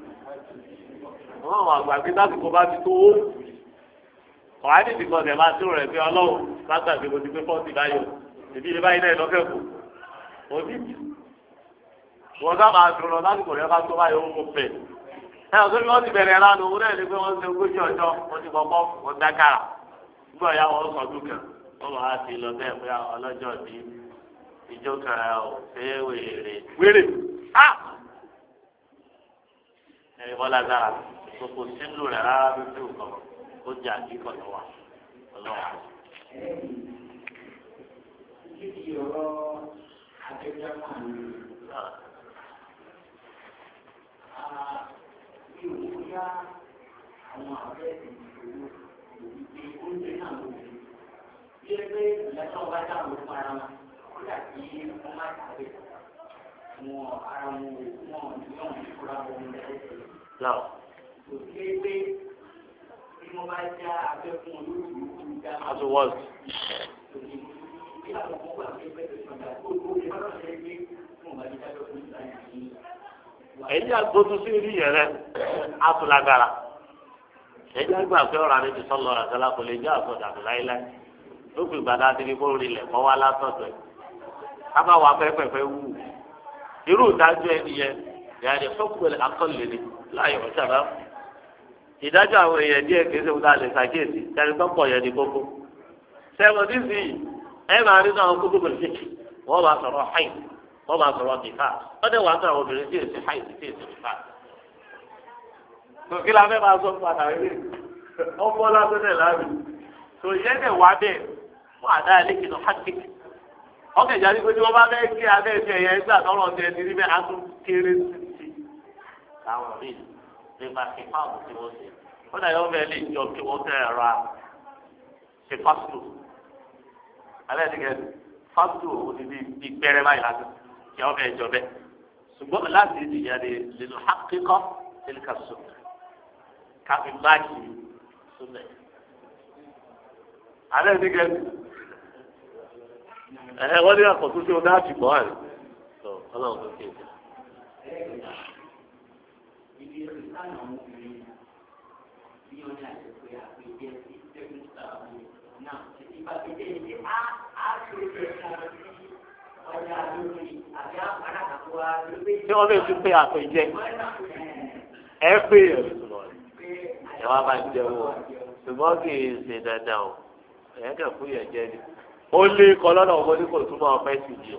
wọn àwọn àgbà pé lásìkò bá ti tó owó ọ̀hà ní ti gbọ́dọ̀ máa tó rẹ̀ pé ọlọ́run látà pé mo ti pé fọ́ọ̀tì báyọ̀ èmi ilé báyìí náà lọ́fẹ̀ẹ́ kù òbí wọn ká máa dùn lọ lásìkò rẹ̀ bá tó báyọ̀ ó mo fẹ̀ ẹ ọ̀sẹ̀ bí wọ́n ti bẹ̀rẹ̀ lánàá òun náà ni pé wọ́n ṣe ogójì ọjọ́ wọ́n ti kọ́kọ́ wọ́n dákàrà nígbà ya wọ́n sọ dúkà wọ́n máa ti lọ bẹ́ẹ̀ pé ọlọ́jọ́ ní ìjọ kan ò fẹ́ wèrè wèrè ah ẹ̀yin bọ́lá dára kòkò sílù rẹ̀ rárá lójú kan ó jẹ́ àdínkọ̀ lọ́wọ́ ọlọ́wọ́. Títí ọ̀rọ̀ abẹ́jọ́ kan ní mi ò mú yá àwọn àbẹ́ ìṣòro ìdí oúnjẹ náà lò sí. Bí ẹgbẹ́ ìlẹ́tọ̀ bá dáhùn para wọn, kódà kí wọ́n má tàbí wọn ara wọn ò mọ̀ ní ọ̀hún ìfúra wọn lẹ́sẹ̀ kò sí pé bí wọ́n bá já abẹ́kùn olóògùn kò ní dá. aṣọ wọ́ọ̀sì. kí àwọn ọmọ wà ní ẹgbẹ́ tó ṣọ̀dá tó tó lè má lọ́sẹ̀ pé wọ́n bá já abẹ́kùn olóògùn èyí àgbótú sí ibi yẹn rẹ àtúlágara èyí àgbà pé ọ̀rọ̀ àti ti sọ́lọ́ ọ̀rọ̀ àtàlà kò lè jẹ́ àtọ̀dà tó láéláé ó fi gbàdá àtìrí kó rinlẹ̀ kọ́ wá látọ̀tọ̀ ẹ̀ kábà wà pẹ́pẹ́pẹ́ wù irú ìdájọ́ ẹni yẹn yàrá ìfọ́kùnrin akọ́lẹ̀ ni láyọ̀ ọ̀ṣàbà ìdájọ́ àwọn èèyàn díẹ̀ kì í ṣe a lè ṣàkíyèsí kẹrin tó pọ̀ yẹn ní kókó sẹ́wọ̀n nísì ẹ máa rí náà kókó pẹ̀lú fíkì wọ́n máa sọ̀rọ̀ haid wọ́n máa sọ̀rọ̀ nìfà wọ́n dẹ̀ wà sọ̀rọ̀ obìnrin tí èsì haid tí èsì nìfà. tòkí la fẹ́ máa sọ fún àtàwé rè ọmọ lásánẹ̀ láàbì tò dẹ̀ wá bẹ́ẹ̀ fún àdá ẹlẹ́kìnnà hàtìk ọkẹ̀ ìjà ní pé tí bá fẹ́ kí nípa sípáàmù tí wọ́n ṣe ó dà yọ bẹ́ẹ̀ lè jọ kí wọ́n tẹ̀ ra ṣe fásitù alẹ́ ti kẹ́ fásitù òun ti di gbẹrẹ báyìí láti kí wọ́n bẹ́ẹ̀ jọ bẹ́ẹ̀ ṣùgbọ́n láti ìdìyà ni lílo hakíkọ́ tilka sunna káfí máàkì sunna alẹ́ ti kẹ́ ẹ̀ wọ́n ní àkọ́tún tí wọ́n dá àtìgbọ́ àrùn ọlọ́run tó kéde ibi ẹ̀sìn táwọn ọmọ obìnrin bí wọ́n ní àjẹpé àti ibi ẹ̀sìn tẹ́kùn sáà náà ìbàdíjẹ́ ìdí á á ṣe ìṣẹ̀lẹ̀ ọjà lórí àbí àpárá àkọ́wá lórí. tí wọ́n fẹ́ẹ́ tún pé àpèjẹ ẹ pé ẹ wá bá jẹ wọ ṣùgbọ́n kì í ṣe dandan o ẹ̀yẹ́ kẹ̀ fún yẹn jẹ́ ni. ó lé kọ́ lọ́nà ọmọdé kò túmọ̀ ọ̀fẹ́ sì jù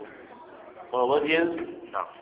ọ̀rọ̀ ọmọdé yẹn ń sùn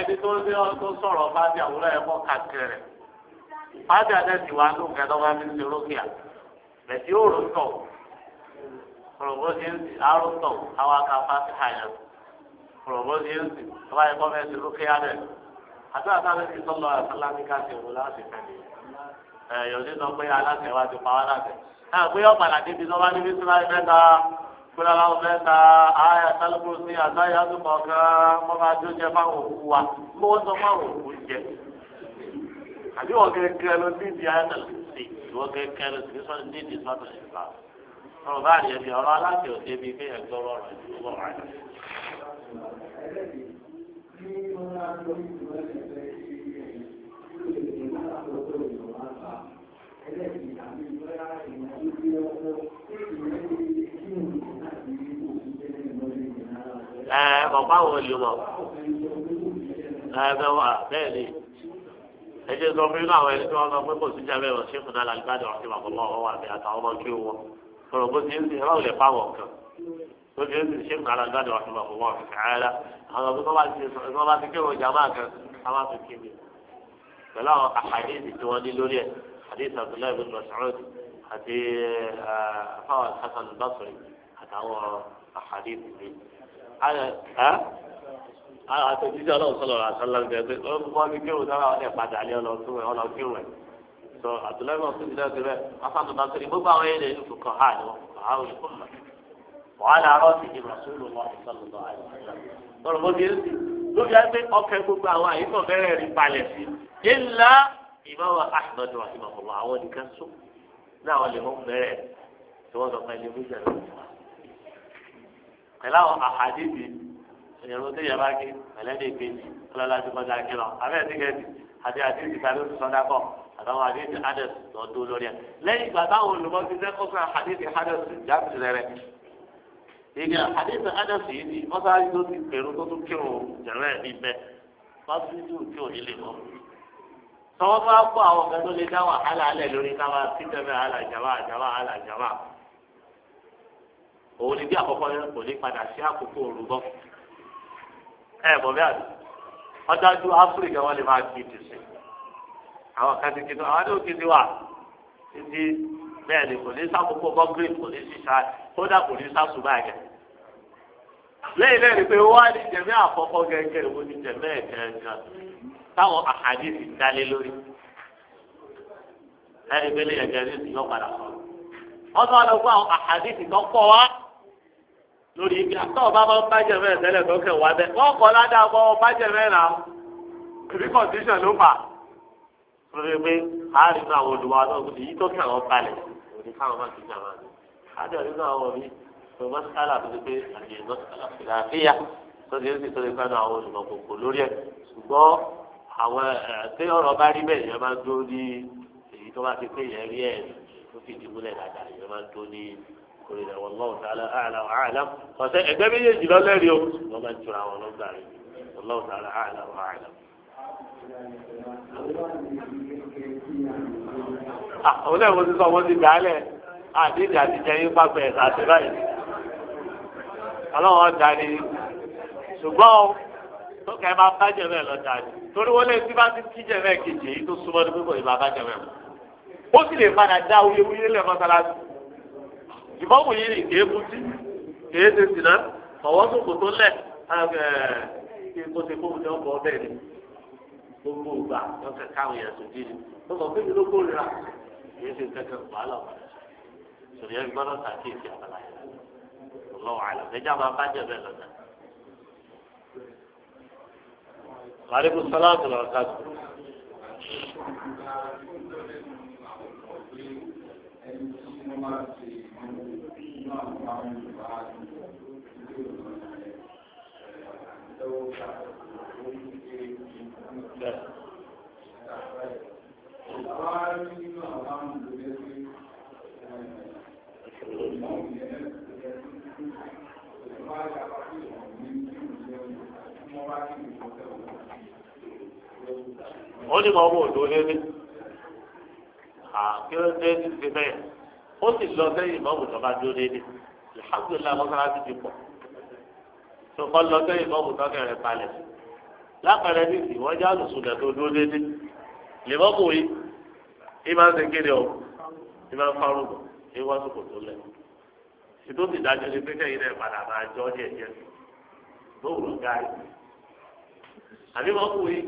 ẹni tó ń tó sọ̀rọ̀ bá bí àwòrán ẹ̀ kọ́ kàkiri rẹ̀ fájà náà ti wá ló kẹ́ lọ́wọ́ mi ní rókìá bẹ̀tí ó rò tọ̀ pọ̀rọ̀bọ̀ ti ń sì arò tọ̀ àwọn akáfà ti hà yẹn pọ̀rọ̀bọ̀ ti ń sì lọ́wọ́ ẹ̀kọ́ mẹ́sì rókìá rẹ̀ àti àtàwọn ti sọ́lọ́ àtàlámíkà ti wò láti fẹ́lẹ̀ ẹ̀yọ̀ sí sọ pé aláṣẹ wa ti pa wá láṣẹ kúlẹ̀ làwọn mẹ́ta ayé àtàlùkù sí àtàyè àdúgbò kan wọ́n máa jó jẹ fáwọn òkú wa kí wọ́n sọ fáwọn òkú jẹ. àbí wọ́n kẹ́kẹ́ ló ní ìdí ayé àtàlùkù sí ìwọ́n kẹ́kẹ́ ló sì sọ ní ìdí sọ́tò ìfà. ọ̀rọ̀ bá àyè bí ọ̀rọ̀ aláṣẹ òde bíi pé ẹ̀gbọ́ ọ̀rọ̀ ìdúró wà ní. ẹ bàbá àwọn olùmọ̀ ẹ bẹ́ẹ̀ ni ẹ jẹ́ sọ fún inú àwọn ẹni tí wọ́n sọ pé kò sí jábẹ́ wọ̀ ṣéfù náà làlùbádà ọ̀sẹ̀ màkọ́lọ́ ọ̀wọ́ àti àtàwọn ọmọ kí wọn kọ̀rọ̀ bó ti ń sìn ẹ̀rọ ìlẹ̀ fáwọn kan bó ti ń sìn ṣéfù náà làlùbádà ọ̀sẹ̀ màkọ́lọ́ ọ̀sẹ̀ ààrẹ àwọn ọmọ tó bá ti kéwòn jàmáà kan á má fi kí mi pẹ̀lú àwọn àhàdíìsì tí wọ́n ní lórí ẹ̀ àdíìsì Abdullahi bin Mas'ud àti eh, fáwọn Hasan al àtàwọn àhàdíìsì àtẹ̀jíṣẹ́ ọlọ́run sọ̀rọ̀ àṣàlá ń bẹ̀rẹ̀ pé ó ń bọ́ ní kéwù dára ọ̀dẹ̀ padà lé ọlọ́tún rẹ̀ ọlọ́kéwù rẹ̀ sọ àtúlẹ́mọ̀ fún ìdílé ọ̀sẹ̀ rẹ̀ afáàtò bá sẹ́ni gbogbo àwọn èèyàn ìlú kọ̀ọ̀kan hà ní wàhálà olùkọ́ mọ̀ wàhálà arọ́ ti di màsúlù mọ́ ìsọ̀lùmọ́ àìsàn lọ́rọ̀ bó ti ń sìn lórí ẹgbẹ́ ọkẹ́ gbogbo àwọn àyíkọ̀ bẹ̀rẹ̀ rí balẹ̀ sí ilá ìmáwá ahmed pẹ̀lú àwọn àhàdìdì ìrún tó yẹ bá gé pẹ̀lẹ́dẹ̀ ìgbéjì ọlọ́lájú kọjá kílọ̀ abẹ́rẹ́ tíkẹ́ẹ̀tì àti àdìdì kàdó ti sọdá kọ̀ àtàwọn àdìdì adẹ́s lọ dó lórí ẹ̀. lẹ́yìn ìgbà táwọn olùkọ́ ti sẹ́kọ̀ọ́ fún àdìdì adẹ́s jáàpì rẹ̀ ìgbà àdìdì adẹ́s yìí ni mọ́sáájú tó ti pèrú tó tún kírun jẹ̀rẹ̀ mi bẹ́ẹ̀ mọ́sáájú kí òní lè mọ́. tọwọ́ bá kó àwọn ọ̀gá tó lè dá wàhálà alẹ́ lórí káwá sí òun ni bí àkọ́kọ́ yẹn kò ní padà sí àkókò òru ẹ bọ̀ bí àdó ọ̀dájú áfíríkà wọn lè máa kí ìdìsí àwọn kàti àwọn wà títí bẹ́ẹ̀ ni kò ní sàkókò bọ́gírì kò ní sísá kódà kò ní lẹ́yìn náà ni pé wọ́n á ní àkọ́kọ́ gẹ́gẹ́ ní táwọn dálé lórí padà wọ́n tún wá lọ fún àwọn àhàdìsì lórí ibi àtọ́ ọba máa ń bàjẹ́ mẹ́rin tẹ́lẹ̀ tó kẹ̀ wá bẹ́ẹ̀ wọ́n kọ́ ládàá ọba wọn bàjẹ́ mẹ́rin àwọn ibi kọ̀ǹtíṣàn ló fà lórí pé àárín náà àwọn olùwà náà kò yí tó kẹ̀ wọ́n balẹ̀ òní káwọn máa ti jàmá ni àti ọ̀rí náà wọ̀ mí tó máa sálà tó ti pé àti ìmọ̀ sálà fìlà fíyà tó ti ti tó ti pẹ́ náà àwọn olùmọ̀ kòkò lórí ẹ̀ ṣùgbọ́n àwọn tí ọ̀rọ̀ bá rí bẹ́ẹ̀ yẹn máa dó ní èyí tó bá ti pé yẹn rí ẹ̀ tó fi dìbò lẹ̀ dáadáa yẹn máa dó ní orí rẹ̀ wallahu ta'ala a'lam wa a'lam ọ̀sẹ̀ ẹ̀gbẹ́ méjèèjì lọ́lẹ́rì o wọ́n bá tura wọn lọ́gbà rẹ̀ wallahu ta'ala a'lam wa a'lam. àwọn ah, náà mo ti sọ wọ́n ti dálẹ̀ àdéhùn ah, àtijọ́ yín pápẹ́ ẹ̀ka àti báyìí ọlọ́wọ́n dání ṣùgbọ́n tó kẹ́ máa bájẹ̀ bẹ́ẹ̀ lọ dání torí wọlé tí bá ti kíjẹ̀ bẹ́ẹ̀ kejì èyí tó súnmọ́ ní pípọ̀ ìbá bájẹ̀ bẹ́ẹ̀ mọ́ ó sì lè padà dá wuyewuye lẹ́ẹ̀mọ́sálásí ìbọ̀wò yìí ni kéé kutí kéé ṣe sìnà ọ̀wọ́ tó kò tó lẹ̀ kí kó ṣe kóhùn tó ń bọ̀ bẹ́ẹ̀ ni gbogbo ìgbà wọn kẹ káwọn yẹn sùn jí ni wọn kọ pé ló kórira kéé ṣe kẹkẹ wàhálà ọ̀padà sọ̀rọ̀ yẹn gbọ́dọ̀ sàkíyèsí àbálá yẹn lọ́wọ́ àlọ́ ẹja máa bá jẹ bẹ́ẹ̀ lọ́dà. Màríkù Sọláàtù lọ́wọ́ ká tó. Thank you ó ní mọ̀ ọ́ bò lé ní àkíyèsí ti bẹ́ẹ̀ ó sì lọ sẹ́yìn ìmọ̀mù tó bá dúró déédéé alhamdulilayi mọ́sálásí ti pọ̀ tó kọ́ lọ sẹ́yìn ìmọ̀mù tó kẹrẹ palẹ̀ lápẹẹrẹ ní ìsìn wọ́n já lùsùlẹ̀ tó dúró déédéé lèmọ́mù yìí ìmọ̀ ń sèkéde ọ̀ ìmọ̀ ń farun bọ̀ ìwọ́n tó kò tó lẹ̀ ètò ti dájọ́ ní pé kẹ́yìn náà padà máa jọ́ jẹ́jẹ́ lóòrùn gáì àbí wọ́n yìí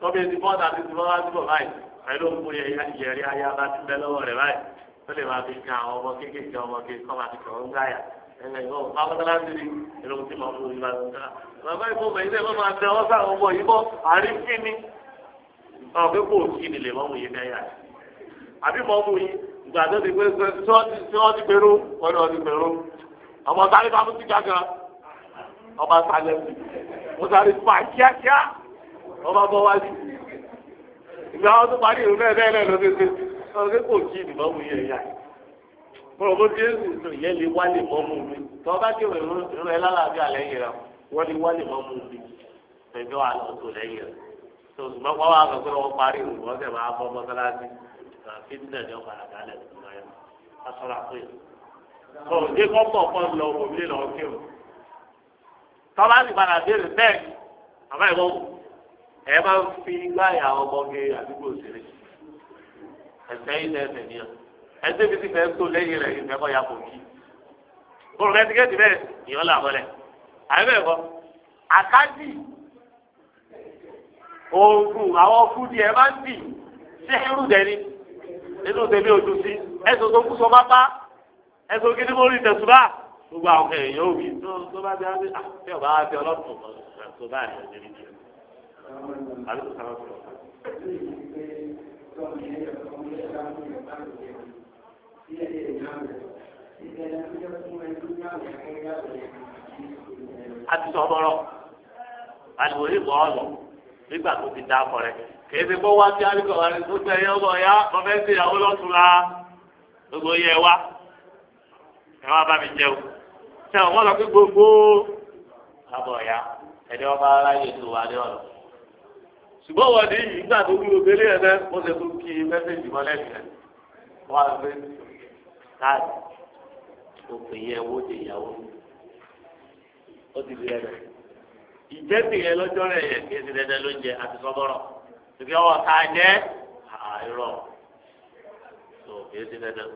tọ́bí tó lè máa fi kan àwọn ọmọ kéékèèké ọmọ kéékèèké ọmọ àti kọ̀ọ̀rọ̀ gáyà ẹ̀rẹ̀ ìwọ̀n pápákọ́lá ti rí èrò tí màá fún ìlànà ìta. bàbá ìfowópamọ́ ilé ẹ̀fọ́ máa tẹ ọ́sà ọmọ yìí bọ́ àárín kíni. ọ̀ pé kò kí ni lè mọ́ mu yìí náírà. àbí mọ́ mu yìí ìgbà tó ti pé tí wọ́n ti pẹ̀rú wọ́n ti pẹ̀rú. ọmọ sáré fún síjà kan ọba sálẹ̀ mo sáré kíákíá ọba bọ́ wájú. ìgbà wọn tó parí ìrù ọ̀rẹ́ kò jí ìmọ̀ wù yẹn yá bọ̀rọ̀ bó dé ìsìn yẹn lè wálé mọ́ mú mi tí wọ́n bá dé ìwé ìrún ẹ lálàbí àlẹ́ yìí rẹ wọ́n lè wálé mọ́ mú mi ẹjọ́ àlọ́tò lẹ́yìn rẹ tó ṣùgbọ́n wọ́n wá sọ pé wọ́n parí ìwé wọ́n sì máa bọ́ mọ́sálásí fitna ni ọba àgálẹ̀ ìgbà yẹn asọ́ra pé kò dé kọ́pọ̀ kọ́ lọ wò mí lọ kí o tọ́lá ti padà béèrè bẹ́ẹ̀ àbá ìwọ ẹ máa ń fi gbáyà ọmọge àdúgbò sílẹ̀ ẹsẹ̀ yìí lẹ́sẹ̀ ní ọ ẹsẹ̀ bíi ti fẹ́ tó lẹ́yìn rẹ̀ ìfẹ́ kọ́ ya kò kí kúrò kẹ́tíkẹ́tì bẹ́ẹ̀ ìyọ́n là wọlé àbí bẹ́ẹ̀ kọ́ àkájì oògùn àwọn fúdi ẹ̀ máa ń dì sí ẹrú dẹ́ni nínú tèmi ojú sí ẹ̀sùn tó kú sọ bá bá ẹ̀sùn kí ni mo rí tẹ̀sùbá gbogbo àwọn èèyàn yóò wí tó bá dé ah, àbí àti ọba àti ọlọ́tún tó bá rẹ̀ lórí jù. a sọ̀bọ̀rọ̀ àlùwòye bọ̀ ọ́ lọ nígbà tó ti dá akọ rẹ̀ kì wá sí tó tẹ̀ ya ọ̀fẹ́ sí ìyàwó lọ́tún la gbogbo yẹ ẹ wá bá mi jẹun tẹ ọ̀wọ́n lọ pé gbogbo ya ọba tó wà ní ṣùgbọ́n wọ́n ìgbà tó wọ́n á gbé káàdì tó pè yẹ owó de ìyàwó ó ti di ẹ̀rẹ̀. ìjẹ́bi yẹn lọ́jọ́ rẹ̀ yẹ kí esi dẹ́dẹ́ ló ń jẹ àti sọ́bọ̀rọ̀ ìgbẹ́ ọwọ́ ká jẹ́ àìrọ̀ tó kì í ti dẹ́dẹ́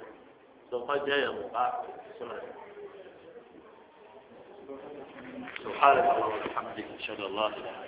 tó kọ́ jẹ́ yẹn mú bá sọ̀rọ̀ سبحانك اللهم وبحمدك اشهد ان لا اله الا انت